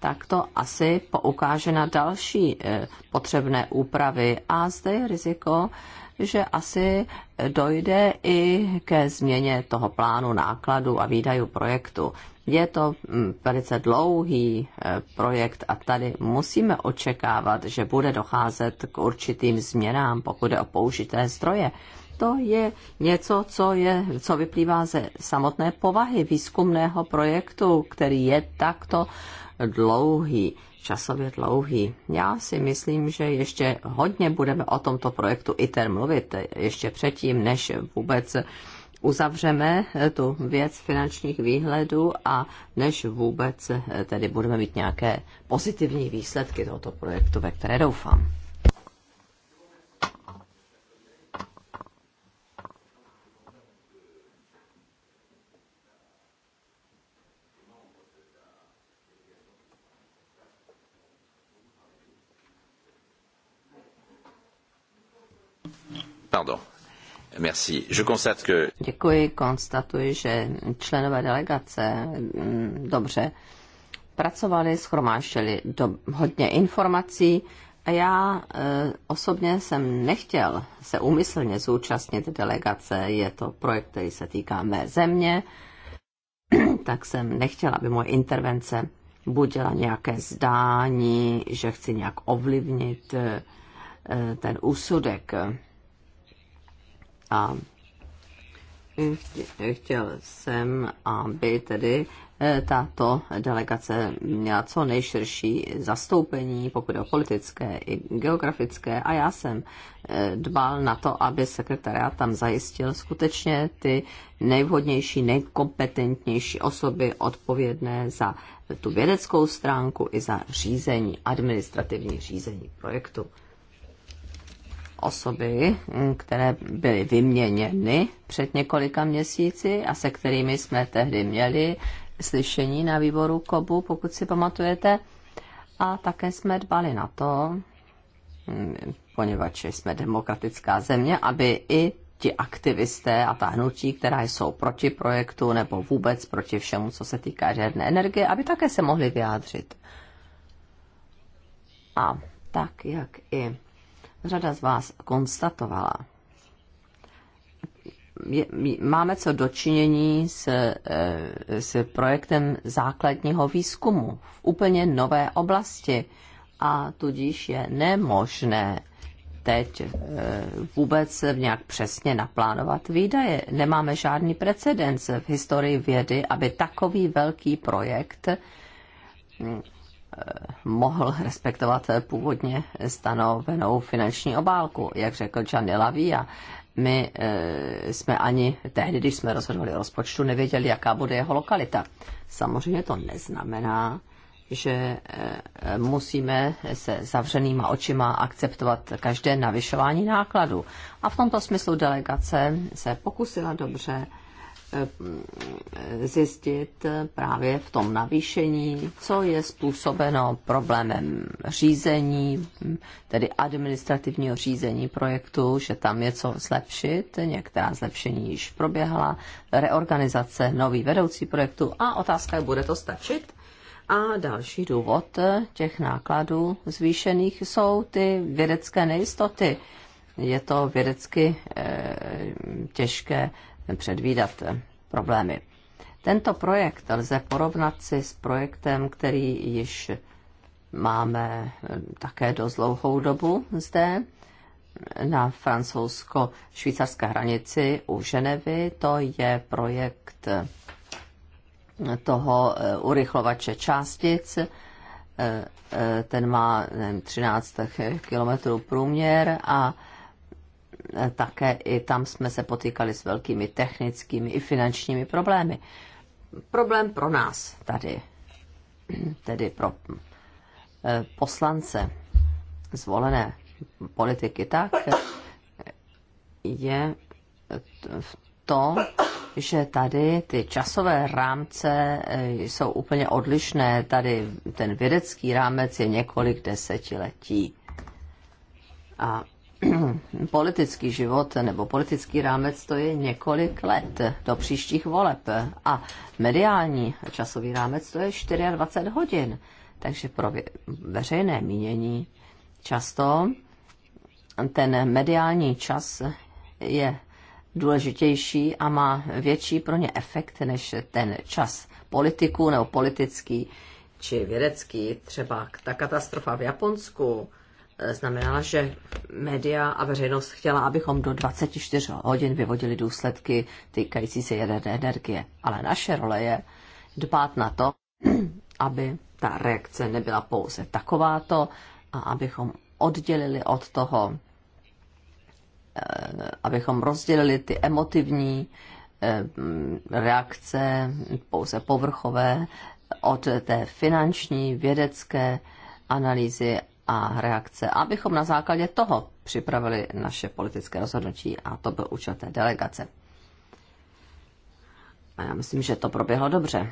tak to asi poukáže na další eh, potřebné úpravy a zde je riziko, že asi dojde i ke změně toho plánu nákladu a výdajů projektu. Je to mm, velice dlouhý eh, projekt a tady musíme očekávat, že bude docházet k určitým změnám, pokud je o použité stroje. To je něco, co, je, co vyplývá ze samotné povahy výzkumného projektu, který je takto dlouhý, časově dlouhý. Já si myslím, že ještě hodně budeme o tomto projektu ITER mluvit, eh, ještě předtím, než vůbec uzavřeme eh, tu věc finančních výhledů a než vůbec eh, tedy budeme mít nějaké pozitivní výsledky tohoto projektu, ve které doufám. Pardon Merci. Je constate que... Děkuji, konstatuji, že členové delegace mm, dobře pracovali, schromáždili do, hodně informací a já e, osobně jsem nechtěl se úmyslně zúčastnit delegace. Je to projekt, který se týká mé země, tak jsem nechtěl, aby moje intervence budila nějaké zdání, že chci nějak ovlivnit e, e ten úsudek a chtěl jsem, aby tedy eh, tato delegace měla co nejširší zastoupení, pokud je o politické i geografické. A já jsem eh, dbal na to, aby sekretariat tam zajistil skutečně ty nejvhodnější, nejkompetentnější osoby odpovědné za tu vědeckou stránku i za řízení, administrativní řízení projektu osoby, mm, které byly vyměněny před několika měsíci a se kterými jsme tehdy měli slyšení na výboru KOBU, pokud si pamatujete. A také jsme dbali na to, mm, poněvadž jsme demokratická země, aby i ti aktivisté a ta hnutí, která jsou proti projektu nebo vůbec proti všemu, co se týká žádné energie, aby také se mohli vyjádřit. A tak, jak i řada z vás konstatovala, je, máme co dočinění s, eh, s projektem základního výzkumu v úplně nové oblasti a tudíž je nemožné teď eh, vůbec nějak přesně naplánovat výdaje. Nemáme žádný precedens v historii vědy, aby takový velký projekt mohl respektovat původně stanovenou finanční obálku. Jak řekl Gianni Lavia, my e, jsme ani tehdy, když jsme rozhodovali o rozpočtu, nevěděli, jaká bude jeho lokalita. Samozřejmě to neznamená, že e, musíme se zavřenýma očima akceptovat každé navyšování nákladu. A v tomto smyslu delegace se pokusila dobře Eh, zjistit právě v tom navýšení, co je způsobeno problémem řízení, tedy administrativního řízení projektu, že tam je co zlepšit, některá zlepšení již proběhla, reorganizace, nový vedoucí projektu a otázka je, bude to stačit? A další důvod těch nákladů zvýšených jsou ty vědecké nejistoty. Je to vědecky eh, těžké předvídat eh, problémy. Tento projekt lze porovnat si s projektem, který již máme eh, také dost dlouhou dobu zde eh, na francouzsko-švýcarské hranici u Ženevy. To je projekt toho urychlovače částic. Ten má nevím, 13 km průměr a Eh, také i tam jsme se potýkali s velkými technickými i finančními problémy. Problém pro nás tady, tedy pro eh, poslance zvolené politiky, tak je to, že tady ty časové rámce eh, jsou úplně odlišné. Tady ten vědecký rámec je několik desetiletí. A politický život nebo politický rámec to je několik let do příštích voleb a mediální časový rámec to je 24 hodin. Takže pro veřejné mínění často ten mediální čas je důležitější a má větší pro ně efekt než ten čas politiků nebo politický či vědecký. Třeba ta katastrofa v Japonsku, znamenala, že média a veřejnost chtěla, abychom do 24 hodin vyvodili důsledky týkající se jaderné energie. Ale naše role je dbát na to, aby ta reakce nebyla pouze takováto a abychom oddělili od toho, eh, abychom rozdělili ty emotivní eh, reakce, pouze povrchové, od té finanční, vědecké analýzy a reakce, abychom na základě toho připravili naše politické rozhodnutí a to byl účel té delegace. A já myslím, že to proběhlo dobře,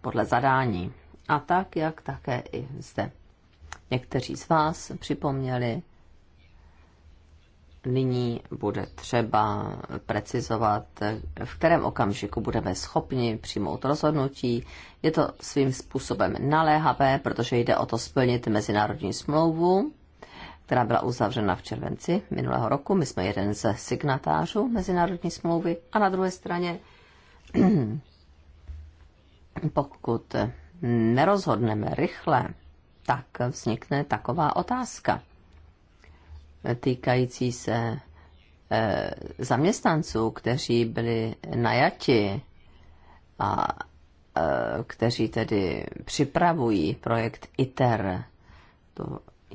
podle zadání. A tak, jak také i zde někteří z vás připomněli, nyní bude třeba precizovat, v kterém okamžiku budeme schopni přijmout rozhodnutí. Je to svým způsobem naléhavé, protože jde o to splnit mezinárodní smlouvu, která byla uzavřena v červenci minulého roku. My jsme jeden ze signatářů mezinárodní smlouvy. A na druhé straně, pokud nerozhodneme rychle, tak vznikne taková otázka týkající se eh, zaměstnanců, kteří byli najati a eh, kteří tedy připravují projekt ITER. To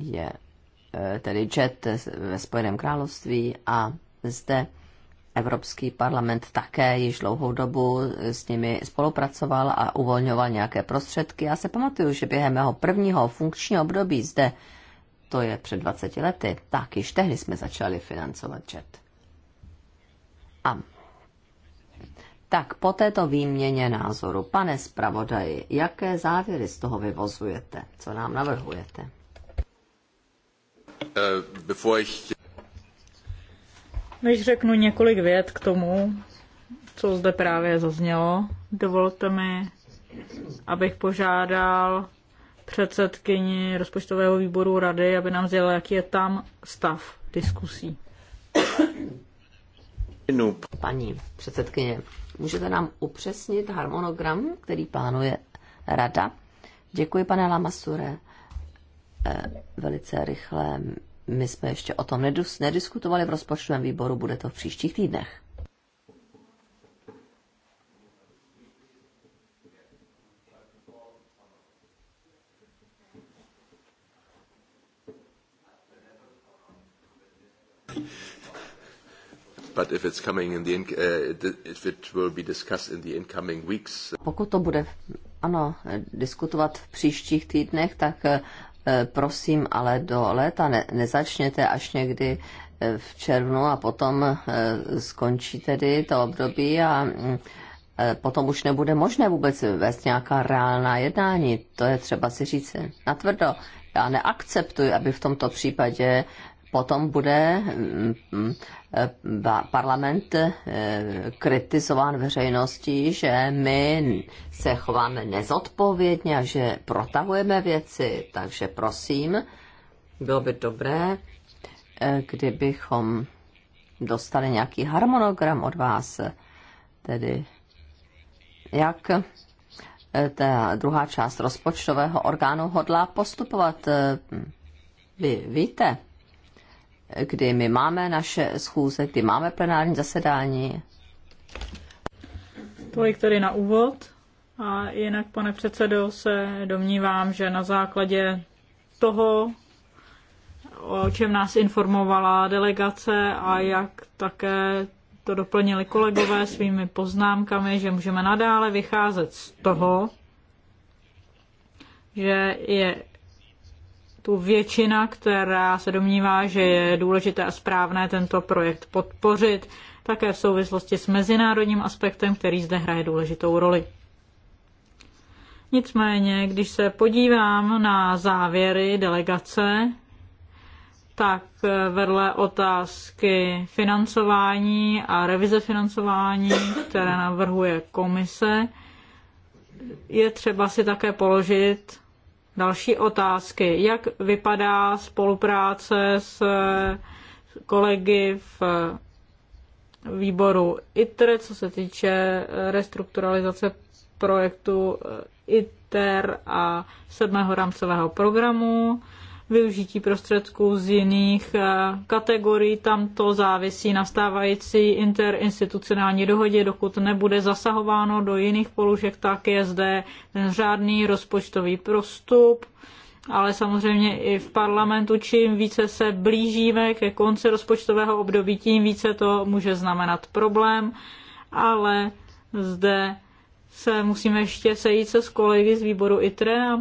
je eh, tedy JET ve Spojeném království a zde Evropský parlament také již dlouhou dobu s nimi spolupracoval a uvolňoval nějaké prostředky. Já se pamatuju, že během mého prvního funkčního období zde to je před 20 lety, tak již tehdy jsme začali financovat ČET. A tak po této výměně názoru, pane zpravodaji, jaké závěry z toho vyvozujete? Co nám navrhujete? Eh, Než řeknu několik vět k tomu, co zde právě zaznělo, dovolte mi, abych požádal předsedkyni rozpočtového výboru rady, aby nám sdělila, jaký je tam stav diskusí. Paní předsedkyně, můžete nám upřesnit harmonogram, který plánuje rada? Děkuji, pane Lamasure. Eh, velice rychle. My jsme ještě o tom nediskutovali v rozpočtovém výboru, bude to v příštích týdnech. But if it's coming in the, uh, if it will be discussed in the incoming weeks. Uh, Pokud to bude ano, diskutovat v příštích týdnech, tak uh, prosím, ale do léta ne, nezačněte až někdy uh, v červnu a potom skončí tedy to období a mm, potom už nebude možné vůbec vést nějaká reálná jednání. To je třeba si říct natvrdo. Já neakceptuji, aby v tomto případě potom bude mm, mm, eh, parlament eh, kritizován veřejností, že my se chováme nezodpovědně a že protahujeme věci. Takže prosím, bylo by dobré, eh, kdybychom dostali nějaký harmonogram od vás, tedy jak ta druhá část rozpočtového orgánu hodlá postupovat. Vy víte, kdy my máme naše schůze, kdy máme plenární zasedání. Tolik tedy na úvod. A jinak, pane předsedo, se domnívám, že na základě toho, o čem nás informovala delegace a jak také to doplnili kolegové svými poznámkami, že můžeme nadále vycházet z toho, že je tu většina, která se domnívá, že je důležité a správné tento projekt podpořit, také v souvislosti s mezinárodním aspektem, který zde hraje důležitou roli. Nicméně, když se podívám na závěry delegace, tak eh, vedle otázky financování a revize financování, které navrhuje komise, je třeba si také položit další otázky. Jak vypadá spolupráce s eh, kolegy v eh, výboru ITRE, co se týče eh, restrukturalizace projektu ITER a sedmého rámcového programu? využití prostředků z jiných eh, kategorií. Tam to závisí na stávající interinstitucionální dohodě. Dokud nebude zasahováno do jiných položek, tak je zde ten řádný rozpočtový prostup. Ale samozřejmě i v parlamentu, čím více se blížíme ke konci rozpočtového období, tím více to může znamenat problém. Ale zde se musíme ještě sejít se s kolegy z výboru ITRE a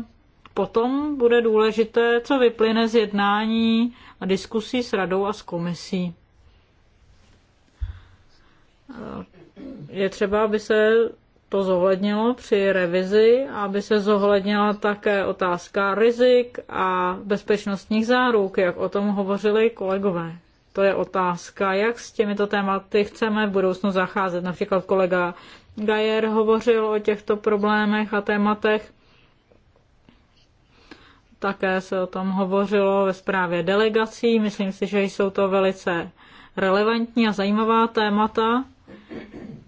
potom bude důležité, co vyplyne z jednání a diskusí s radou a s komisí. Je třeba, aby se to zohlednilo při revizi, aby se zohlednila také otázka rizik a bezpečnostních záruk, jak o tom hovořili kolegové. To je otázka, jak s těmito tématy chceme v budoucnu zacházet. Například kolega Gajer hovořil o těchto problémech a tématech. Také se o tom hovořilo ve zprávě delegací. Myslím si, že jsou to velice relevantní a zajímavá témata,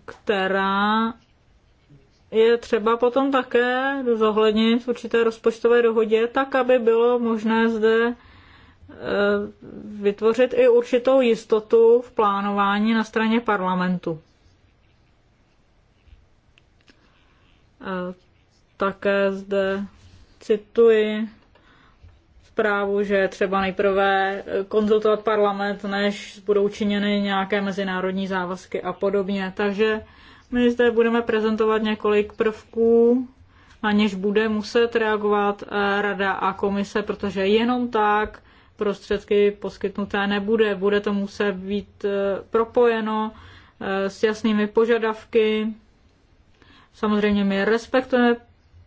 která je třeba potom také zohlednit v určité rozpočtové dohodě, tak aby bylo možné zde e, vytvořit i určitou jistotu v plánování na straně parlamentu. E, také zde cituji zprávu, že třeba nejprve eh, konzultovat parlament, než budou činěny nějaké mezinárodní závazky a podobně. Takže my zde budeme prezentovat několik prvků, na něž bude muset reagovat eh, rada a komise, protože jenom tak prostředky poskytnuté nebude. Bude to muset být eh, propojeno s jasnými požadavky. Samozřejmě my respektujeme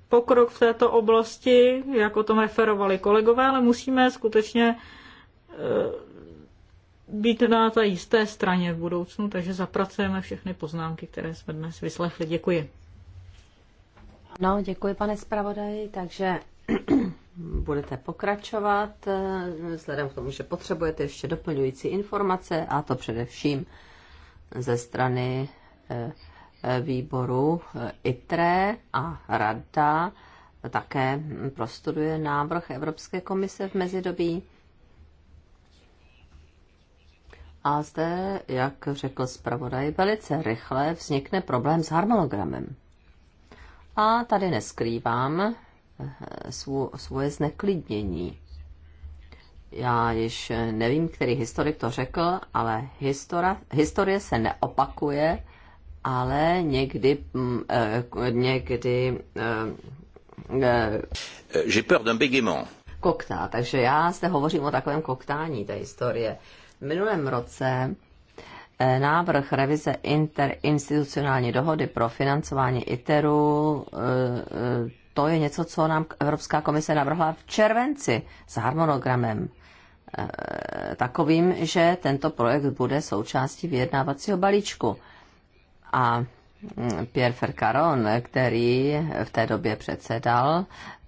pokrok v této oblasti, jak o tom referovali kolegové, ale musíme skutečně e, být na té jisté straně v budoucnu, takže zapracujeme všechny poznámky, které jsme dnes vyslechli. Děkuji. No, děkuji, pane zpravodaji, takže budete pokračovat, e, vzhledem k tomu, že potřebujete ještě doplňující informace, a to především ze strany e, výboru eh, ITRE a Rada také prostuduje návrh Evropské komise v mezidobí. A zde, jak řekl zpravodaj, velice rychle vznikne problém s harmonogramem. A tady neskrývám eh, svů, svoje zneklidnění. Já již nevím, který historik to řekl, ale histora, historie se neopakuje ale někdy, mm, eh, někdy eh, eh, J'ai peur d'un bégaiement. Koktá, takže já zde hovořím o takovém koktání té historie. V minulém roce návrh revize interinstitucionální dohody pro financování ITERu, to je něco, co nám Evropská komise navrhla v červenci s harmonogramem takovým, že tento projekt bude součástí vyjednávacího balíčku. A mm, Pierre Fercaron, který v té době předsedal,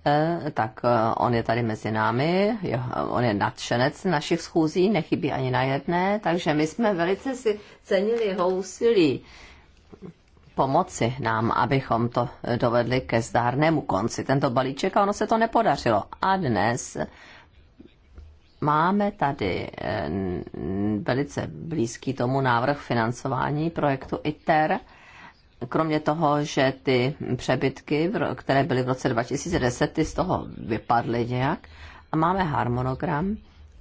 eh, tak eh, on je tady mezi námi, on je nadšenec našich schůzí, nechybí ani na jedné, takže my jsme velice si cenili jeho úsilí pomoci nám, abychom to dovedli ke zdárnému konci, tento balíček, a ono se to nepodařilo. A dnes máme tady eh, velice blízký tomu návrh financování projektu ITER. Kromě toho, že ty přebytky, které byly v roce 2010, ty z toho vypadly nějak. A máme harmonogram,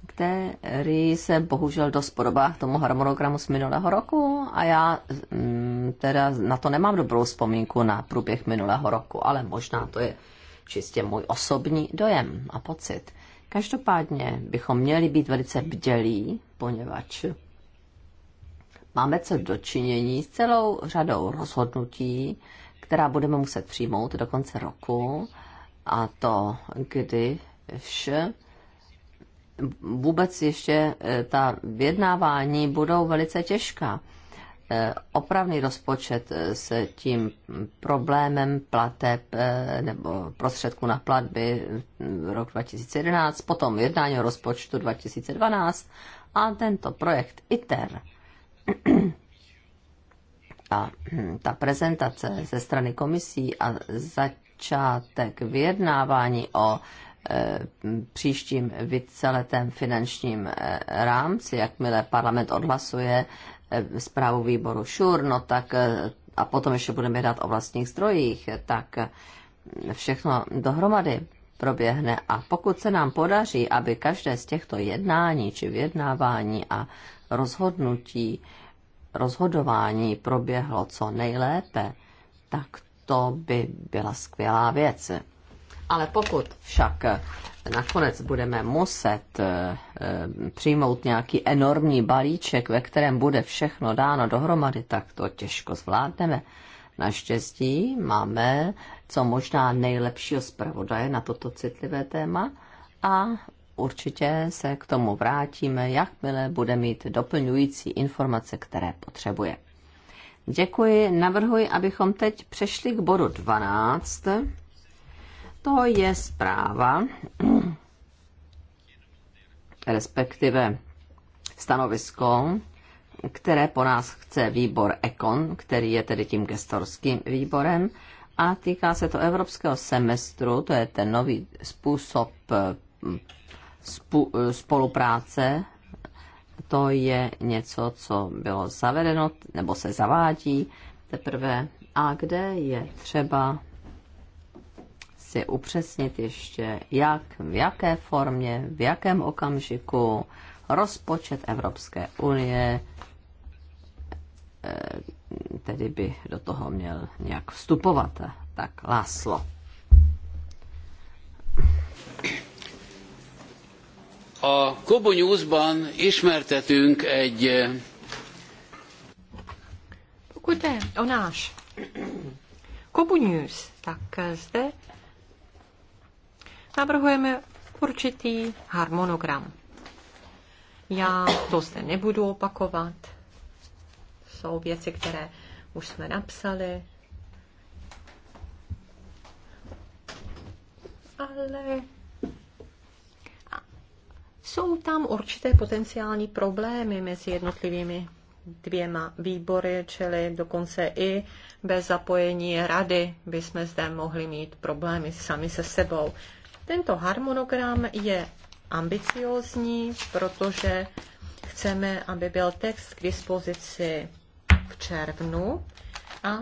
který se bohužel dost podobá tomu harmonogramu z minulého roku a já mm, teda na to nemám dobrou vzpomínku na průběh minulého roku, ale možná to je čistě můj osobní dojem a pocit. Každopádně bychom měli být velice bdělí, poněvadž máme co dočinění s celou řadou rozhodnutí, která budeme muset přijmout do konce roku, a to kdy vše. vůbec ještě eh, ta vyjednávání budou velice těžká opravný rozpočet eh, s tím problémem plateb eh, nebo prostředků na platby rok 2011, potom jednání o rozpočtu 2012 a tento projekt ITER a hm, ta prezentace ze strany komisí a začátek vyjednávání o eh, příštím víceletém finančním rámci, jakmile parlament odhlasuje Eh, zprávu výboru ŠUR, no tak eh, a potom ještě budeme dát o vlastních zdrojích, eh, tak všechno dohromady proběhne. A pokud se nám podaří, aby každé z těchto jednání či vyjednávání a rozhodnutí, rozhodování proběhlo co nejlépe, tak to by byla skvělá věc. Ale pokud však nakonec budeme muset eh, eh, přijmout nějaký enormní balíček, ve kterém bude všechno dáno dohromady, tak to těžko zvládneme. Naštěstí máme co možná nejlepšího zpravodaje na toto citlivé téma a určitě se k tomu vrátíme, jakmile bude mít doplňující informace, které potřebuje. Děkuji, navrhuji, abychom teď přešli k bodu 12, to je zpráva, respektive stanovisko, které po nás chce výbor ECON, který je tedy tím gestorským výborem, a týká se to evropského semestru, to je ten nový způsob mm, spolupráce. To je něco, co bylo zavedeno nebo se zavádí teprve a kde je třeba si upřesnit ještě, jak, v jaké formě, v jakém okamžiku rozpočet Evropské unie eh, tedy by do toho měl nějak vstupovat. Tak Láslo. A Newsban ismertetünk egy... Eh, Pokud je o náš Kobo News, tak zde navrhujeme určitý harmonogram. Já to zde nebudu opakovat. Jsou věci, které už jsme napsali. Ale jsou tam určité potenciální problémy mezi jednotlivými dvěma výbory, čili dokonce i bez zapojení rady by jsme zde mohli mít problémy sami se sebou. Tento harmonogram je ambiciózní, protože chceme, aby byl text k dispozici v červnu a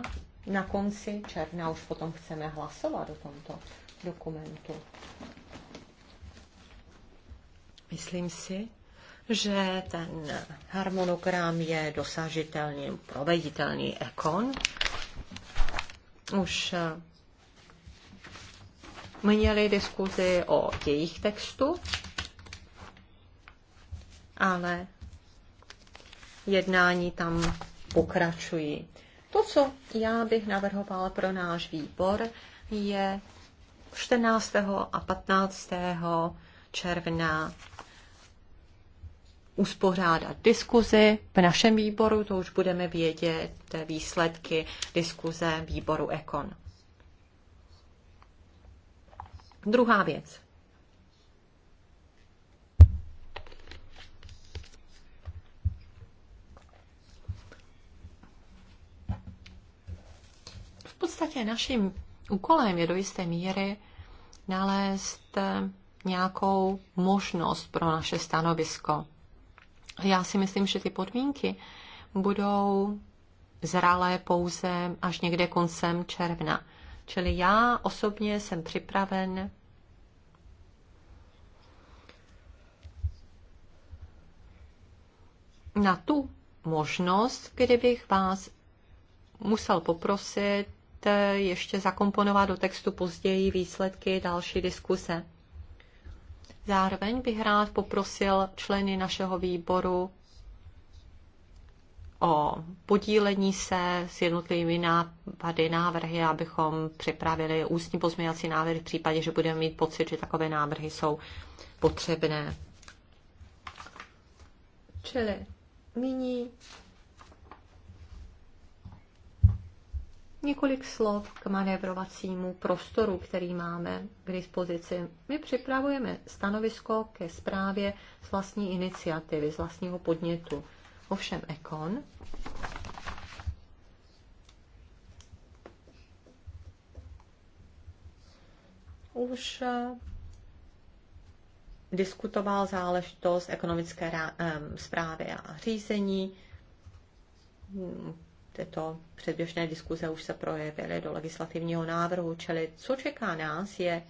na konci června už potom chceme hlasovat o tomto dokumentu. Myslím si, že ten harmonogram je dosažitelný, proveditelný ekon. Už měli diskuzi o jejich textu, ale jednání tam pokračují. To, co já bych navrhovala pro náš výbor, je 14. a 15. června uspořádat diskuzi v našem výboru, to už budeme vědět výsledky diskuze výboru EKON. Druhá věc. V podstatě naším úkolem je do jisté míry nalézt eh, nějakou možnost pro naše stanovisko. Já si myslím, že ty podmínky budou zralé pouze až někde koncem června. Čili já osobně jsem připraven na tu možnost, kdybych vás musel poprosit eh, ještě zakomponovat do textu později výsledky další diskuse. Zároveň bych rád poprosil členy našeho výboru o podílení se s jednotlivými nápady, návrhy, abychom připravili ústní pozměňovací návrhy v případě, že budeme mít pocit, že takové návrhy jsou potřebné. Čili nyní několik slov k manévrovacímu prostoru, který máme k dispozici. My připravujeme stanovisko ke zprávě z vlastní iniciativy, z vlastního podnětu. Ovšem Ekon už eh, diskutoval záležitost ekonomické eh, zprávy a řízení. Tyto předběžné diskuze už se projevily do legislativního návrhu, čili co čeká nás je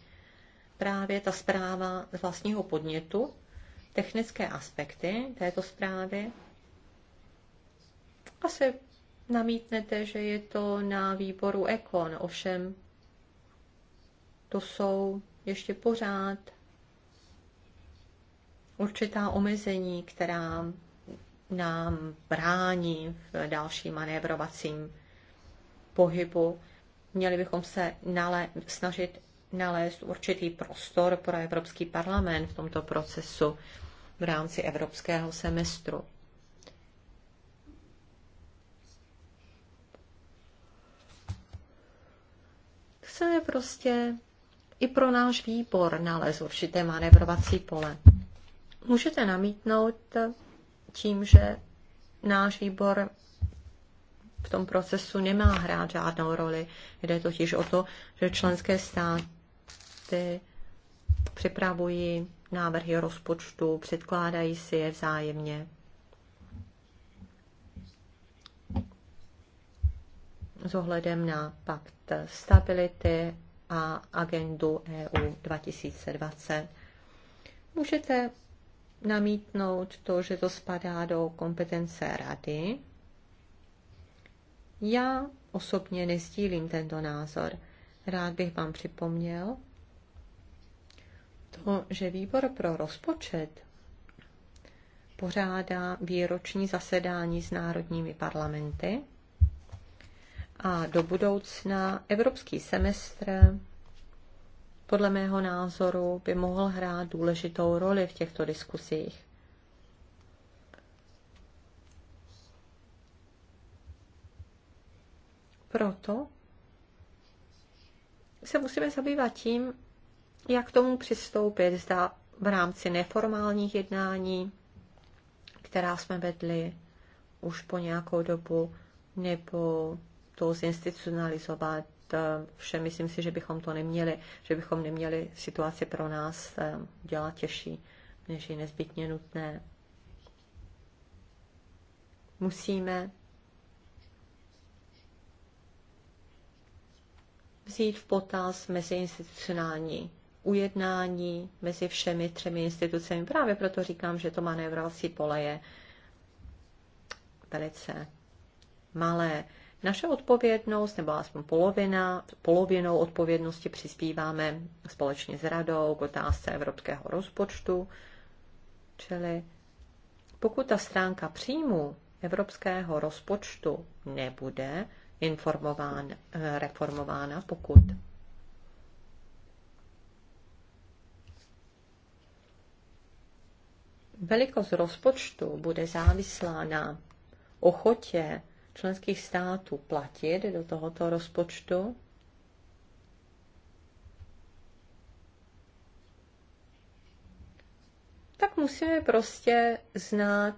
právě ta zpráva z vlastního podnětu, technické aspekty této zprávy asi namítnete, že je to na výboru Ekon, ovšem to jsou ještě pořád určitá omezení, která nám brání v dalším manévrovacím pohybu. Měli bychom se nale- snažit nalézt určitý prostor pro Evropský parlament v tomto procesu v rámci evropského semestru. se prostě i pro náš výbor nalézt určité manevrovací pole. Můžete namítnout tím, že náš výbor v tom procesu nemá hrát žádnou roli. Jde totiž o to, že členské státy připravují návrhy rozpočtu, předkládají si je vzájemně. s ohledem na pakt stability a agendu EU 2020. Můžete namítnout to, že to spadá do kompetence rady. Já osobně nestílím tento názor. Rád bych vám připomněl to, že výbor pro rozpočet pořádá výroční zasedání s národními parlamenty a do budoucna evropský semestr podle mého názoru by mohl hrát důležitou roli v těchto diskusích. Proto se musíme zabývat tím, jak k tomu přistoupit, zda v rámci neformálních jednání, která jsme vedli už po nějakou dobu, nebo tu zinstitucionalizovat. Eh, vše myslím si, že bychom to neměli, že bychom neměli situaci pro nás eh, dělat těžší, než je nezbytně nutné. Musíme vzít v potaz meziinstitucionální ujednání mezi všemi třemi institucemi. Právě proto říkám, že to manévrovací pole je velice malé. Naše odpovědnost, nebo aspoň polovina, polovinou odpovědnosti přispíváme společně s radou k otázce evropského rozpočtu, čili pokud ta stránka příjmu evropského rozpočtu nebude informován, reformována, pokud velikost rozpočtu bude závislá na ochotě členských států platit do tohoto rozpočtu. tak musíme prostě znát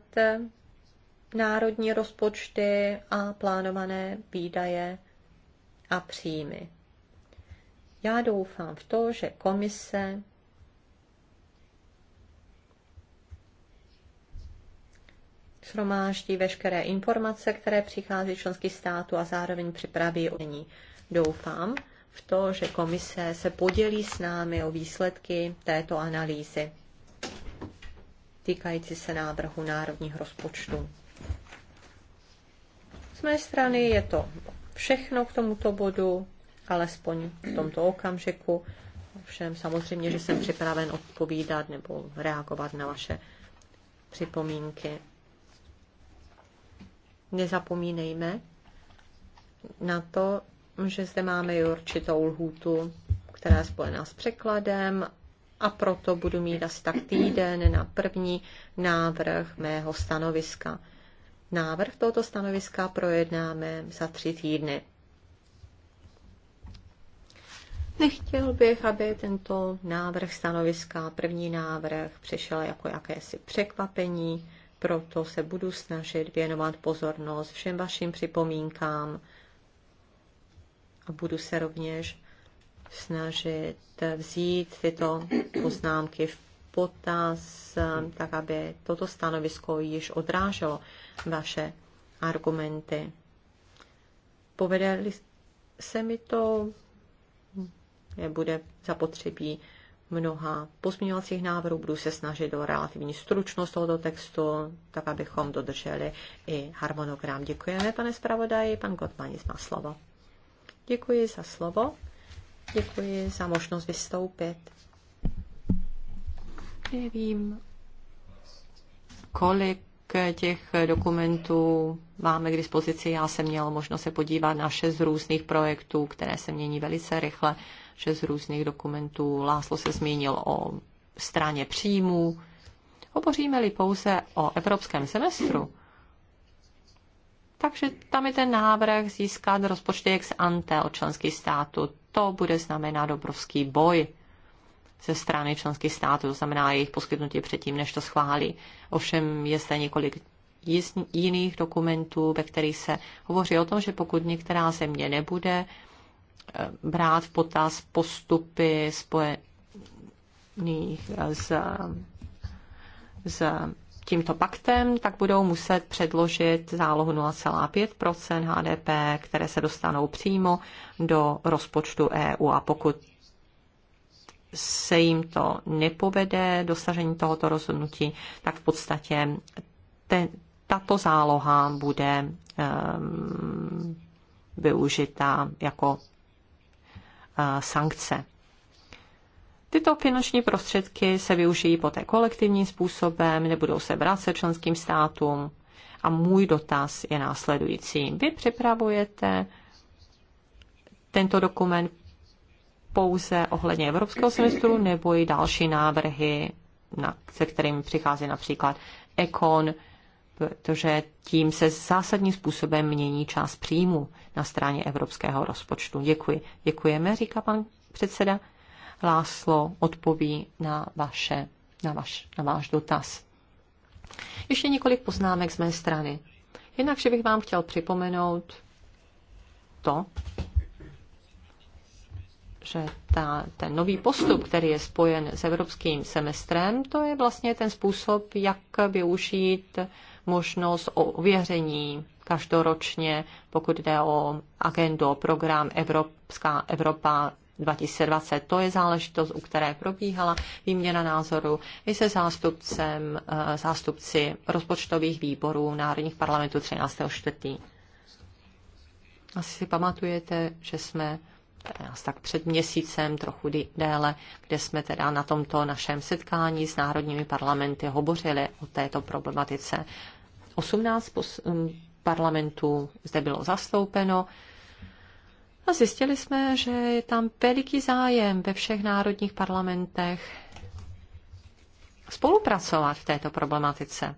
národní rozpočty a plánované výdaje a příjmy. Já doufám v to, že komise shromáždí veškeré informace, které přichází členský státu a zároveň připraví o ní. Doufám v to, že komise se podělí s námi o výsledky této analýzy týkající se návrhu národních rozpočtů. Z mé strany je to všechno k tomuto bodu, alespoň v tomto okamžiku. Ovšem samozřejmě, že jsem připraven odpovídat nebo reagovat na vaše připomínky nezapomínejme na to, že zde máme i určitou lhůtu, která je spojená s překladem a proto budu mít asi tak týden na první návrh mého stanoviska. Návrh tohoto stanoviska projednáme za tři týdny. Nechtěl bych, aby tento návrh stanoviska, první návrh, přišel jako jakési překvapení, proto se budu snažit věnovat pozornost všem vašim připomínkám a budu se rovněž snažit vzít tyto poznámky v potaz, tak aby toto stanovisko již odráželo vaše argumenty. Povedeli se mi to, je bude zapotřebí mnoha pozměňovacích návrhů. Budu se snažit o relativní stručnost tohoto textu, tak abychom dodrželi i harmonogram. Děkujeme, pane zpravodaji. Pan Gottmanis má slovo. Děkuji za slovo. Děkuji za možnost vystoupit. Nevím, kolik těch dokumentů máme k dispozici. Já jsem měl možnost se podívat na šest různých projektů, které se mění velice rychle z různých dokumentů. Láslo se zmínil o straně příjmů. Hovoříme-li pouze o evropském semestru, takže tam je ten návrh získat rozpočty ex ante od členských států. To bude znamenat obrovský boj ze strany členských států, to znamená jejich poskytnutí předtím, než to schválí. Ovšem je zde několik jiných dokumentů, ve kterých se hovoří o tom, že pokud některá země nebude brát v potaz postupy spojených s, s tímto paktem, tak budou muset předložit zálohu 0,5 HDP, které se dostanou přímo do rozpočtu EU. A pokud se jim to nepovede, dosažení tohoto rozhodnutí, tak v podstatě te, tato záloha bude um, využita jako sankce. Tyto finanční prostředky se využijí poté kolektivním způsobem, nebudou se se členským státům. A můj dotaz je následující. Vy připravujete tento dokument pouze ohledně evropského semestru nebo i další návrhy, na, se kterými přichází například Econ, protože tím se zásadním způsobem mění část příjmu na straně evropského rozpočtu. Děkuji. Děkujeme, říká pan předseda. Láslo odpoví na, vaše, na, vaš, na váš dotaz. Ještě několik poznámek z mé strany. Jinak, že bych vám chtěl připomenout to, že ta, ten nový postup, který je spojen s evropským semestrem, to je vlastně ten způsob, jak využít možnost o uvěření každoročně, pokud jde o agendu, program Evropská Evropa 2020. To je záležitost, u které probíhala výměna názoru i se zástupcem, eh, zástupci rozpočtových výborů Národních parlamentů 13.4. Asi si pamatujete, že jsme eh, asi tak před měsícem, trochu déle, kde jsme teda na tomto našem setkání s národními parlamenty hovořili o této problematice 18 hm, parlamentů zde bylo zastoupeno. A zjistili jsme, že je tam veliký zájem ve všech národních parlamentech spolupracovat v této problematice.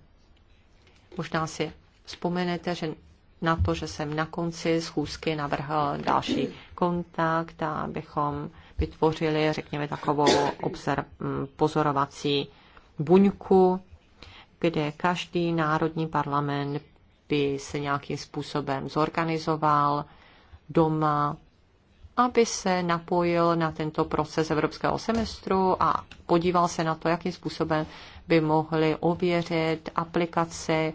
Možná si vzpomenete, že na to, že jsem na konci schůzky navrhl další kontakt a abychom vytvořili, řekněme, takovou hm, pozorovací buňku kde každý národní parlament by se nějakým způsobem zorganizoval doma, aby se napojil na tento proces evropského semestru a podíval se na to, jakým způsobem by mohli ověřit aplikaci um,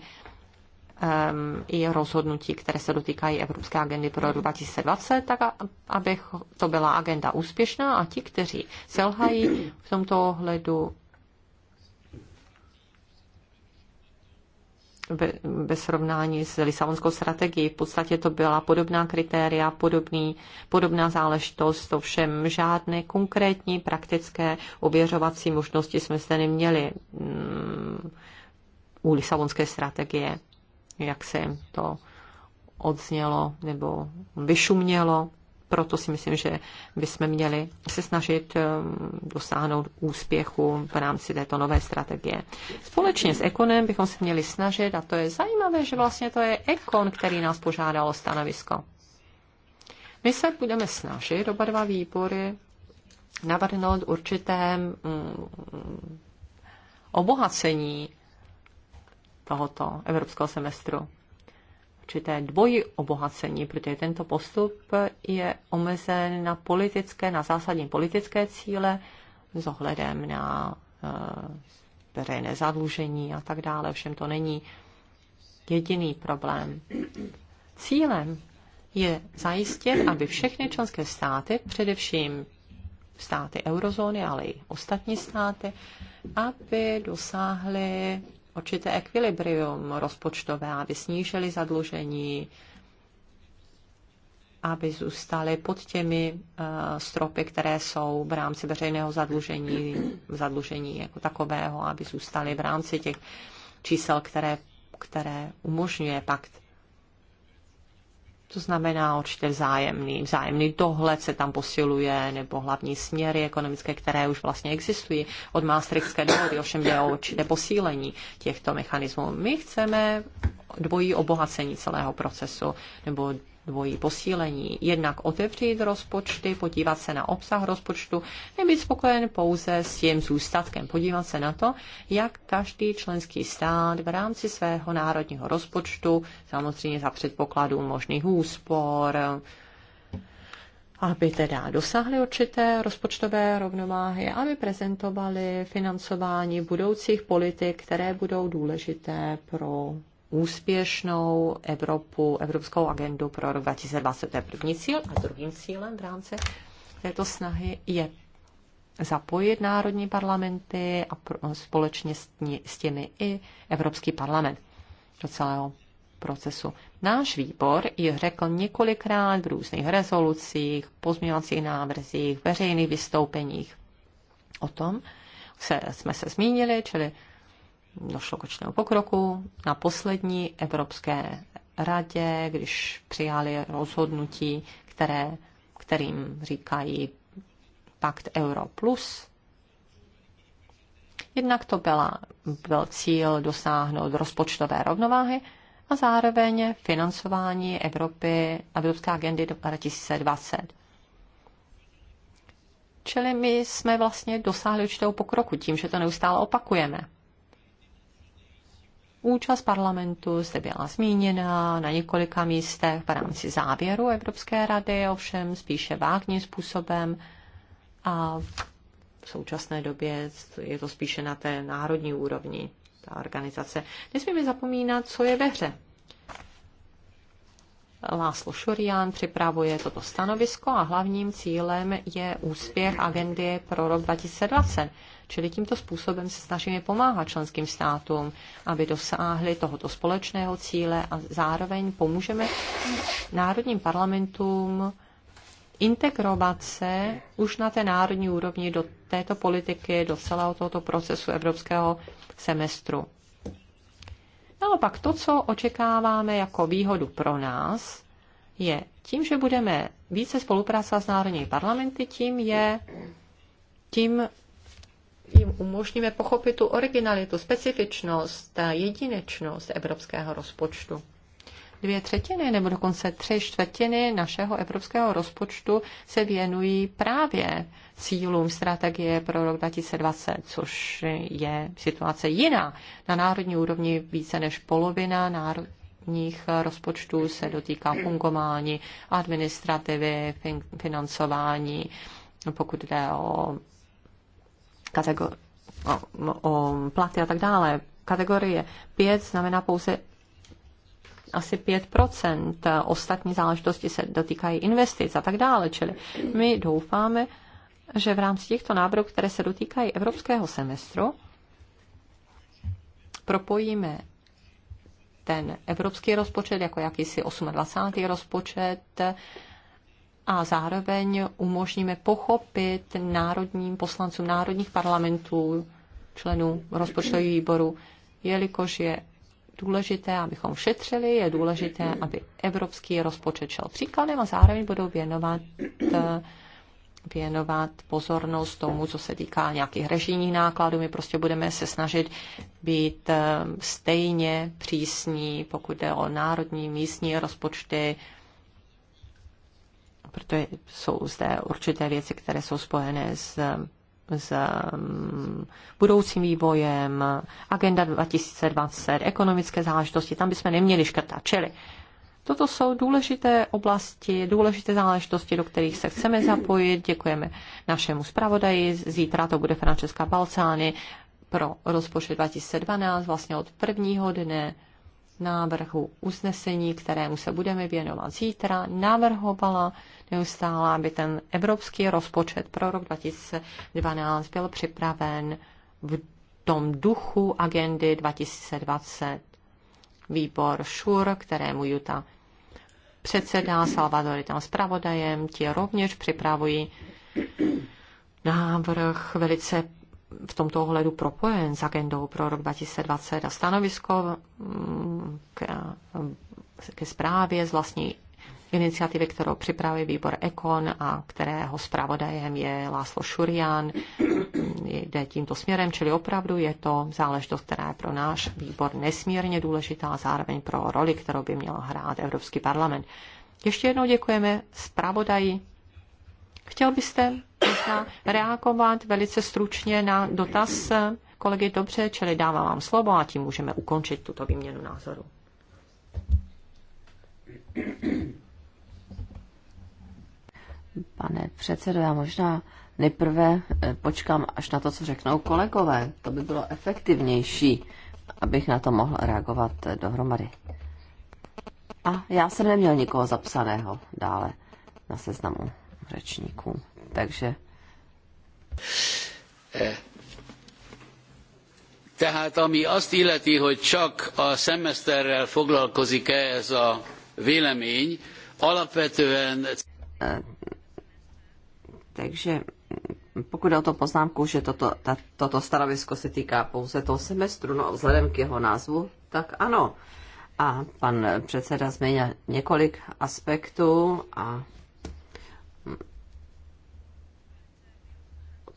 ehm, i rozhodnutí, které se dotýkají Evropské agendy pro 2020, tak a, aby to byla agenda úspěšná a ti, kteří selhají v tomto ohledu, ve, srovnání s Lisabonskou strategií. V podstatě to byla podobná kritéria, podobný, podobná záležitost, to všem žádné konkrétní praktické ověřovací možnosti jsme zde neměli mm, u Lisabonské strategie, jak se to odznělo nebo vyšumělo proto si myslím, že bychom měli se snažit eh, dosáhnout úspěchu v rámci této nové strategie. Společně s Ekonem bychom se měli snažit, a to je zajímavé, že vlastně to je Ekon, který nás požádal o stanovisko. My se budeme snažit, oba dva výbory, navrhnout určité mm, obohacení tohoto evropského semestru určité dvojí obohacení, protože tento postup je omezen na politické, na zásadní politické cíle s ohledem na eh, veřejné zadlužení a tak dále. Všem to není jediný problém. Cílem je zajistit, aby všechny členské státy, především státy eurozóny, ale i ostatní státy, aby dosáhly určité ekvilibrium rozpočtové, aby snížili zadlužení, aby zůstali pod těmi eh, stropy, které jsou v rámci veřejného zadlužení, zadlužení jako takového, aby zůstali v rámci těch čísel, které, které umožňuje pakt to znamená určitě vzájemný, vzájemný dohled se tam posiluje, nebo hlavní směry ekonomické, které už vlastně existují. Od Maastrichtské dohody ovšem jde o určité posílení těchto mechanismů. My chceme dvojí obohacení celého procesu, nebo dvojí posílení. Jednak otevřít rozpočty, podívat se na obsah rozpočtu, nebýt spokojen pouze s tím zůstatkem, podívat se na to, jak každý členský stát v rámci svého národního rozpočtu, samozřejmě za předpokladů možných úspor, aby teda dosáhli určité rozpočtové rovnováhy, aby prezentovali financování budoucích politik, které budou důležité pro úspěšnou Evropu, Evropskou agendu pro rok 2020. To je první cíl. A druhým cílem v rámci této snahy je zapojit národní parlamenty a společně s těmi i Evropský parlament do celého procesu. Náš výbor je řekl několikrát v různých rezolucích, pozměňovacích návrzích, veřejných vystoupeních. O tom se, jsme se zmínili, čili došlo k určitému pokroku. Na poslední Evropské radě, když přijali rozhodnutí, které, kterým říkají pakt Euro plus, jednak to byla, byl cíl dosáhnout rozpočtové rovnováhy a zároveň financování Evropy a Evropské agendy 2020. Čili my jsme vlastně dosáhli určitou pokroku tím, že to neustále opakujeme. Účast parlamentu zde byla zmíněna na několika místech v rámci závěru Evropské rady, ovšem spíše vágním způsobem a v současné době je to spíše na té národní úrovni, ta organizace. Nesmíme zapomínat, co je ve hře. Láslo Šurian připravuje toto stanovisko a hlavním cílem je úspěch agendy pro rok 2020. Čili tímto způsobem se snažíme pomáhat členským státům, aby dosáhli tohoto společného cíle a zároveň pomůžeme národním parlamentům integrovat se už na té národní úrovni do této politiky, do celého tohoto procesu evropského semestru. Naopak to, co očekáváme jako výhodu pro nás, je tím, že budeme více spolupracovat s národními parlamenty, tím je tím jim umožníme pochopit tu originalitu, specifičnost, jedinečnost evropského rozpočtu. Dvě třetiny nebo dokonce tři čtvrtiny našeho evropského rozpočtu se věnují právě cílům strategie pro rok 2020, což je situace jiná. Na národní úrovni více než polovina národních rozpočtů se dotýká fungování, administrativy, financování, pokud jde o kategor- o, o platy a tak dále. Kategorie 5 znamená pouze asi 5%. Ostatní záležitosti se dotýkají investic a tak dále. Čili my doufáme, že v rámci těchto návrhů, které se dotýkají evropského semestru, propojíme ten evropský rozpočet jako jakýsi 28. rozpočet a zároveň umožníme pochopit národním poslancům národních parlamentů, členů rozpočtového výboru, jelikož je důležité, abychom šetřili, je důležité, aby evropský rozpočet šel příkladem a zároveň budou věnovat, věnovat pozornost tomu, co se týká nějakých režijních nákladů. My prostě budeme se snažit být eh, stejně přísní, pokud jde o národní, místní rozpočty, protože jsou zde určité věci, které jsou spojené s s mm, budoucím vývojem, agenda 2020, ekonomické záležitosti, tam bychom neměli škrtat. Čili toto jsou důležité oblasti, důležité záležitosti, do kterých se chceme zapojit. Děkujeme našemu zpravodaji. Zítra to bude Francesca Balcány pro rozpočet 2012, vlastně od prvního dne návrhu usnesení, kterému se budeme věnovat zítra, navrhovala neustále, aby ten evropský rozpočet pro rok 2012 byl připraven v tom duchu agendy 2020. Výbor ŠUR, kterému Juta předsedá, Salvador je tam zpravodajem, ti rovněž připravují návrh velice v tomto ohledu propojen s agendou pro rok 2020 a stanovisko mm, k ke zprávě z vlastní iniciativy, kterou připravil výbor Ekon a kterého zpravodajem je Láslo Šurian, jde tímto směrem, čili opravdu je to záležitost, která je pro náš výbor nesmírně důležitá a zároveň pro roli, kterou by měl hrát Evropský parlament. Ještě jednou děkujeme zpravodaji Chtěl byste možná reagovat velice stručně na dotaz kolegy Dobře, čili dávám vám slovo a tím můžeme ukončit tuto výměnu názoru. Pane předsedo, já možná nejprve eh, počkám až na to, co řeknou kolegové. To by bylo efektivnější, abych na to mohl reagovat eh, dohromady. A já jsem neměl nikoho zapsaného dále na seznamu řečníků. Takže... Tehát ami azt illeti, hogy csak a szemeszterrel foglalkozik-e ez a vélemény, alapvetően... Takže pokud je o to poznámku, že toto, ta, toto stanovisko se týká pouze toho semestru, no vzhledem k jeho názvu, tak ano. A pan předseda změnil několik aspektů a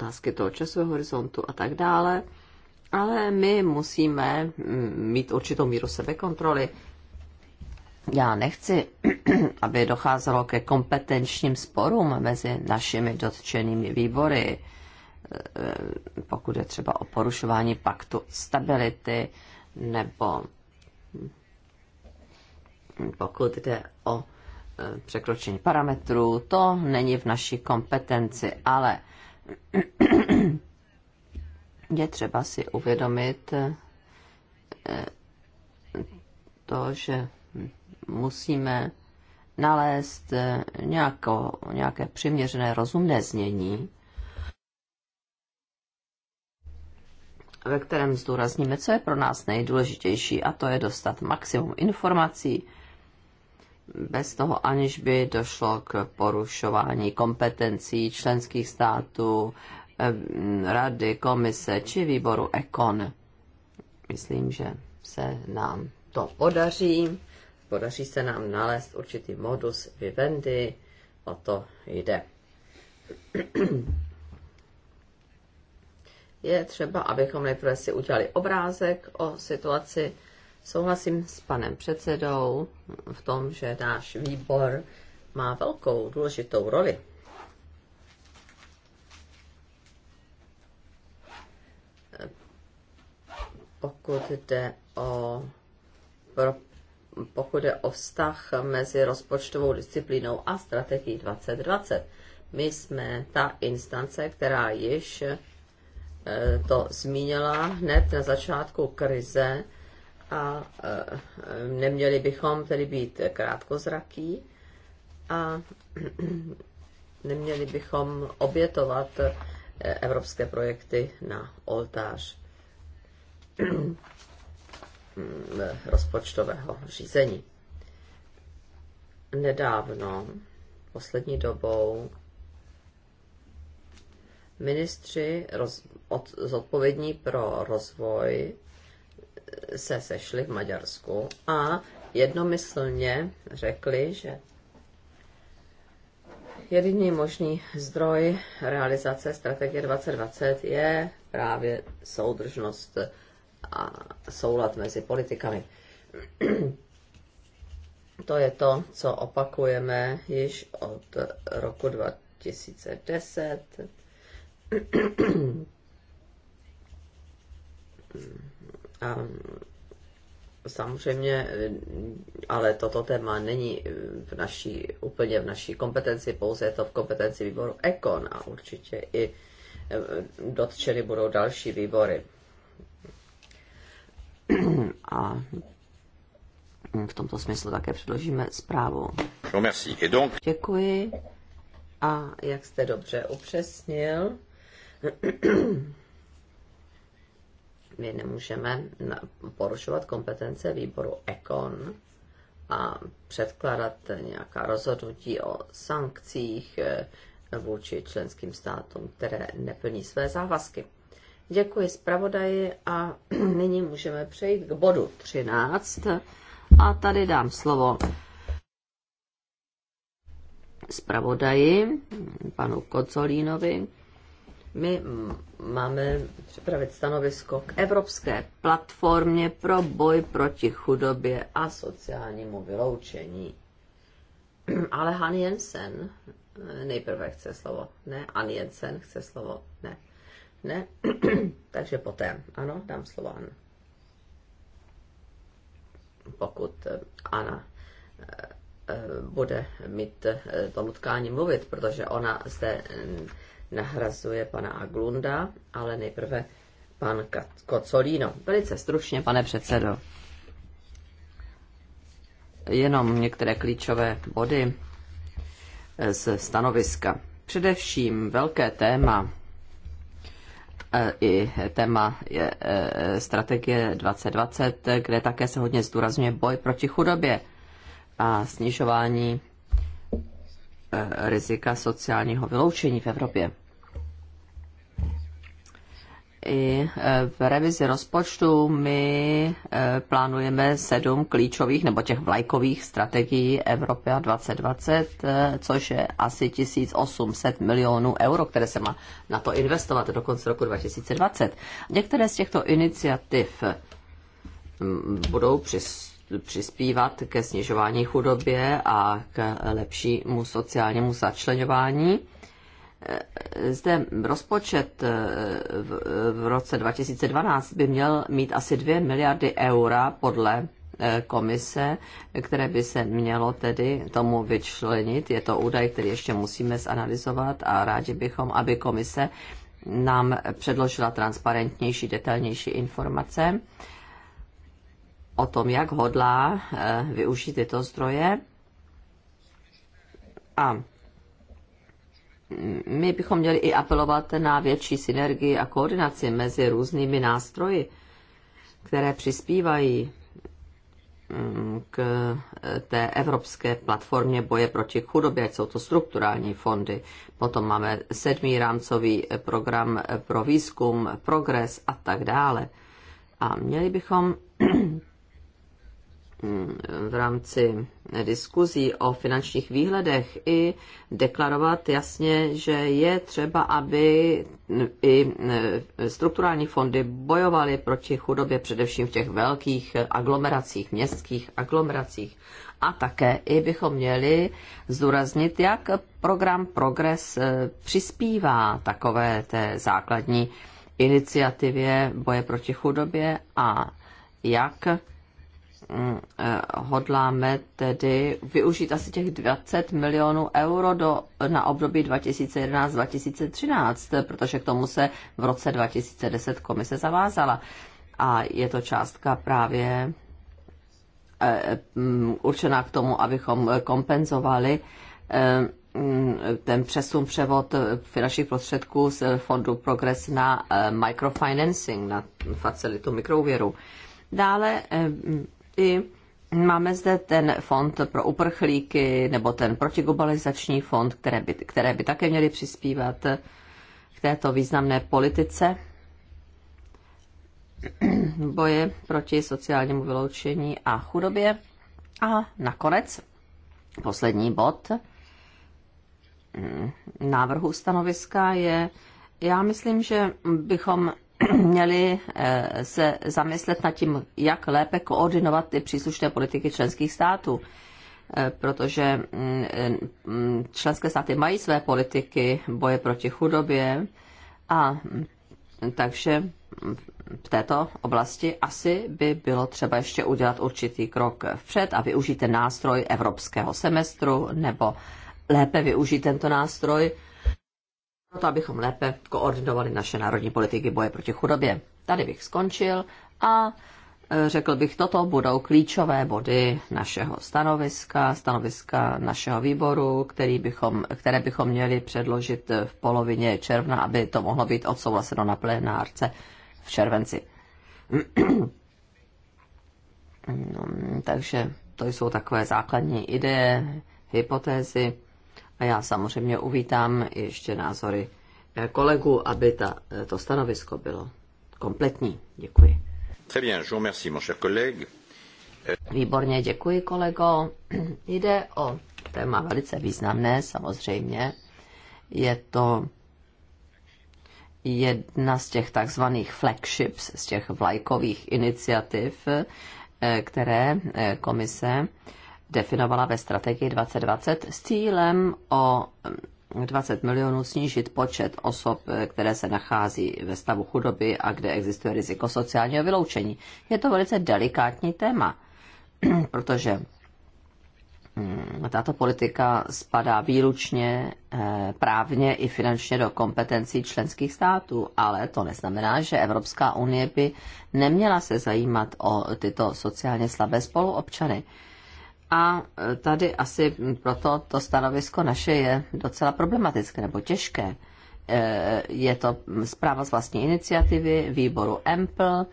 otázky toho časového horizontu a tak dále. Ale my musíme mm, mít určitou míru sebekontroly. Já nechci, aby docházelo ke kompetenčním sporům mezi našimi dotčenými výbory, e, pokud je třeba o porušování paktu stability nebo pokud jde o e, překročení parametrů, to není v naší kompetenci, ale je třeba si uvědomit eh, to, že musíme nalézt eh, nějako, nějaké přiměřené rozumné znění, ve kterém zdůrazníme, co je pro nás nejdůležitější, a to je dostat maximum informací bez toho, aniž by došlo k porušování kompetencí členských států, rady, komise či výboru ECON. Myslím, že se nám to podaří. Podaří se nám nalézt určitý modus vivendi, o to jde. Je třeba, abychom nejprve si udělali obrázek o situaci Souhlasím s panem předsedou v tom, že náš výbor má velkou důležitou roli. Pokud jde o pro, pokud jde o vztah mezi rozpočtovou disciplínou a strategií 2020. My jsme ta instance, která již eh, to zmínila hned na začátku krize, a e, neměli bychom tedy být krátkozraký a neměli bychom obětovat e, evropské projekty na oltář rozpočtového řízení. Nedávno, poslední dobou, ministři roz, od, zodpovědní pro rozvoj se sešli v Maďarsku a jednomyslně řekli, že jediný možný zdroj realizace strategie 2020 je právě soudržnost a soulad mezi politikami. To je to, co opakujeme již od roku 2010. A samozřejmě, ale toto téma není v naší, úplně v naší kompetenci, pouze je to v kompetenci výboru EKON a určitě i eh, dotčeny budou další výbory. A v tomto smyslu také předložíme zprávu. Děkuji. A jak jste dobře upřesnil, my nemůžeme porušovat kompetence výboru ECON a předkladat nějaká rozhodnutí o sankcích eh, vůči členským státům, které neplní své závazky. Děkuji zpravodaji a nyní můžeme přejít k bodu 13 a tady dám slovo zpravodaji, panu Kocolínovi, my máme připravit stanovisko k Evropské platformě pro boj proti chudobě a sociálnímu vyloučení. Ale Han Jensen nejprve chce slovo. Ne, An Jensen chce slovo. Ne. Ne, takže poté. Ano, dám slovo eh, Anna. Pokud eh, Anna eh, bude mít tomu tkání mluvit, protože ona zde mm, nahrazuje pana Aglunda, ale nejprve pan Kocolíno. Velice stručně, pane předsedo. Jenom některé klíčové body eh, z stanoviska. Především velké téma eh, i téma je eh, strategie 2020, kde také se hodně zdůrazňuje boj proti chudobě a snižování rizika sociálního vyloučení v Evropě i e, v revizi rozpočtu my e, plánujeme sedm klíčových nebo těch vlajkových strategií Evropa 2020, e, což je asi 1800 milionů euro, které se má na to investovat do konce roku 2020. Některé z těchto iniciativ budou přis, přispívat ke snižování chudobě a k lepšímu sociálnímu začlenování zde rozpočet eh, v roce 2012 by měl mít asi 2 miliardy eura podle eh, komise, které by se mělo tedy tomu vyčlenit. Je to údaj, který ještě musíme zanalizovat a rádi bychom, aby komise nám předložila transparentnější, detailnější informace o tom, jak hodlá eh, využít tyto zdroje. A my bychom měli i apelovat na větší synergii a koordinaci mezi různými nástroji, které přispívají mm, k eh, té evropské platformě boje proti chudobě, jsou to strukturální fondy. Potom máme sedmý rámcový eh, program eh, pro výzkum, progres a tak dále. A měli bychom Mm, v rámci diskuzí o finančních výhledech i deklarovat jasně, že je třeba, aby i e, strukturální fondy bojovaly proti chudobě především v těch velkých aglomeracích, městských aglomeracích. A také i bychom měli zdůraznit, jak program Progress e, přispívá takové té základní iniciativě boje proti chudobě a jak Mm, eh, hodláme tedy využít asi těch 20 milionů euro do, na období 2011-2013, protože k tomu se v roce 2010 komise zavázala. A je to částka právě eh, mm, určená k tomu, abychom kompenzovali eh, mm, ten přesun, převod finančních prostředků z fondu Progress na microfinancing, na facilitu mikrouvěru. Dále i Máme zde ten fond pro uprchlíky nebo ten protiglobalizační fond, které by, které by také měly přispívat k této významné politice boje proti sociálnímu vyloučení a chudobě. A nakonec poslední bod mm, návrhu stanoviska je, já myslím, že bychom měli eh, se zamyslet nad tím, jak lépe koordinovat ty příslušné politiky členských států eh, protože mm, mm, členské státy mají své politiky boje proti chudobě a mm, takže v této oblasti asi by bylo třeba ještě udělat určitý krok vpřed a využít ten nástroj evropského semestru nebo lépe využít tento nástroj to abychom lépe koordinovali naše národní politiky boje proti chudobě. Tady bych skončil a e, řekl bych, toto budou klíčové body našeho stanoviska, stanoviska našeho výboru, který bychom, které bychom měli předložit v polovině června, aby to mohlo být odsouhlaseno na plenárce v červenci. No, takže to jsou takové základní ideje, hypotézy. A já samozřejmě uvítám ještě názory eh, kolegu, aby ta, eh, to stanovisko bylo kompletní. Děkuji. Très bien, je vous remercie, mon cher collègue. Výborně, děkuji kolego. Jde o téma velice významné, samozřejmě. Je to jedna z těch takzvaných flagships, z těch vlajkových iniciativ, eh, které komise definovala ve strategii 2020 s cílem o 20 mm, milionů snížit počet osob, e, které se nachází ve stavu chudoby a kde existuje riziko sociálního vyloučení. Je to velice delikátní téma, protože mm, tato politika spadá výlučně e, právně i finančně do kompetencí členských států, ale to neznamená, že Evropská unie by neměla se zajímat o tyto sociálně slabé spoluobčany. A tady asi proto to stanovisko naše je docela problematické nebo těžké. E, je to zpráva z vlastní iniciativy výboru EMPL,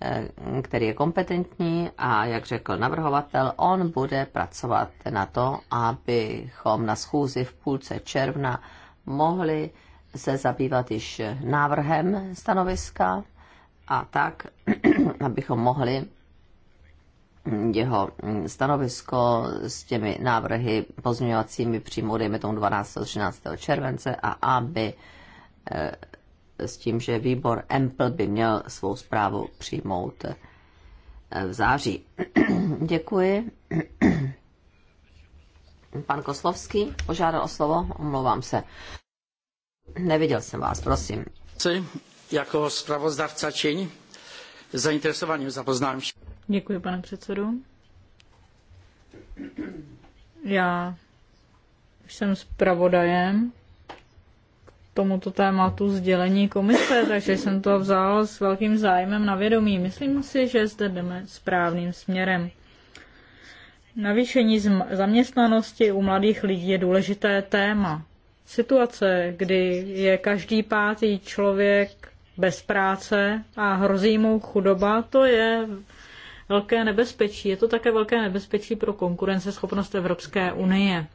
e, který je kompetentní a, jak řekl navrhovatel, on bude pracovat na to, abychom na schůzi v půlce června mohli se zabývat již návrhem stanoviska a tak, abychom mohli jeho stanovisko s těmi návrhy pozměňovacími přímo, dejme tomu 12. 13. července a aby eh, s tím, že výbor EMPL by měl svou zprávu přijmout eh, v září. Děkuji. Pan Koslovský požádal o slovo, omlouvám se. Neviděl jsem vás, prosím. Jako zpravodajce čin zainteresovaním zapoznám Vše. Děkuji, pane předsedu. Já jsem zpravodajem k tomuto tématu sdělení komise, takže jsem to vzal s velkým zájmem na vědomí. Myslím si, že zde jdeme správným směrem. Navýšení zaměstnanosti u mladých lidí je důležité téma. Situace, kdy je každý pátý člověk bez práce a hrozí mu chudoba, to je velké nebezpečí. Je to také velké nebezpečí pro konkurenceschopnost Evropské unie.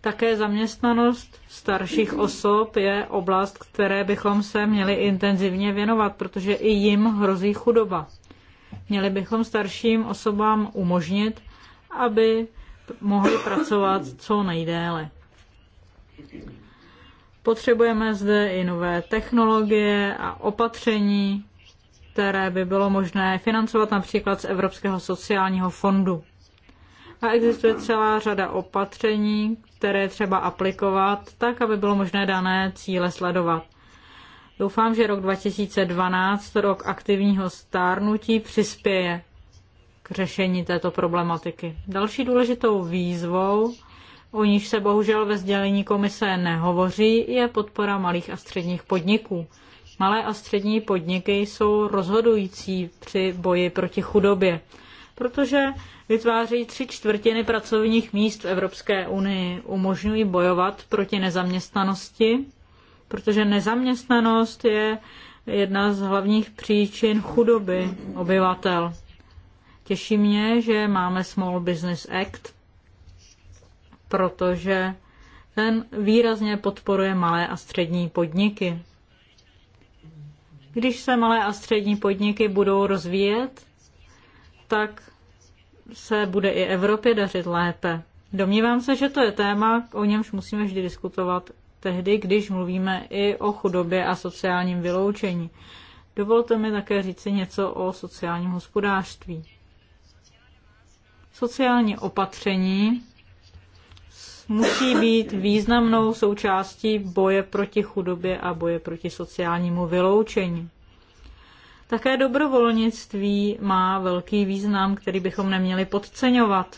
Také zaměstnanost starších osob je oblast, které bychom se měli intenzivně věnovat, protože i jim hrozí chudoba. Měli bychom starším osobám umožnit, aby mohli pracovat co nejdéle. Potřebujeme zde i nové technologie a opatření, které by bylo možné financovat například z Evropského sociálního fondu. A existuje celá řada opatření, které třeba aplikovat, tak aby bylo možné dané cíle sledovat. Doufám, že rok 2012, rok aktivního stárnutí, přispěje k řešení této problematiky. Další důležitou výzvou, o níž se bohužel ve sdělení komise nehovoří, je podpora malých a středních podniků. Malé a střední podniky jsou rozhodující při boji proti chudobě, protože vytvářejí tři čtvrtiny pracovních míst v Evropské unii, umožňují bojovat proti nezaměstnanosti, protože nezaměstnanost je jedna z hlavních příčin chudoby obyvatel. Těší mě, že máme Small Business Act, protože ten výrazně podporuje malé a střední podniky. Když se malé a střední podniky budou rozvíjet, tak se bude i Evropě dařit lépe. Domnívám se, že to je téma, o němž musíme vždy diskutovat tehdy, když mluvíme i o chudobě a sociálním vyloučení. Dovolte mi také říci něco o sociálním hospodářství. Sociální opatření musí být významnou součástí boje proti chudobě a boje proti sociálnímu vyloučení. Také dobrovolnictví má velký význam, který bychom neměli podceňovat.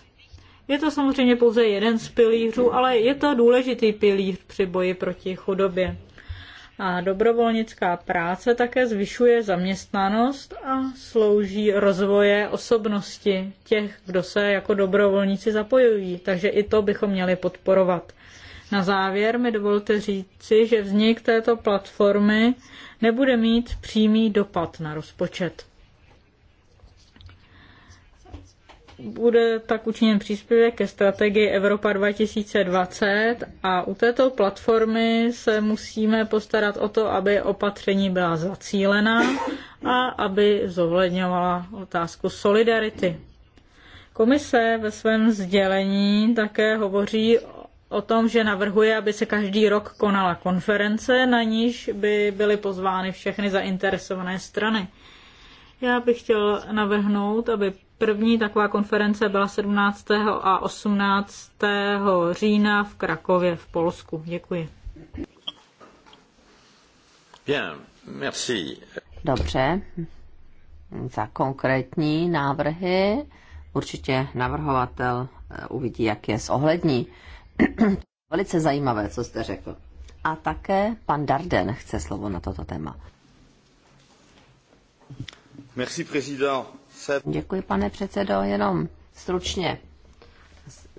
Je to samozřejmě pouze jeden z pilířů, ale je to důležitý pilíř při boji proti chudobě. A dobrovolnická práce také zvyšuje zaměstnanost a slouží rozvoje osobnosti těch, kdo se jako dobrovolníci zapojují. Takže i to bychom měli podporovat. Na závěr mi dovolte říci, že vznik této platformy nebude mít přímý dopad na rozpočet. bude tak učiněn příspěvek ke strategii Evropa 2020 a u této platformy se musíme postarat o to, aby opatření byla zacílená a aby zohledňovala otázku solidarity. Komise ve svém sdělení také hovoří o tom, že navrhuje, aby se každý rok konala konference, na níž by byly pozvány všechny zainteresované strany. Já bych chtěl navrhnout, aby první taková konference byla 17. a 18. října v Krakově v Polsku. Děkuji. Bien, merci. Dobře, za konkrétní návrhy. Určitě navrhovatel eh, uvidí, jak je zohlední. Velice zajímavé, co jste řekl. A také pan Darden chce slovo na toto téma. Děkuji, pane předsedo, jenom stručně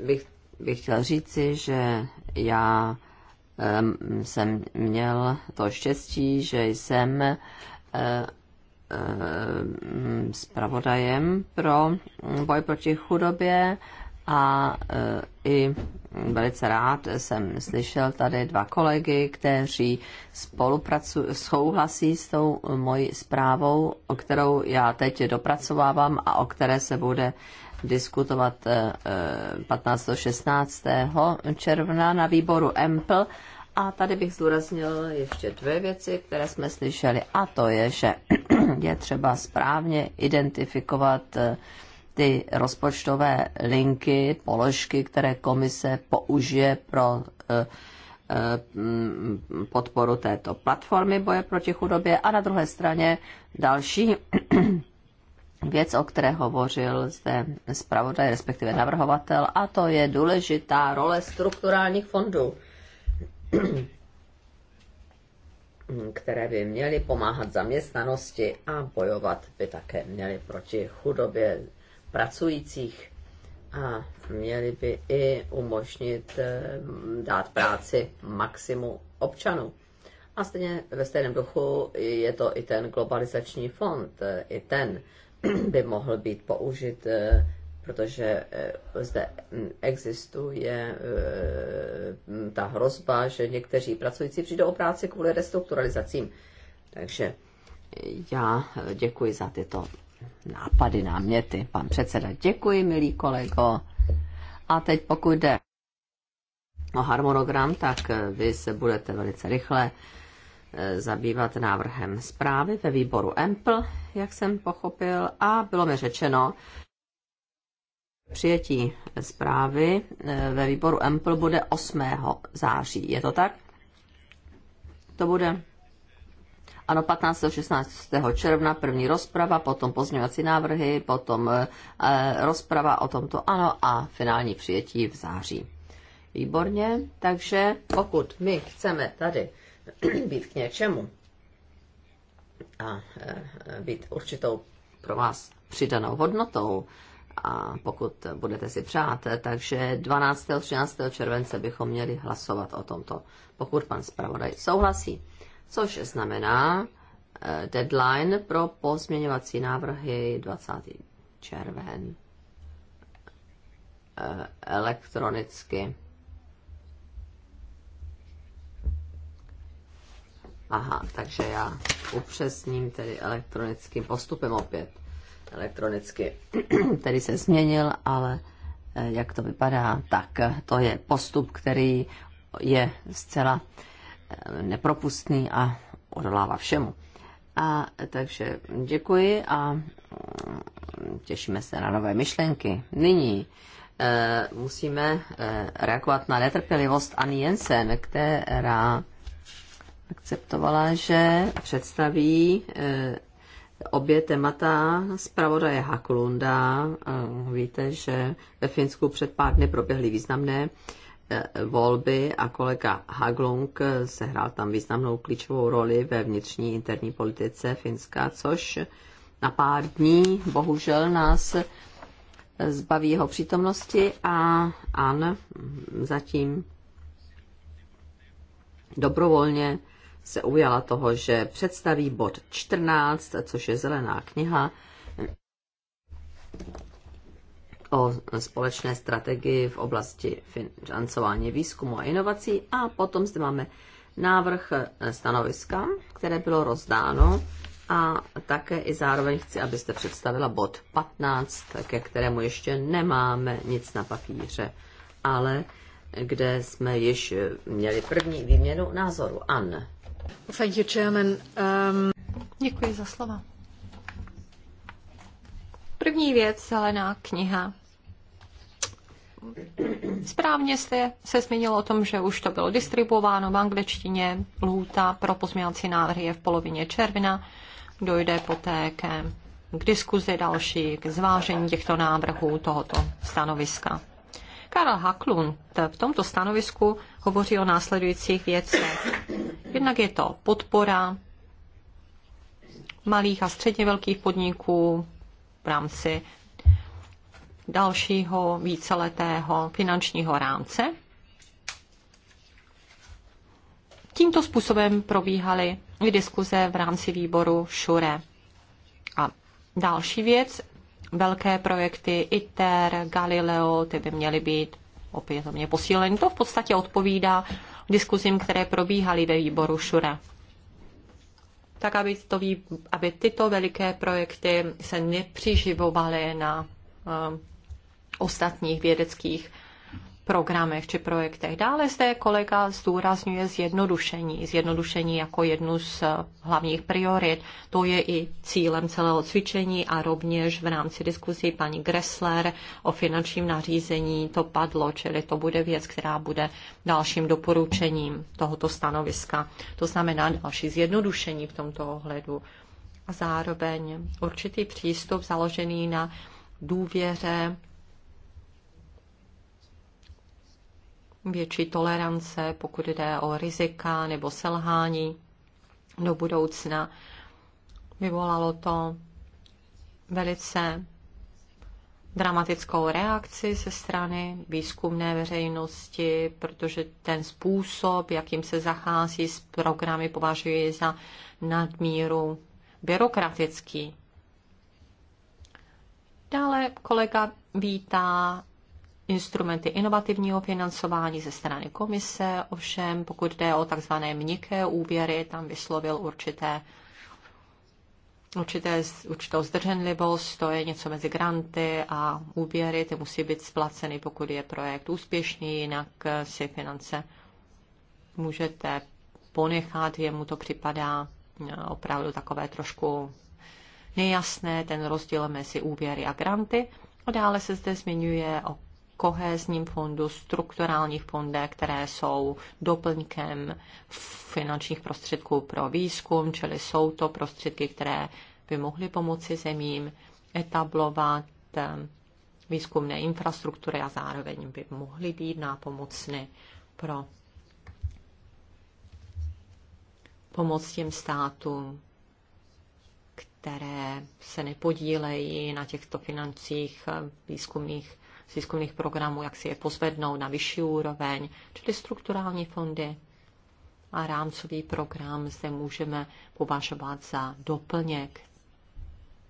bych, bych chtěl říci, že já um, jsem měl to štěstí, že jsem uh, zpravodajem pro boj proti chudobě a uh, i velice rád jsem slyšel tady dva kolegy, kteří spolupracují, souhlasí s tou mojí zprávou, o kterou já teď dopracovávám a o které se bude diskutovat 15. Eh, 16. Eh, června na výboru EMPL. A tady bych zdůraznil ještě dvě věci, které jsme slyšeli, a to je, že je třeba správně identifikovat eh, ty rozpočtové linky, položky, které komise použije pro eh, eh, podporu této platformy boje proti chudobě a na druhé straně další věc, o které hovořil zde zpravodaj, respektive navrhovatel, a to je důležitá role strukturálních fondů, které by měly pomáhat zaměstnanosti a bojovat by také měly proti chudobě pracujících a měli by i umožnit eh, dát práci maximu občanů. A stejně ve stejném duchu je to i ten globalizační fond. Eh, I ten by mohl být použit, eh, protože zde existuje ta hrozba, že někteří pracující přijdou o práci kvůli restrukturalizacím. Takže já děkuji za tyto nápady, náměty. Pan předseda, děkuji, milý kolego. A teď pokud jde o harmonogram, tak eh, vy se budete velice rychle eh, zabývat návrhem zprávy ve výboru EMPL, jak jsem pochopil, a bylo mi řečeno, přijetí zprávy eh, ve výboru EMPL bude 8. září. Je to tak? To bude ano, 15. 16. června první rozprava, potom pozměňovací návrhy, potom e, rozprava o tomto ano a finální přijetí v září. Výborně, takže pokud my chceme tady být k něčemu a e, být určitou pro vás přidanou hodnotou, a pokud budete si přát, takže 12. 13. července bychom měli hlasovat o tomto, pokud pan zpravodaj souhlasí což znamená eh, deadline pro pozměňovací návrhy 20. červen eh, elektronicky. Aha, takže já upřesním tedy elektronickým postupem opět. Elektronicky tedy se změnil, ale eh, jak to vypadá, tak to je postup, který je zcela uh, nepropustný a odolává všemu. A takže děkuji a těšíme se na nové myšlenky. Nyní e, musíme e, reagovat na netrpělivost Ani Jensen, která akceptovala, že představí e, obě témata zpravodaje Haklunda. Víte, že ve Finsku před pár dny proběhly významné Eh, volby a kolega Haglung sehrál tam významnou klíčovou roli ve vnitřní interní politice Finska, což na pár dní bohužel nás zbaví jeho přítomnosti a An zatím dobrovolně se ujala toho, že představí bod 14, což je zelená kniha o společné strategii v oblasti financování výzkumu a inovací a potom zde máme návrh e, stanoviska, které bylo rozdáno a také i zároveň chci, abyste představila bod 15, ke kterému ještě nemáme nic na papíře, ale kde jsme již e, měli první výměnu názoru. Anne. Thank you, Chairman. Um... Děkuji za slova. První věc, zelená kniha. Správně jste se zmínil o tom, že už to bylo distribuováno v angličtině. Lhůta pro pozměňovací návrhy je v polovině června. Dojde poté ke, k diskuzi další, k zvážení těchto návrhů tohoto stanoviska. Karel Haklund v tomto stanovisku hovoří o následujících věcech. Jednak je to podpora malých a středně velkých podniků v rámci dalšího víceletého finančního rámce. Tímto způsobem probíhaly i diskuze v rámci výboru ŠURE. A další věc, velké projekty ITER, Galileo, ty by měly být opět mě posíleny. To v podstatě odpovídá diskuzím, které probíhaly ve výboru ŠURE. Tak, aby, to, aby tyto veliké projekty se nepřiživovaly na eh, ostatních vědeckých programech či projektech. Dále zde kolega zdůrazňuje zjednodušení. Zjednodušení jako jednu z eh, hlavních priorit. To je i cílem celého cvičení a rovněž v rámci diskuzí paní Gressler o finančním nařízení to padlo, čili to bude věc, která bude dalším doporučením tohoto stanoviska. To znamená další zjednodušení v tomto ohledu. A zároveň určitý přístup založený na důvěře větší tolerance, pokud jde o rizika nebo selhání do budoucna. Vyvolalo to velice dramatickou reakci ze strany výzkumné veřejnosti, protože ten způsob, jakým se zachází s programy, považuji za nadmíru byrokratický. Dále kolega vítá instrumenty inovativního financování ze strany komise, ovšem pokud jde o tzv. měkké úvěry, tam vyslovil určité, určité, určitou zdrženlivost, to je něco mezi granty a úvěry, ty musí být splaceny, pokud je projekt úspěšný, jinak si finance můžete ponechat, jemu to připadá eh, opravdu takové trošku nejasné, ten rozdíl mezi úvěry a granty. A dále se zde zmiňuje o kohézním fondu, strukturálních fondech, které jsou doplňkem finančních prostředků pro výzkum, čili jsou to prostředky, které by mohly pomoci zemím etablovat eh, výzkumné infrastruktury a zároveň by mohly být nápomocny pro pomoc těm státům, které se nepodílejí na těchto financích eh, výzkumných výzkumných programů, jak si je pozvednout na vyšší úroveň, čili strukturální fondy a rámcový program zde můžeme považovat za doplněk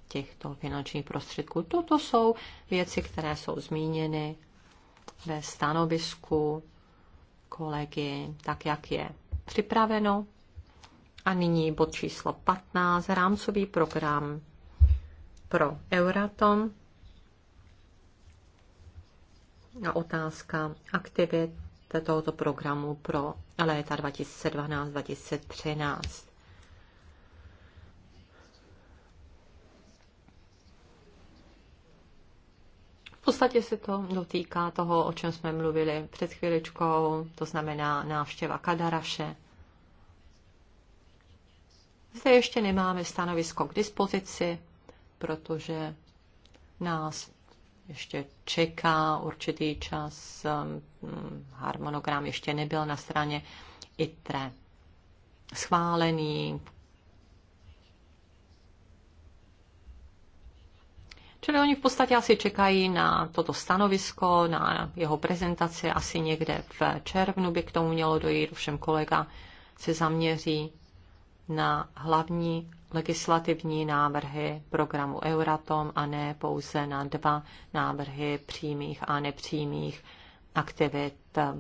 těchto finančních prostředků. Toto jsou věci, které jsou zmíněny ve stanovisku kolegy, tak jak je připraveno. A nyní bod číslo 15, rámcový program pro Euratom a otázka aktivit tohoto programu pro léta 2012-2013. V podstatě se to dotýká toho, o čem jsme mluvili před chvíličkou, to znamená návštěva Kadaraše. Zde ještě nemáme stanovisko k dispozici, protože nás ještě čeká určitý čas, um, harmonogram ještě nebyl na straně ITRE schválený. Čili oni v podstatě asi čekají na toto stanovisko, na jeho prezentaci asi někde v červnu by k tomu mělo dojít, ovšem kolega se zaměří na hlavní legislativní návrhy programu Euratom a ne pouze na dva návrhy přímých a nepřímých aktivit eh,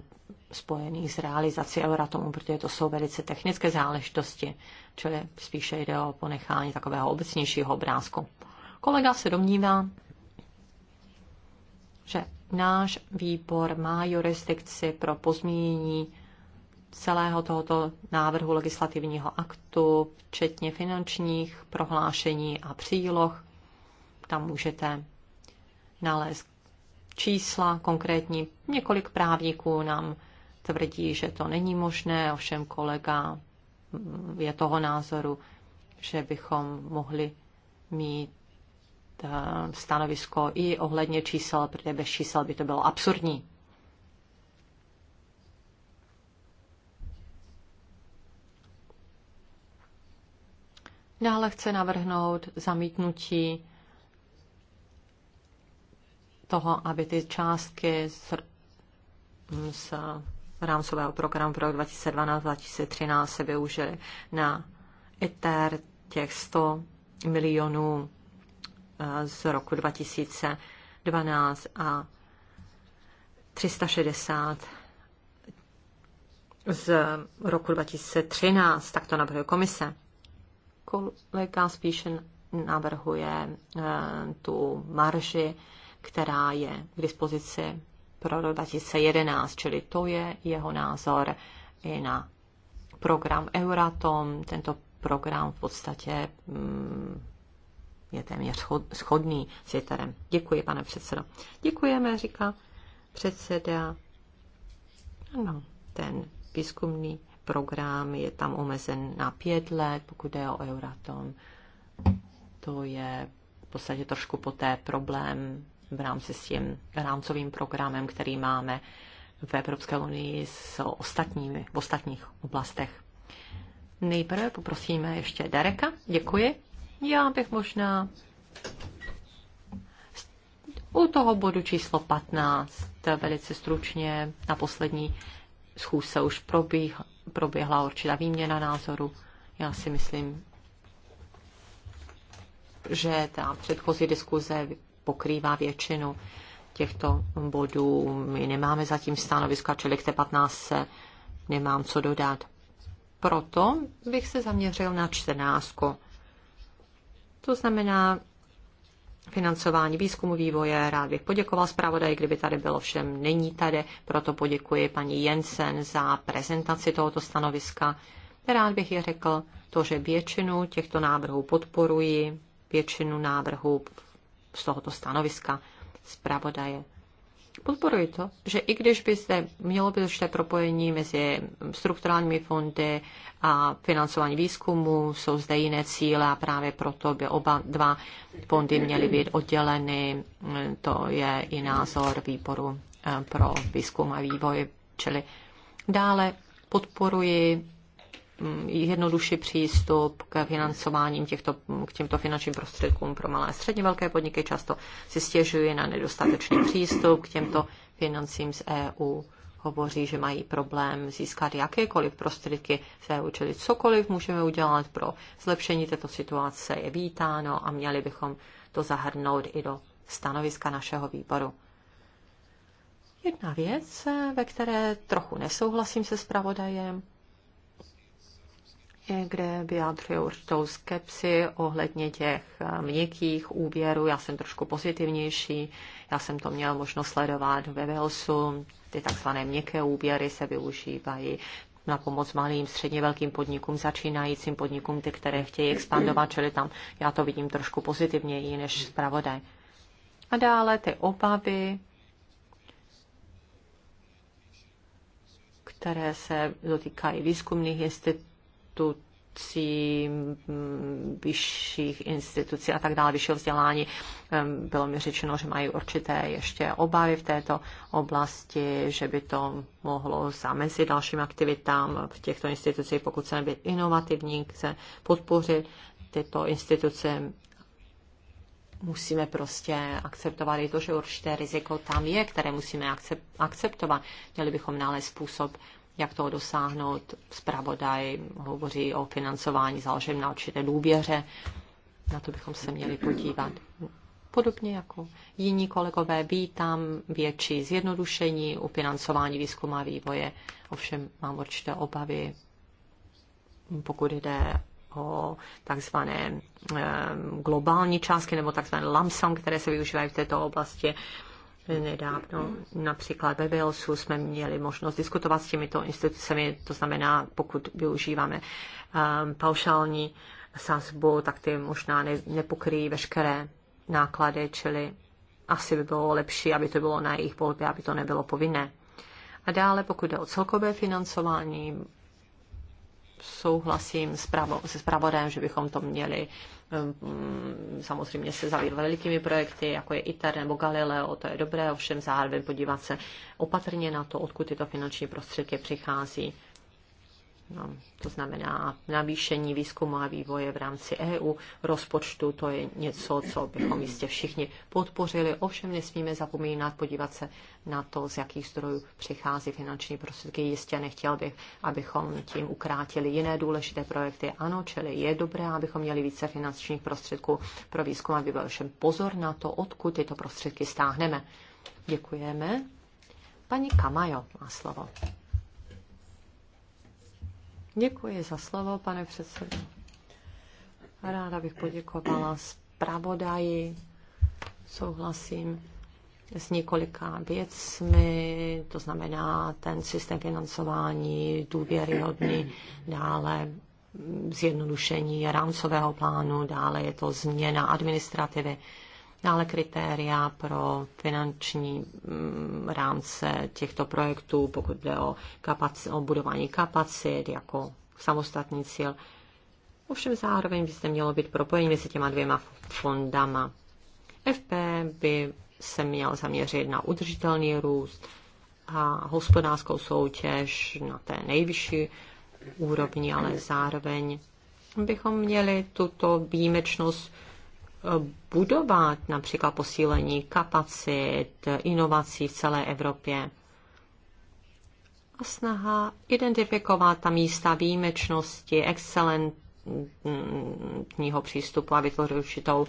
spojených s realizací Euratomu, protože to jsou velice technické záležitosti, čili spíše jde o ponechání takového obecnějšího obrázku. Kolega se domnívá, že náš výbor má jurisdikci pro pozmínění celého tohoto návrhu legislativního aktu, včetně finančních prohlášení a příloh. Tam můžete nalézt čísla konkrétní. Několik právníků nám tvrdí, že to není možné, ovšem kolega mm, je toho názoru, že bychom mohli mít eh, stanovisko i ohledně čísel, protože bez čísel by to bylo absurdní. Dále chce navrhnout zamítnutí toho, aby ty částky z, z rámcového programu pro rok 2012-2013 se využily na ITER těch 100 milionů eh, z roku 2012 a 360 z roku 2013, tak to navrhuje komise. Kolega spíše navrhuje eh, tu marži, která je k dispozici pro rok 2011, čili to je jeho názor i na program Euratom. Tento program v podstatě mm, je téměř schodný s Jeterem. Děkuji, pane předsedo. Děkujeme, říká předseda. Ano, ten výzkumný program je tam omezen na pět let, pokud je o Euratom. To je v podstatě trošku poté problém v rámci s tím rámcovým programem, který máme v Evropské unii s ostatními, v ostatních oblastech. Nejprve poprosíme ještě Dereka. Děkuji. Já bych možná u toho bodu číslo 15 velice stručně na poslední schůzce už probíh, proběhla určitá výměna názoru. Já si myslím, že ta předchozí diskuze pokrývá většinu těchto bodů. My nemáme zatím stanoviska, čili k té 15 se nemám co dodat. Proto bych se zaměřil na 14. To znamená financování výzkumu vývoje. Rád bych poděkoval zpravodaji, kdyby tady bylo všem, není tady, proto poděkuji paní Jensen za prezentaci tohoto stanoviska. Rád bych je řekl to, že většinu těchto návrhů podporuji, většinu návrhů z tohoto stanoviska zpravodaje. Podporuji to, že i když by se mělo být určité propojení mezi strukturálními fondy a financování výzkumu, jsou zde jiné cíle a právě proto by oba dva fondy měly být odděleny. To je i názor výboru eh, pro výzkum a vývoj. Čili dále podporuji Mm, jednodušší přístup k financováním těchto, k těmto finančním prostředkům pro malé a středně velké podniky. Často si stěžují na nedostatečný přístup k těmto financím z EU. Hovoří, že mají problém získat jakékoliv prostředky z EU, čili cokoliv můžeme udělat pro zlepšení této situace je vítáno a měli bychom to zahrnout i do stanoviska našeho výboru. Jedna věc, ve které trochu nesouhlasím se zpravodajem, kde vyjádřuje určitou skepsi ohledně těch eh, měkkých úvěrů. Já jsem trošku pozitivnější. Já jsem to měl možnost sledovat ve Velsu. Ty takzvané měkké úvěry se využívají na pomoc malým, středně velkým podnikům, začínajícím podnikům, ty, které chtějí expandovat, čili tam já to vidím trošku pozitivněji než zpravodaj. A dále ty obavy, které se dotýkají výzkumných institutů, institucí, vyšších institucí a tak dále, vyššího vzdělání. Bylo mi řečeno, že mají určité ještě obavy v této oblasti, že by to mohlo zamezit dalším aktivitám v těchto institucích, pokud chceme být inovativní, chce podpořit tyto instituce musíme prostě akceptovat i to, že určité riziko tam je, které musíme akceptovat. Měli bychom nalézt způsob, jak toho dosáhnout. Zpravodaj hovoří o financování založeném na určité důvěře. Na to bychom se měli podívat. Podobně jako jiní kolegové, vítám větší zjednodušení u financování výzkumu a vývoje. Ovšem mám určité obavy, pokud jde o takzvané eh, globální částky nebo takzvané Lamsam, které se využívají v této oblasti nedávno. Například ve Walesu jsme měli možnost diskutovat s těmito institucemi, to znamená, pokud využíváme um, paušální sazbu, tak ty možná ne, nepokryjí veškeré náklady, čili asi by bylo lepší, aby to bylo na jejich volbě, aby to nebylo povinné. A dále, pokud jde o celkové financování, souhlasím se zpravodajem, že bychom to měli Ehm, mm, samozřejmě se zabývat velikými projekty, jako je ITER nebo Galileo, to je dobré, ovšem zároveň podívat se opatrně na to, odkud tyto finanční prostředky přichází. No, to znamená navýšení výzkumu a vývoje v rámci EU rozpočtu, to je něco, co bychom jistě všichni podpořili. Ovšem nesmíme zapomínat podívat se na to, z jakých zdrojů přichází finanční prostředky. Jistě nechtěl bych, abychom tím ukrátili jiné důležité projekty. Ano, čili je dobré, abychom měli více finančních prostředků pro výzkum a vývoj. Ovšem pozor na to, odkud tyto prostředky stáhneme. Děkujeme. Paní Kamajo má slovo. Děkuji za slovo, pane předsedo. Ráda bych poděkovala zpravodaji. Souhlasím s několika věcmi, to znamená ten systém financování, důvěryhodný, dále zjednodušení rámcového plánu, dále je to změna administrativy. Dále kritéria pro finanční mm, rámce těchto projektů, pokud jde o, kapac- o budování kapacit jako samostatný cíl. Ovšem zároveň by se mělo být propojení mezi těma dvěma fondama. FP by se měl zaměřit na udržitelný růst a hospodářskou soutěž na té nejvyšší úrovni, ale zároveň bychom měli tuto výjimečnost budovat například posílení kapacit, inovací v celé Evropě. A snaha identifikovat ta místa výjimečnosti, excelentního přístupu a vytvořit určitou,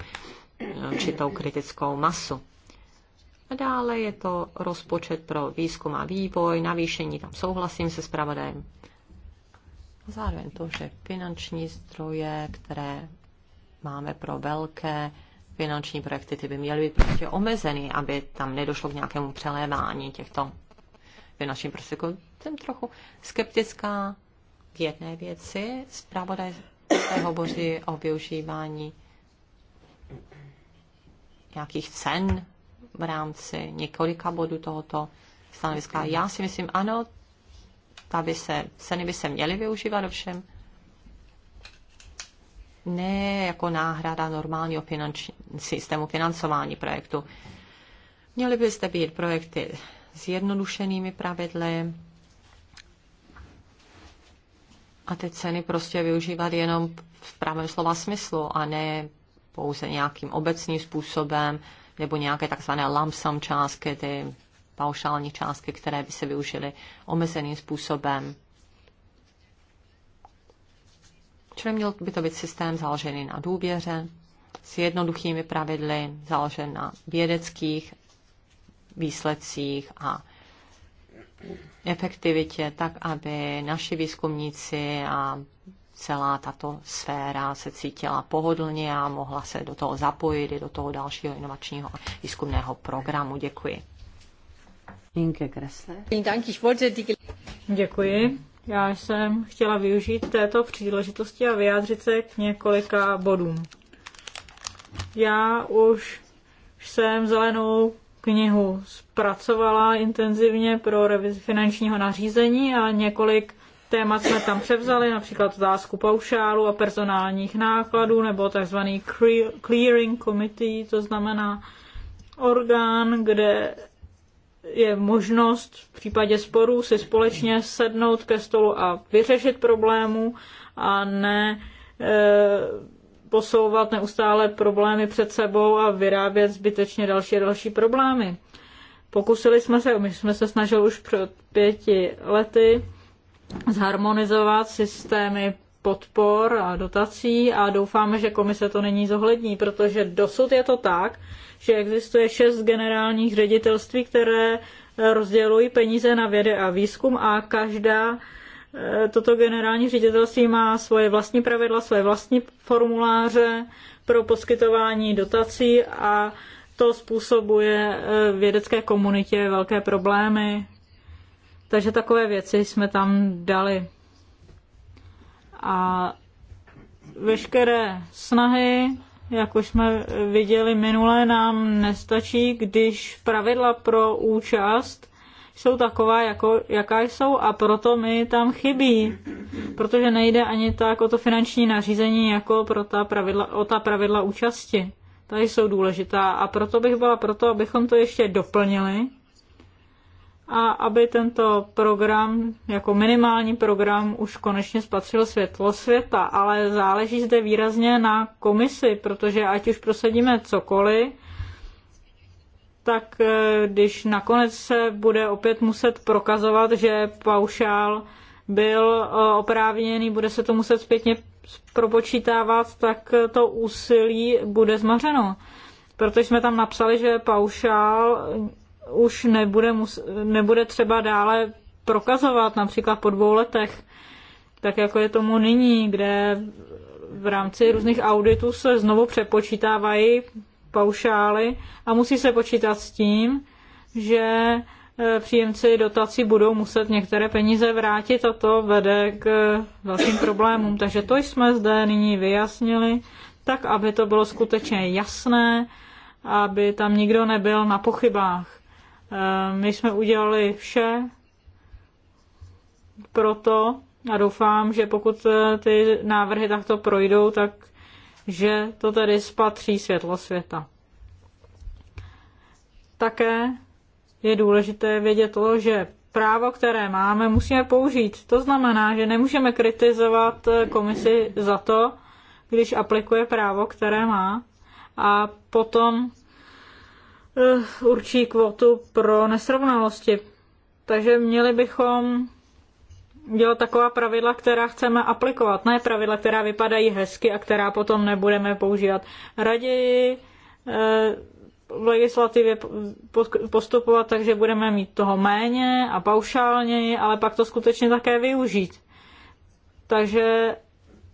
určitou kritickou masu. A dále je to rozpočet pro výzkum a vývoj, navýšení, tam souhlasím se zpravodajem. Zároveň to, že finanční zdroje, které máme pro velké finanční projekty, ty by měly být prostě omezeny, aby tam nedošlo k nějakému přelévání těchto finančních prostředků. Jsem trochu skeptická k jedné věci. Zpravodaj hovoří o využívání nějakých cen v rámci několika bodů tohoto stanoviska. Já si myslím, ano, ta by se, ceny by se měly využívat, ovšem ne jako náhrada normálního finanční, systému financování projektu. Měly by zde být projekty s jednodušenými pravidly a ty ceny prostě využívat jenom v pravém slova smyslu a ne pouze nějakým obecným způsobem nebo nějaké takzvané lump sum částky, ty paušální částky, které by se využily omezeným způsobem Čili měl by to být systém založený na důvěře, s jednoduchými pravidly, založen na vědeckých výsledcích a efektivitě, tak aby naši výzkumníci a celá tato sféra se cítila pohodlně a mohla se do toho zapojit i do toho dalšího inovačního výzkumného programu. Děkuji. Inke Kressler. Děkuji. Já jsem chtěla využít této příležitosti a vyjádřit se k několika bodům. Já už jsem zelenou knihu zpracovala intenzivně pro revizi finančního nařízení a několik témat jsme tam převzali, například otázku paušálu a personálních nákladů nebo tzv. clearing committee, to znamená orgán, kde je možnost v případě sporů si společně sednout ke stolu a vyřešit problému a ne e, posouvat neustále problémy před sebou a vyrábět zbytečně další a další problémy. Pokusili jsme se, my jsme se snažili už před pěti lety zharmonizovat systémy podpor a dotací a doufáme, že komise to není zohlední, protože dosud je to tak, že existuje šest generálních ředitelství, které eh, rozdělují peníze na vědy a výzkum a každá eh, toto generální ředitelství má svoje vlastní pravidla, svoje vlastní formuláře pro poskytování dotací a to způsobuje eh, vědecké komunitě velké problémy. Takže takové věci jsme tam dali. A veškeré snahy, jak už jsme viděli minule, nám nestačí, když pravidla pro účast jsou taková, jako, jaká jsou a proto mi tam chybí. Protože nejde ani tak o to finanční nařízení, jako pro ta pravidla, o ta pravidla účasti. Tady jsou důležitá a proto bych byla proto, abychom to ještě doplnili a aby tento program jako minimální program už konečně spatřil světlo světa, ale záleží zde výrazně na komisi, protože ať už prosadíme cokoliv, tak eh, když nakonec se bude opět muset prokazovat, že paušál byl eh, oprávněný, bude se to muset zpětně propočítávat, tak eh, to úsilí bude zmařeno. Protože jsme tam napsali, že paušál už nebude, mus, nebude třeba dále prokazovat, například po dvou letech, tak jako je tomu nyní, kde v rámci různých auditů se znovu přepočítávají paušály a musí se počítat s tím, že e, příjemci dotací budou muset některé peníze vrátit a to vede k velkým problémům. Takže to jsme zde nyní vyjasnili, tak aby to bylo skutečně jasné, aby tam nikdo nebyl na pochybách. Eh, my jsme udělali vše pro to a doufám, že pokud eh, ty návrhy takto projdou, tak že to tedy spatří světlo světa. Také je důležité vědět to, že právo, které máme, musíme použít. To znamená, že nemůžeme kritizovat eh, komisi za to, když aplikuje právo, které má, a potom Eh, určí kvotu pro nesrovnalosti. Takže měli bychom dělat taková pravidla, která chceme aplikovat, ne pravidla, která vypadají hezky a která potom nebudeme používat. Raději eh, v legislativě postupovat tak, že budeme mít toho méně a paušálněji, ale pak to skutečně také využít. Takže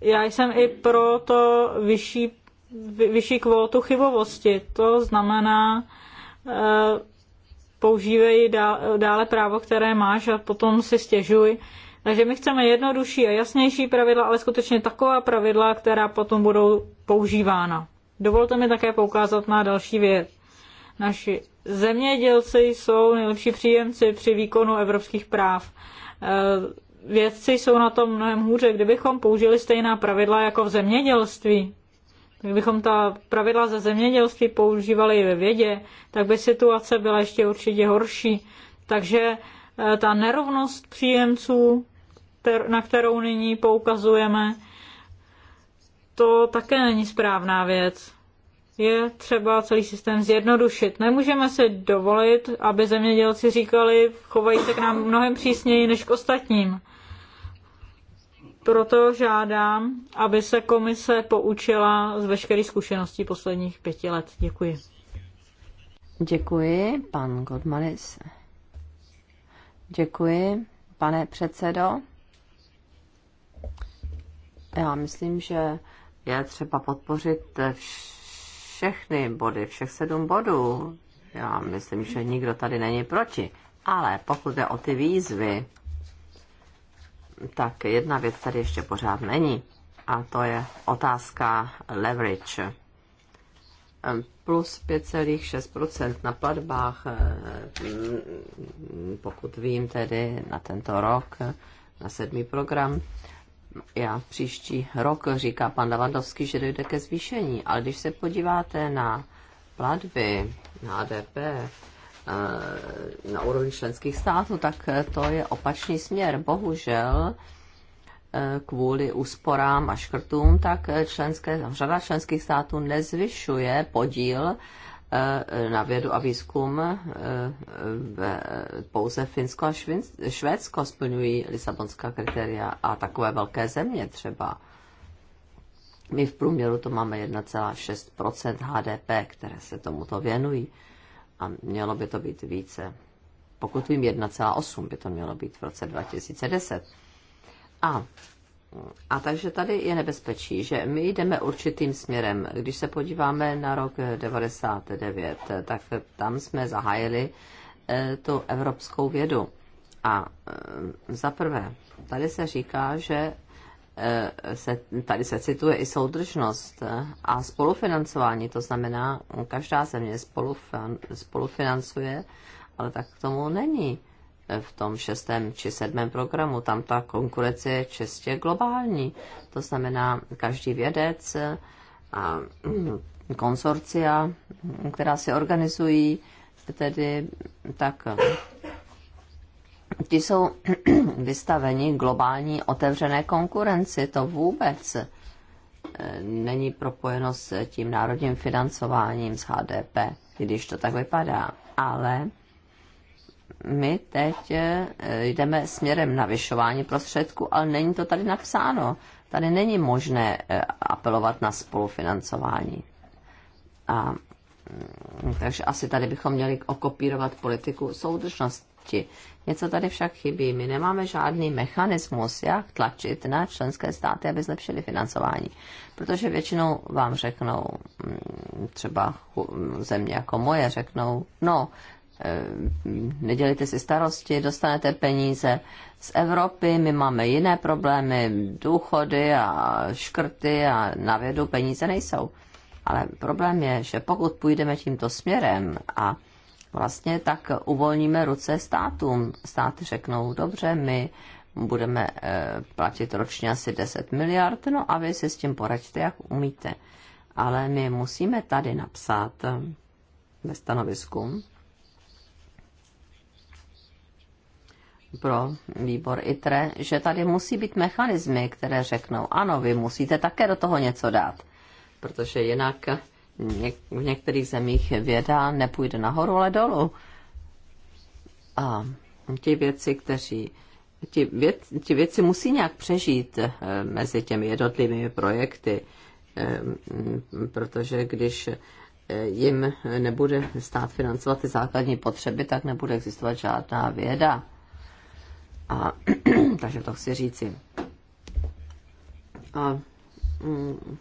já jsem i pro to vyšší, vyšší kvótu chybovosti. To znamená, Eh, používej dále právo, které máš a potom si stěžuj. Takže my chceme jednodušší a jasnější pravidla, ale skutečně taková pravidla, která potom budou používána. Dovolte mi také poukázat na další věc. Naši zemědělci jsou nejlepší příjemci při výkonu evropských práv. Eh, vědci jsou na tom mnohem hůře, kdybychom použili stejná pravidla jako v zemědělství. Kdybychom ta pravidla ze zemědělství používali ve vědě, tak by situace byla ještě určitě horší. Takže eh, ta nerovnost příjemců, na kterou nyní poukazujeme, to také není správná věc. Je třeba celý systém zjednodušit. Nemůžeme si dovolit, aby zemědělci říkali, chovají se k nám mnohem přísněji než k ostatním. Proto žádám, aby se komise poučila z veškerých zkušeností posledních pěti let. Děkuji. Děkuji, pan Godmanis. Děkuji, pane předsedo. Já myslím, že je třeba podpořit všechny body, všech sedm bodů. Já myslím, že nikdo tady není proti. Ale pokud je o ty výzvy, tak jedna věc tady ještě pořád není, a to je otázka leverage. Plus 5,6% na platbách, mm, pokud vím tedy na tento rok, na sedmý program. Já příští rok, říká pan Lavandovský, že dojde ke zvýšení, ale když se podíváte na platby, na ADP, na úrovni členských států, tak eh, to je opačný směr. Bohužel eh, kvůli úsporám a škrtům, tak eh, členské, řada členských států nezvyšuje podíl na vědu a výzkum pouze Finsko a Švédsko splňují Lisabonská kritéria a takové velké země třeba. My v průměru to máme 1,6 HDP, které se tomuto věnují a mělo by to být více. Pokud vím, 1,8 by to mělo být v roce 2010. A, a takže tady je nebezpečí, že my jdeme určitým směrem. Když se podíváme na rok 99, tak tam jsme zahájili e, tu evropskou vědu. A eh, za prvé, tady se říká, že se, tady se cituje i soudržnost a spolufinancování, to znamená, každá země spolufan, spolufinancuje, ale tak tomu není v tom šestém či sedmém programu. Tam ta konkurence je čistě globální. To znamená, každý vědec a konsorcia, která se organizují, tedy tak ti jsou vystaveni globální otevřené konkurenci. To vůbec eh, není propojeno s tím národním financováním z HDP, když to tak vypadá. Ale my teď eh, jdeme směrem navyšování prostředků, ale není to tady napsáno. Tady není možné eh, apelovat na spolufinancování. A, mm, takže asi tady bychom měli okopírovat politiku soudržnosti oběti. Něco tady však chybí. My nemáme žádný mechanismus, jak tlačit na členské státy, aby zlepšili financování. Protože většinou vám řeknou, mm, třeba země jako moje, řeknou, no, eh, nedělejte si starosti, dostanete peníze z Evropy, my máme jiné problémy, důchody a škrty a na vědu peníze nejsou. Ale problém je, že pokud půjdeme tímto směrem a vlastně tak uvolníme ruce státům. Státy řeknou, dobře, my budeme eh, platit ročně asi 10 miliard, no a vy si s tím poraďte, jak umíte. Ale my musíme tady napsat eh, ve stanovisku pro výbor ITRE, že tady musí být mechanismy, které řeknou, ano, vy musíte také do toho něco dát, protože jinak v některých zemích věda nepůjde nahoru, ale dolů. A ti věci, kteří ti, věc, ti věci musí nějak přežít eh, mezi těmi jednotlivými projekty, eh, protože když eh, jim nebude stát financovat ty základní potřeby, tak nebude existovat žádná věda. A, takže to chci říci. A, mm,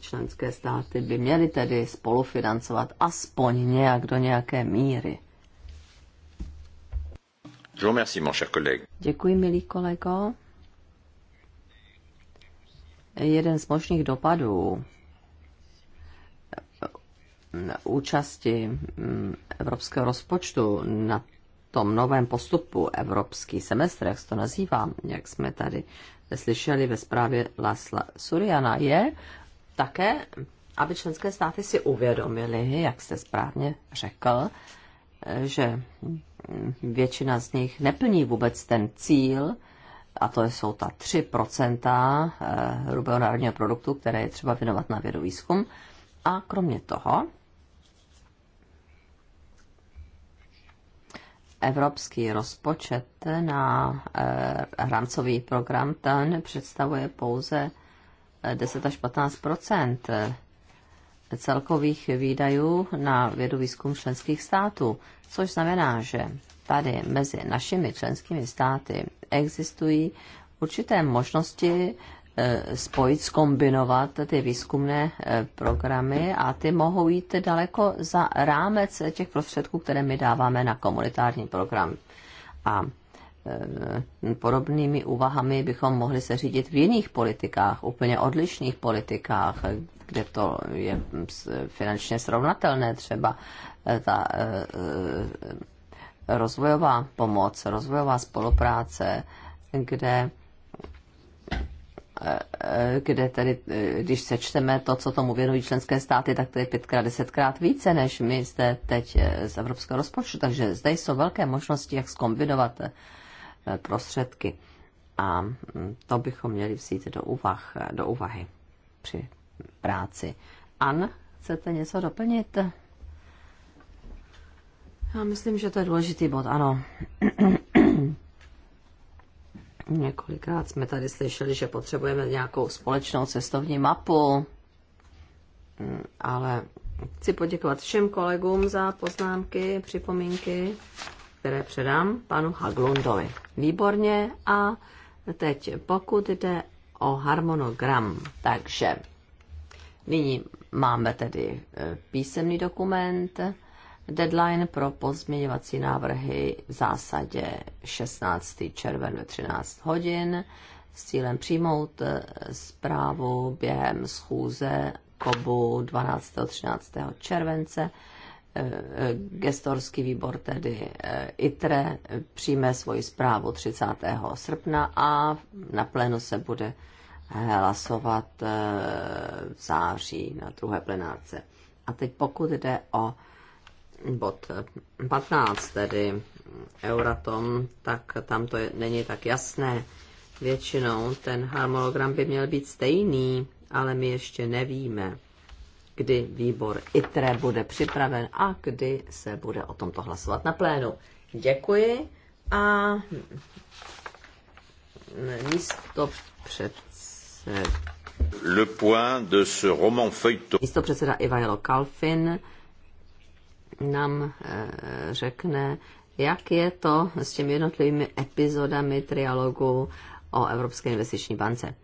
členské státy by měly tedy spolufinancovat aspoň nějak do nějaké míry. Děkuji, milý kolego. Jeden z možných dopadů účasti mm, evropského rozpočtu na tom novém postupu, evropský semestr, jak se to nazývá, jak jsme tady slyšeli ve zprávě Lasla Suriana, je také, aby členské státy si uvědomili, jak jste správně řekl, že většina z nich neplní vůbec ten cíl, a to jsou ta 3% eh, hrubého národního produktu, které je třeba věnovat na vědu výzkum. A kromě toho, evropský rozpočet na eh, rámcový program, ten představuje pouze 10 eh, až 15 eh, celkových výdajů na vědu výzkum členských států, což znamená, že tady mezi našimi členskými státy existují určité možnosti Eh, spojit, skombinovat ty výzkumné eh, programy a ty mohou jít daleko za rámec těch prostředků, které my dáváme na komunitární program. A eh, podobnými úvahami bychom mohli se řídit v jiných politikách, úplně odlišných politikách, kde to je finančně srovnatelné, třeba ta rozvojová pomoc, rozvojová spolupráce, kde kde tedy, když sečteme to, co tomu věnují členské státy, tak to je pětkrát, desetkrát více, než my zde teď eh, z evropského rozpočtu. Takže zde jsou velké možnosti, jak skombinovat eh, prostředky. A mm, to bychom měli vzít do, úvah, do úvahy při práci. An, chcete něco doplnit? Já myslím, že to je důležitý bod, ano. Několikrát jsme tady slyšeli, že potřebujeme nějakou společnou cestovní mapu, mm, ale chci poděkovat všem kolegům za poznámky, připomínky, které předám panu Haglundovi. Výborně a teď pokud jde o harmonogram, takže nyní máme tedy eh, písemný dokument, Deadline pro pozměňovací návrhy v zásadě 16. červen ve 13 hodin s cílem přijmout eh, zprávu během schůze KOBu 12. 13. července. Eh, eh, gestorský výbor, tedy ITRE, přijme svoji zprávu 30. srpna a na plénu se bude hlasovat v září na druhé plenáce. A teď pokud jde o bod 15, tedy Euratom, tak tam to je, není tak jasné. Většinou ten harmonogram by měl být stejný, ale my ještě nevíme, kdy výbor ITRE bude připraven a kdy se bude o tomto hlasovat na plénu. Děkuji a místo předseda. Le point de ce roman feuilleton. Místo předseda Ivajlo Kalfin nám eh, řekne, jak je to s těmi jednotlivými epizodami trialogu o Evropské investiční bance.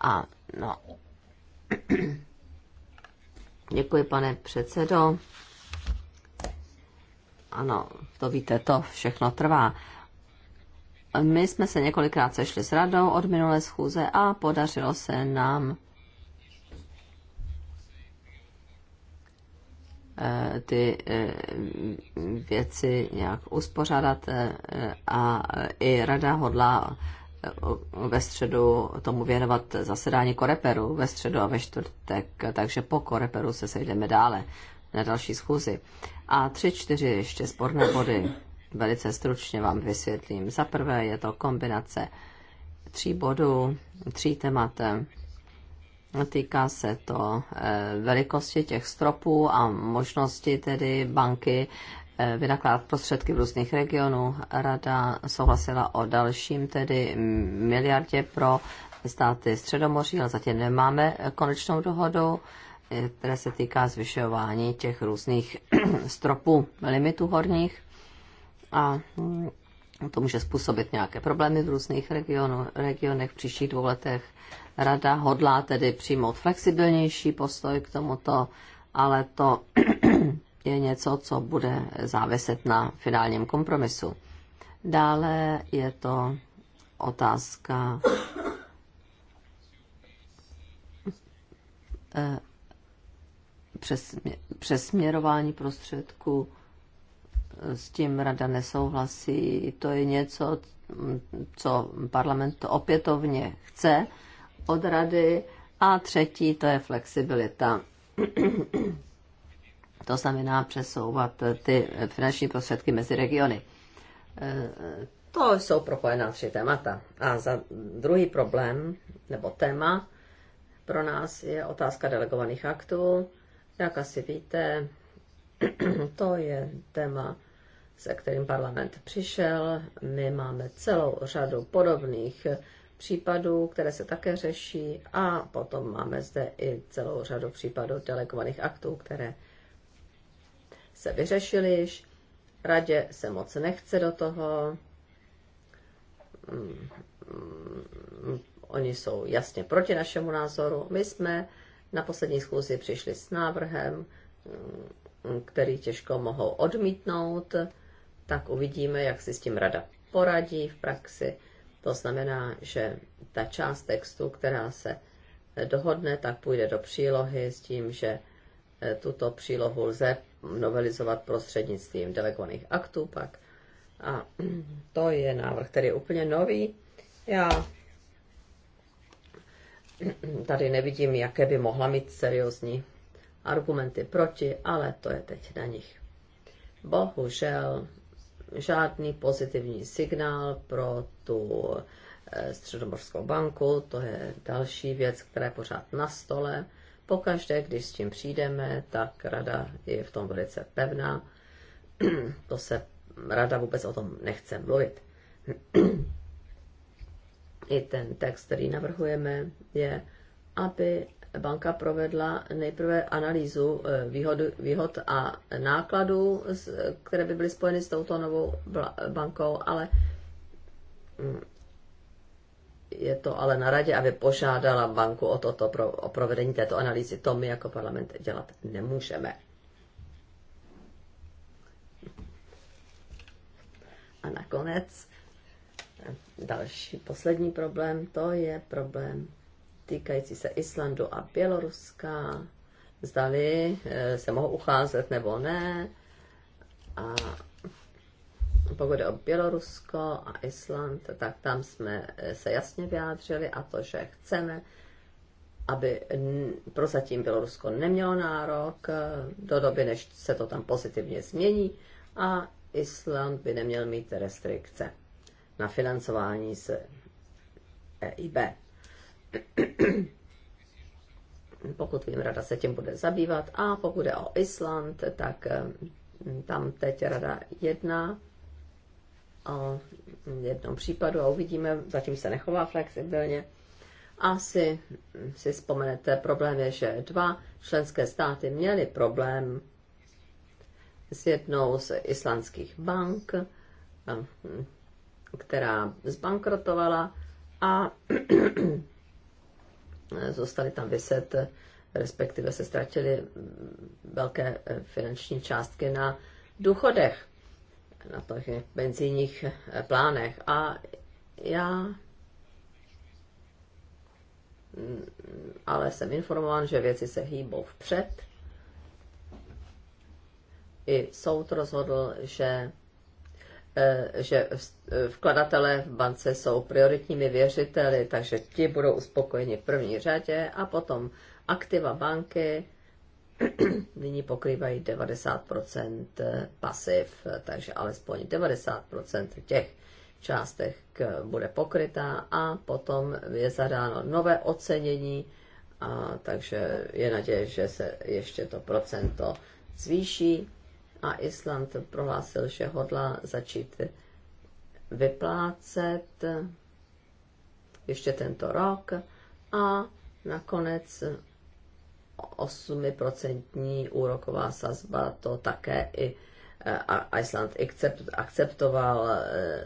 A no. Děkuji, pane předsedo. Ano, to víte, to všechno trvá. My jsme se několikrát sešli s radou od minulé schůze a podařilo se nám ty eh, věci nějak uspořádat eh, a i rada hodlá eh, ve středu tomu věnovat zasedání koreperu ve středu a ve čtvrtek, takže po koreperu se sejdeme dále na další schůzi. A tři, čtyři ještě sporné body velice stručně vám vysvětlím. Za prvé je to kombinace tří bodů, tří témat Týká se to eh, velikosti těch stropů a možnosti tedy banky eh, vynakládat prostředky v různých regionů. Rada souhlasila o dalším tedy miliardě pro státy Středomoří, ale zatím nemáme konečnou dohodu, eh, která se týká zvyšování těch různých stropů limitů horních. A mm, to může způsobit nějaké problémy v různých regionu, regionech v příštích dvou letech. Rada hodlá tedy přijmout flexibilnější postoj k tomuto, ale to je něco, co bude záviset na finálním kompromisu. Dále je to otázka eh, přesměrování prostředků. S tím rada nesouhlasí. To je něco, co parlament opětovně chce od rady a třetí to je flexibilita. To znamená přesouvat ty finanční prostředky mezi regiony. E, to jsou propojená tři témata. A za druhý problém, nebo téma, pro nás je otázka delegovaných aktů. Jak asi víte, to je téma, se kterým parlament přišel. My máme celou řadu podobných případů, které se také řeší a potom máme zde i celou řadu případů delegovaných aktů, které se vyřešily již. Radě se moc nechce do toho. Mm, mm, oni jsou jasně proti našemu názoru. My jsme na poslední schůzi přišli s návrhem, mm, který těžko mohou odmítnout, tak uvidíme, jak si s tím rada poradí v praxi. To znamená, že ta část textu, která se dohodne, tak půjde do přílohy s tím, že eh, tuto přílohu lze novelizovat prostřednictvím delegovaných aktů pak. A to je návrh, který je úplně nový. Já tady nevidím, jaké by mohla mít seriózní argumenty proti, ale to je teď na nich. Bohužel žádný pozitivní signál pro tu eh, Středomorskou banku, to je další věc, která je pořád na stole. Pokaždé, když s tím přijdeme, tak rada je v tom velice pevná. to se rada vůbec o tom nechce mluvit. I ten text, který navrhujeme, je, aby banka provedla nejprve analýzu eh, výhod, výhod a nákladů, které by byly spojeny s touto novou bankou, ale mm, je to ale na radě, aby požádala banku o, toto, pro, o provedení této analýzy. To my jako parlament dělat nemůžeme. A nakonec eh, další, poslední problém, to je problém týkající se Islandu a Běloruska, zdali eh, se mohou ucházet nebo ne. A pokud jde o Bělorusko a Island, tak tam jsme eh, se jasně vyjádřili a to, že chceme, aby prozatím Bělorusko nemělo nárok eh, do doby, než se to tam pozitivně změní a Island by neměl mít restrikce na financování z EIB. Pokud vím, rada se tím bude zabývat. A pokud je o Island, tak eh, tam teď rada jedna o jednom případu a uvidíme, zatím se nechová flexibilně. Asi si vzpomenete, problém je, že dva členské státy měly problém s jednou z islandských bank, eh, která zbankrotovala a zůstaly tam vyset, respektive se ztratily velké eh, finanční částky na důchodech, na těch benzínních eh, plánech. A já mm, ale jsem informován, že věci se hýbou vpřed. I soud rozhodl, že Eh, že eh, vkladatelé v bance jsou prioritními věřiteli, takže ti budou uspokojeni v první řadě a potom aktiva banky nyní pokrývají 90% eh, pasiv, takže alespoň 90% těch částech bude pokrytá a potom je zadáno nové ocenění, a takže je naděje, že se ještě to procento zvýší a Island prohlásil, že hodlá začít vyplácet ještě tento rok a nakonec 8% úroková sazba to také i eh, Iceland akceptoval, eh,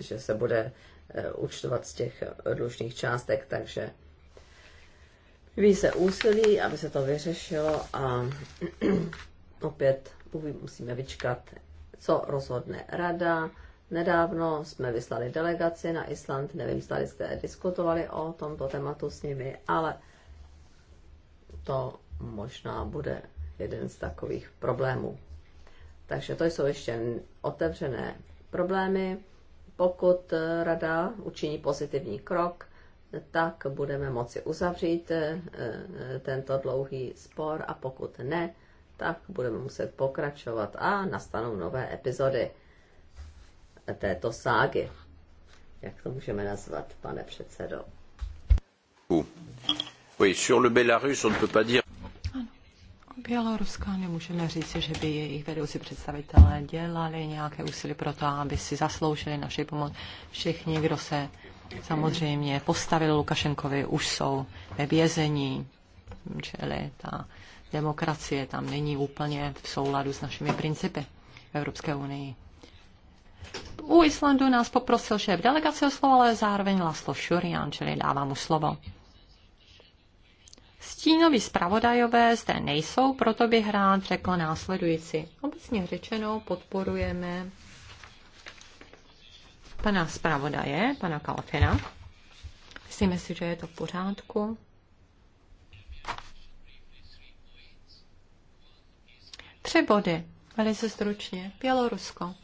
že se bude eh, účtovat z těch dlužných částek, takže Ví se úsilí, aby se to vyřešilo a opět musíme vyčkat, co rozhodne rada. Nedávno jsme vyslali delegaci na Island, nevím, zda jste diskutovali o tomto tématu s nimi, ale to možná bude jeden z takových problémů. Takže to jsou ještě otevřené problémy. Pokud rada učiní pozitivní krok, tak budeme moci uzavřít eh, eh, tento dlouhý spor a pokud ne, tak budeme muset pokračovat a nastanou nové epizody této ságy. Jak to můžeme nazvat, pane předsedo? Oui, sur le Belarus, on ne peut pas dire... Běloruska nemůžeme říct, že by jejich vedoucí představitelé dělali nějaké úsilí pro to, aby si zasloužili naši pomoc. Všichni, kdo se samozřejmě postavili Lukašenkovi, už jsou ve vězení, čili ta demokracie tam není úplně v souladu s našimi principy v Evropské unii. U Islandu nás poprosil šéf delegace o slovo, ale zároveň Laslo Šurian, čili dává mu slovo. Stínoví zpravodajové zde nejsou, proto bych rád řekl následující. Obecně řečeno podporujeme pana zpravodaje, pana Kalfina. Myslíme si, že je to v pořádku. Tři body, velice stručně. Bělorusko.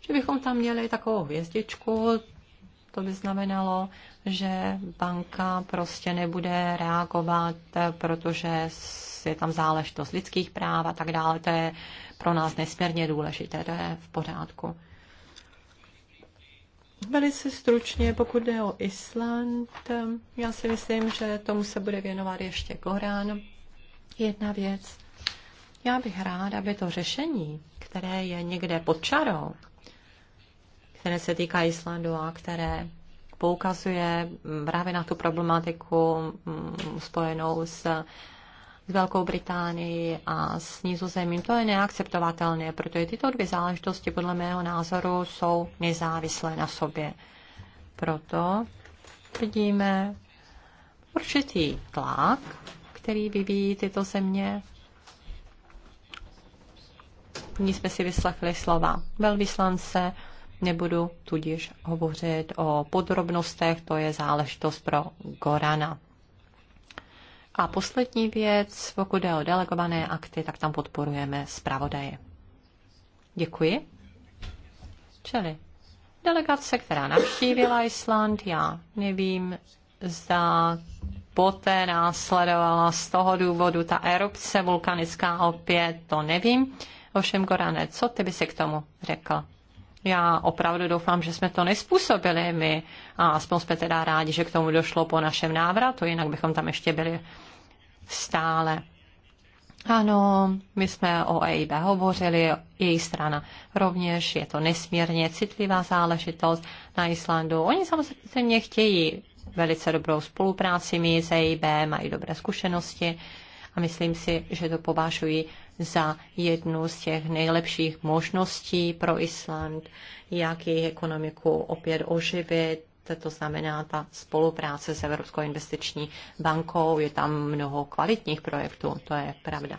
Že bychom tam měli takovou hvězdičku, to by znamenalo, že banka prostě nebude reagovat, protože je tam záležitost lidských práv a tak dále. To je pro nás nesmírně důležité, to je v pořádku. Velice stručně, pokud jde o Island, já si myslím, že tomu se bude věnovat ještě Gorán, jedna věc. Já bych rád, aby to řešení, které je někde pod čarou, které se týká Islandu a které poukazuje právě na tu problematiku mm, spojenou s s Velkou Británií a s Nizozemím. To je neakceptovatelné, protože tyto dvě záležitosti podle mého názoru jsou nezávislé na sobě. Proto vidíme určitý tlak který vyvíjí tyto země. Nyní jsme si vyslechli slova velvyslance, nebudu tudíž hovořit o podrobnostech, to je záležitost pro Gorana. A poslední věc, pokud jde o delegované akty, tak tam podporujeme zpravodaje. Děkuji. Čili delegace, která navštívila Island, já nevím, zda poté následovala z toho důvodu ta erupce vulkanická opět, to nevím. Ovšem, Korane, co ty by si k tomu řekl? Já opravdu doufám, že jsme to nespůsobili my a aspoň jsme teda rádi, že k tomu došlo po našem návratu, jinak bychom tam ještě byli stále. Ano, my jsme o EIB hovořili, její strana rovněž, je to nesmírně citlivá záležitost na Islandu. Oni samozřejmě chtějí velice dobrou spolupráci mi s EIB, mají dobré zkušenosti a myslím si, že to považuji za jednu z těch nejlepších možností pro Island, jak jejich ekonomiku opět oživit. To znamená ta spolupráce s Evropskou investiční bankou. Je tam mnoho kvalitních projektů, to je pravda.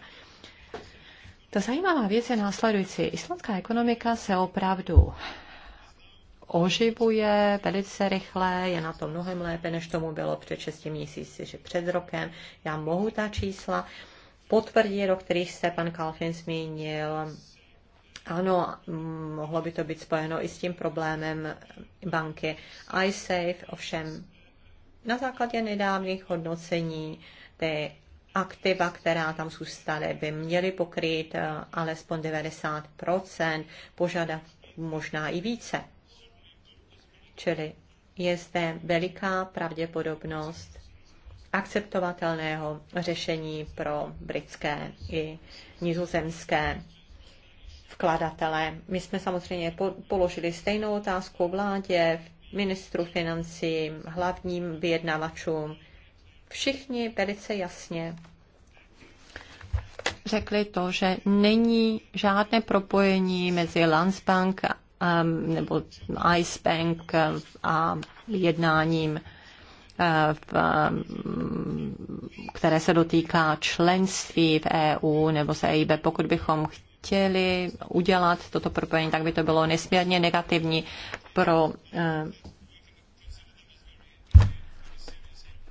Ta zajímavá věc je následující. Islandská ekonomika se opravdu oživuje velice rychle, je na to mnohem lépe, než tomu bylo před 6 měsíci, že před rokem. Já mohu ta čísla potvrdit, o kterých se pan Kalfin zmínil. Ano, mohlo by to být spojeno i s tím problémem banky iSafe, ovšem na základě nedávných hodnocení ty aktiva, která tam zůstaly, by měly pokrýt eh, alespoň 90 požadavků, možná i více. Čili je zde veliká pravděpodobnost akceptovatelného řešení pro britské i nizozemské vkladatele. My jsme samozřejmě položili stejnou otázku vládě, ministru financí, hlavním vyjednavačům. Všichni velice jasně řekli to, že není žádné propojení mezi Landsbank Um, nebo Ice Bank um, a jednáním, uh, um, které se dotýká členství v EU nebo se EIB, pokud bychom chtěli udělat toto propojení, tak by to bylo nesmírně negativní pro uh,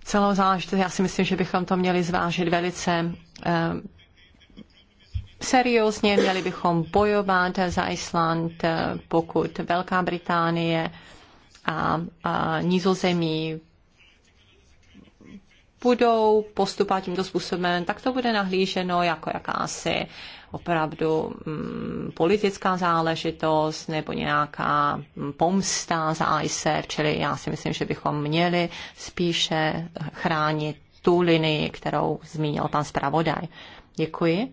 celou záležitost. Já si myslím, že bychom to měli zvážit velice uh, seriózně, měli bychom bojovat za Island, pokud Velká Británie a, a Nizozemí budou postupovat tímto způsobem, tak to bude nahlíženo jako jakási opravdu mm, politická záležitost nebo nějaká pomsta za ISF, čili já si myslím, že bychom měli spíše chránit tu linii, kterou zmínil pan zpravodaj. Děkuji.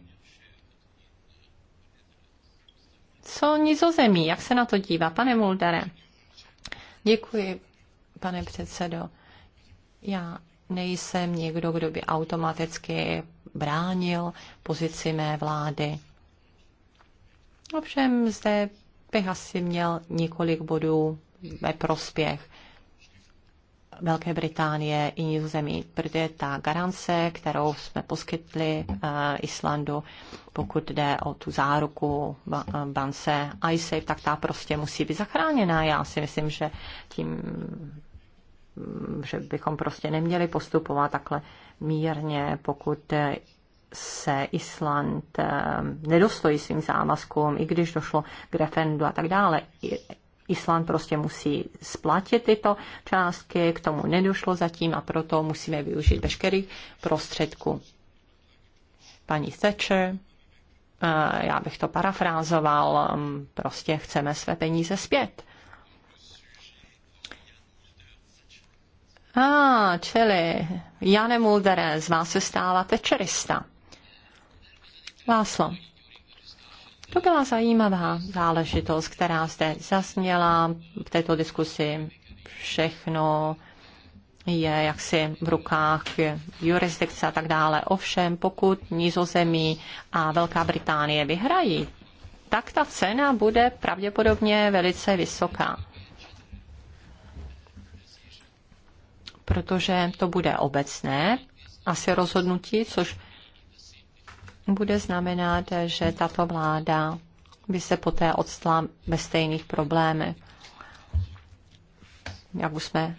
co nizozemí? Jak se na to dívá, pane Muldere? Děkuji, pane předsedo. Já nejsem někdo, kdo by automaticky bránil pozici mé vlády. Ovšem zde bych asi měl několik bodů ve prospěch Velké Británie i Nizozemí, protože ta garance, kterou jsme poskytli eh, Islandu, pokud jde o tu záruku eh, bance iSafe, tak ta prostě musí být zachráněná. Já si myslím, že tím mm, že bychom prostě neměli postupovat takhle mírně, pokud eh, se Island nedostojí svým závazkům, i když došlo k referendu a tak dále. Island prostě musí splatit tyto částky, k tomu nedošlo zatím a proto musíme využít veškerých prostředků. Paní Thatcher, eh, já bych to parafrázoval, mm, prostě chceme své peníze zpět. A, ah, čili Jane Muldere, z vás se stává tečerista. Láslo, to byla zajímavá záležitost, která zde zasněla v této diskusi. Všechno je jaksi v rukách jurisdikce a tak dále. Ovšem, pokud Nizozemí a Velká Británie vyhrají, tak ta cena bude pravděpodobně velice vysoká. Protože to bude obecné asi rozhodnutí, což bude znamenat, že tato vláda by se poté odstala ve stejných problémech. Jak už jsme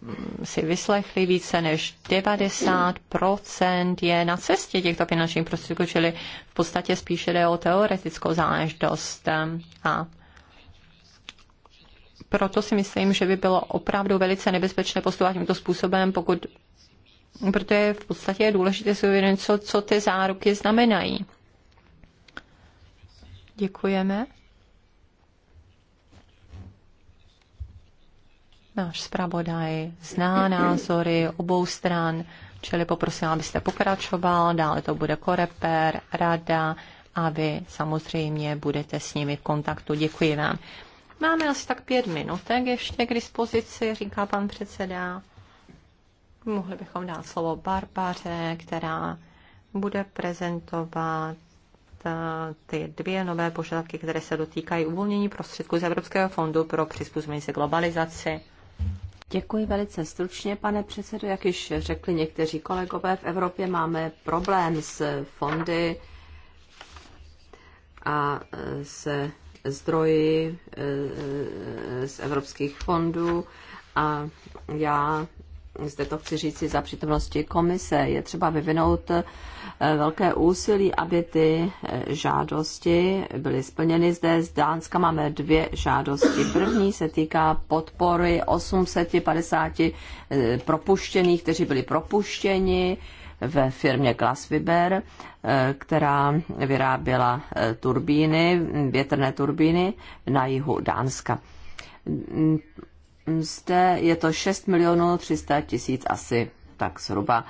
mm, si vyslechli, více než 90% je na cestě těchto finančních prostředků, čili v podstatě spíše jde o teoretickou záležitost. A proto si myslím, že by bylo opravdu velice nebezpečné postupovat tímto způsobem, pokud protože v podstatě důležité si uvědomit, co, co ty záruky znamenají. Děkujeme. Náš zpravodaj zná názory obou stran, čili poprosím, abyste pokračoval, dále to bude koreper, rada a vy samozřejmě budete s nimi v kontaktu. Děkuji vám. Máme asi tak pět minutek ještě k dispozici, říká pan předseda mohli bychom dát slovo Barbaře, která bude prezentovat eh, ty dvě nové požadavky, které se dotýkají uvolnění prostředků z Evropského fondu pro přizpůsobení se globalizaci. Děkuji velice stručně, pane předsedo. Jak již řekli někteří kolegové, v Evropě máme problém s fondy a eh, se zdroji eh, z evropských fondů a já zde to chci říct za přítomnosti komise, je třeba vyvinout eh, velké úsilí, aby ty eh, žádosti byly splněny. Zde z Dánska máme dvě žádosti. První se týká podpory 850 eh, propuštěných, kteří byli propuštěni ve firmě Glasfiber, která vyráběla turbíny, větrné turbíny na jihu Dánska zde je to 6 milionů 300 tisíc asi, tak zhruba.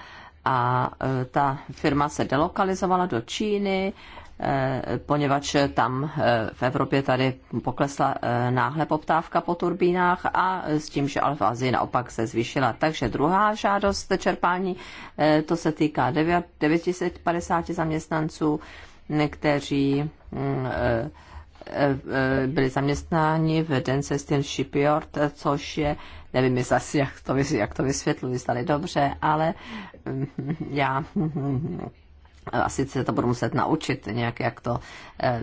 A e, ta firma se delokalizovala do Číny, e, poněvadž tam e, v Evropě tady poklesla náhle poptávka po turbínách a s tím, že ale v Azii naopak se zvýšila. Takže druhá žádost čerpání, to se týká 950 zaměstnanců, kteří mm, Eh, byli zaměstnáni v Densesten Shipyard, což je, nevím jestli asi, jak to, jak to vysvětluji, stali dobře, ale mm, já mm, asi se to budu muset naučit nějak, jak to, eh,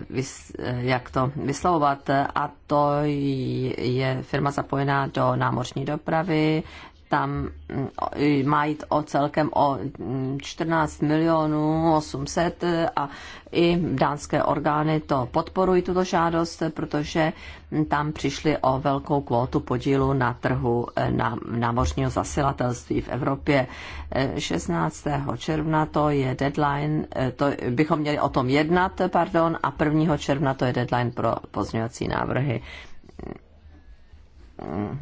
eh, jak to vyslovovat. A to je firma zapojená do námořní dopravy, tam mm, má jít o celkem o 14 mm, milionů 800 a i dánské orgány to podporují, tuto žádost, protože tam přišli o velkou kvótu podílu na trhu e, na námořního zasilatelství v Evropě. 16. E, června to je deadline, e, to bychom měli o tom jednat, pardon, a 1. června to je deadline pro pozměňovací návrhy mm,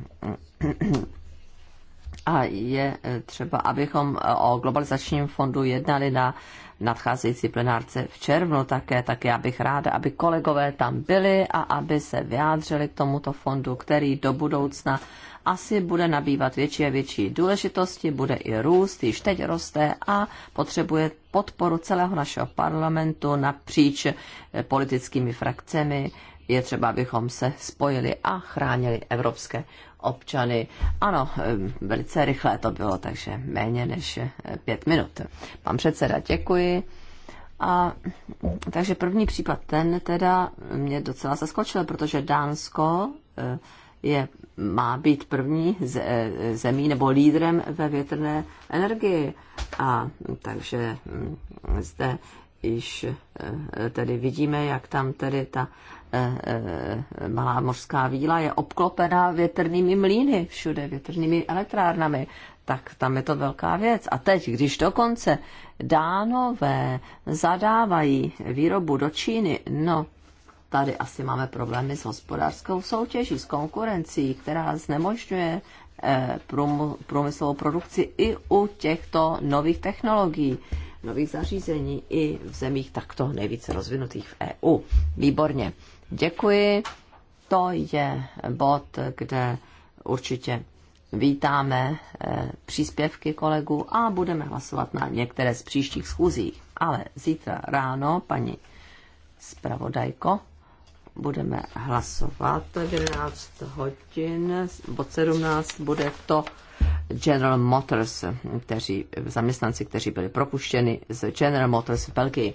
a je e, třeba, abychom e, o globalizačním fondu jednali na nadcházející plenárce v červnu také, tak já bych ráda, aby kolegové tam byli a aby se vyjádřili k tomuto fondu, který do budoucna asi bude nabývat větší a větší důležitosti, bude i růst, již teď roste a potřebuje podporu celého našeho parlamentu napříč e, politickými frakcemi. Je třeba, abychom se spojili a chránili evropské občany. Ano, velice rychlé to bylo, takže méně než eh, pět minut. Pan předseda, děkuji. A, takže první případ, ten teda mě docela zaskočil, protože Dánsko eh, je, má být první eh, zemí nebo lídrem ve větrné energii. A takže mm, zde již tedy vidíme, jak tam tedy ta Eh, eh, malá mořská víla je obklopena větrnými mlýny všude, větrnými elektrárnami, tak tam je to velká věc. A teď, když dokonce dánové zadávají výrobu do Číny, no tady asi máme problémy s hospodářskou soutěží, s konkurencí, která znemožňuje eh, průmyslovou produkci i u těchto nových technologií, nových zařízení i v zemích takto nejvíce rozvinutých v EU. Výborně. Děkuji. To je bod, kde určitě vítáme eh, příspěvky kolegů a budeme hlasovat na některé z příštích schůzí. Ale zítra ráno, paní zpravodajko, budeme hlasovat 11 hodin, bod 17 bude to General Motors, kteří, zaměstnanci, kteří byli propuštěni z General Motors v Belgii.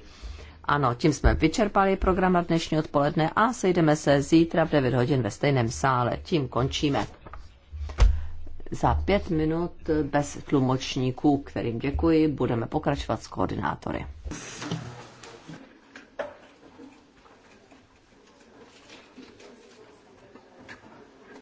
Ano, tím jsme vyčerpali program na dnešní odpoledne a sejdeme se zítra v 9 hodin ve stejném sále. Tím končíme. Za pět minut bez tlumočníků, kterým děkuji, budeme pokračovat s koordinátory.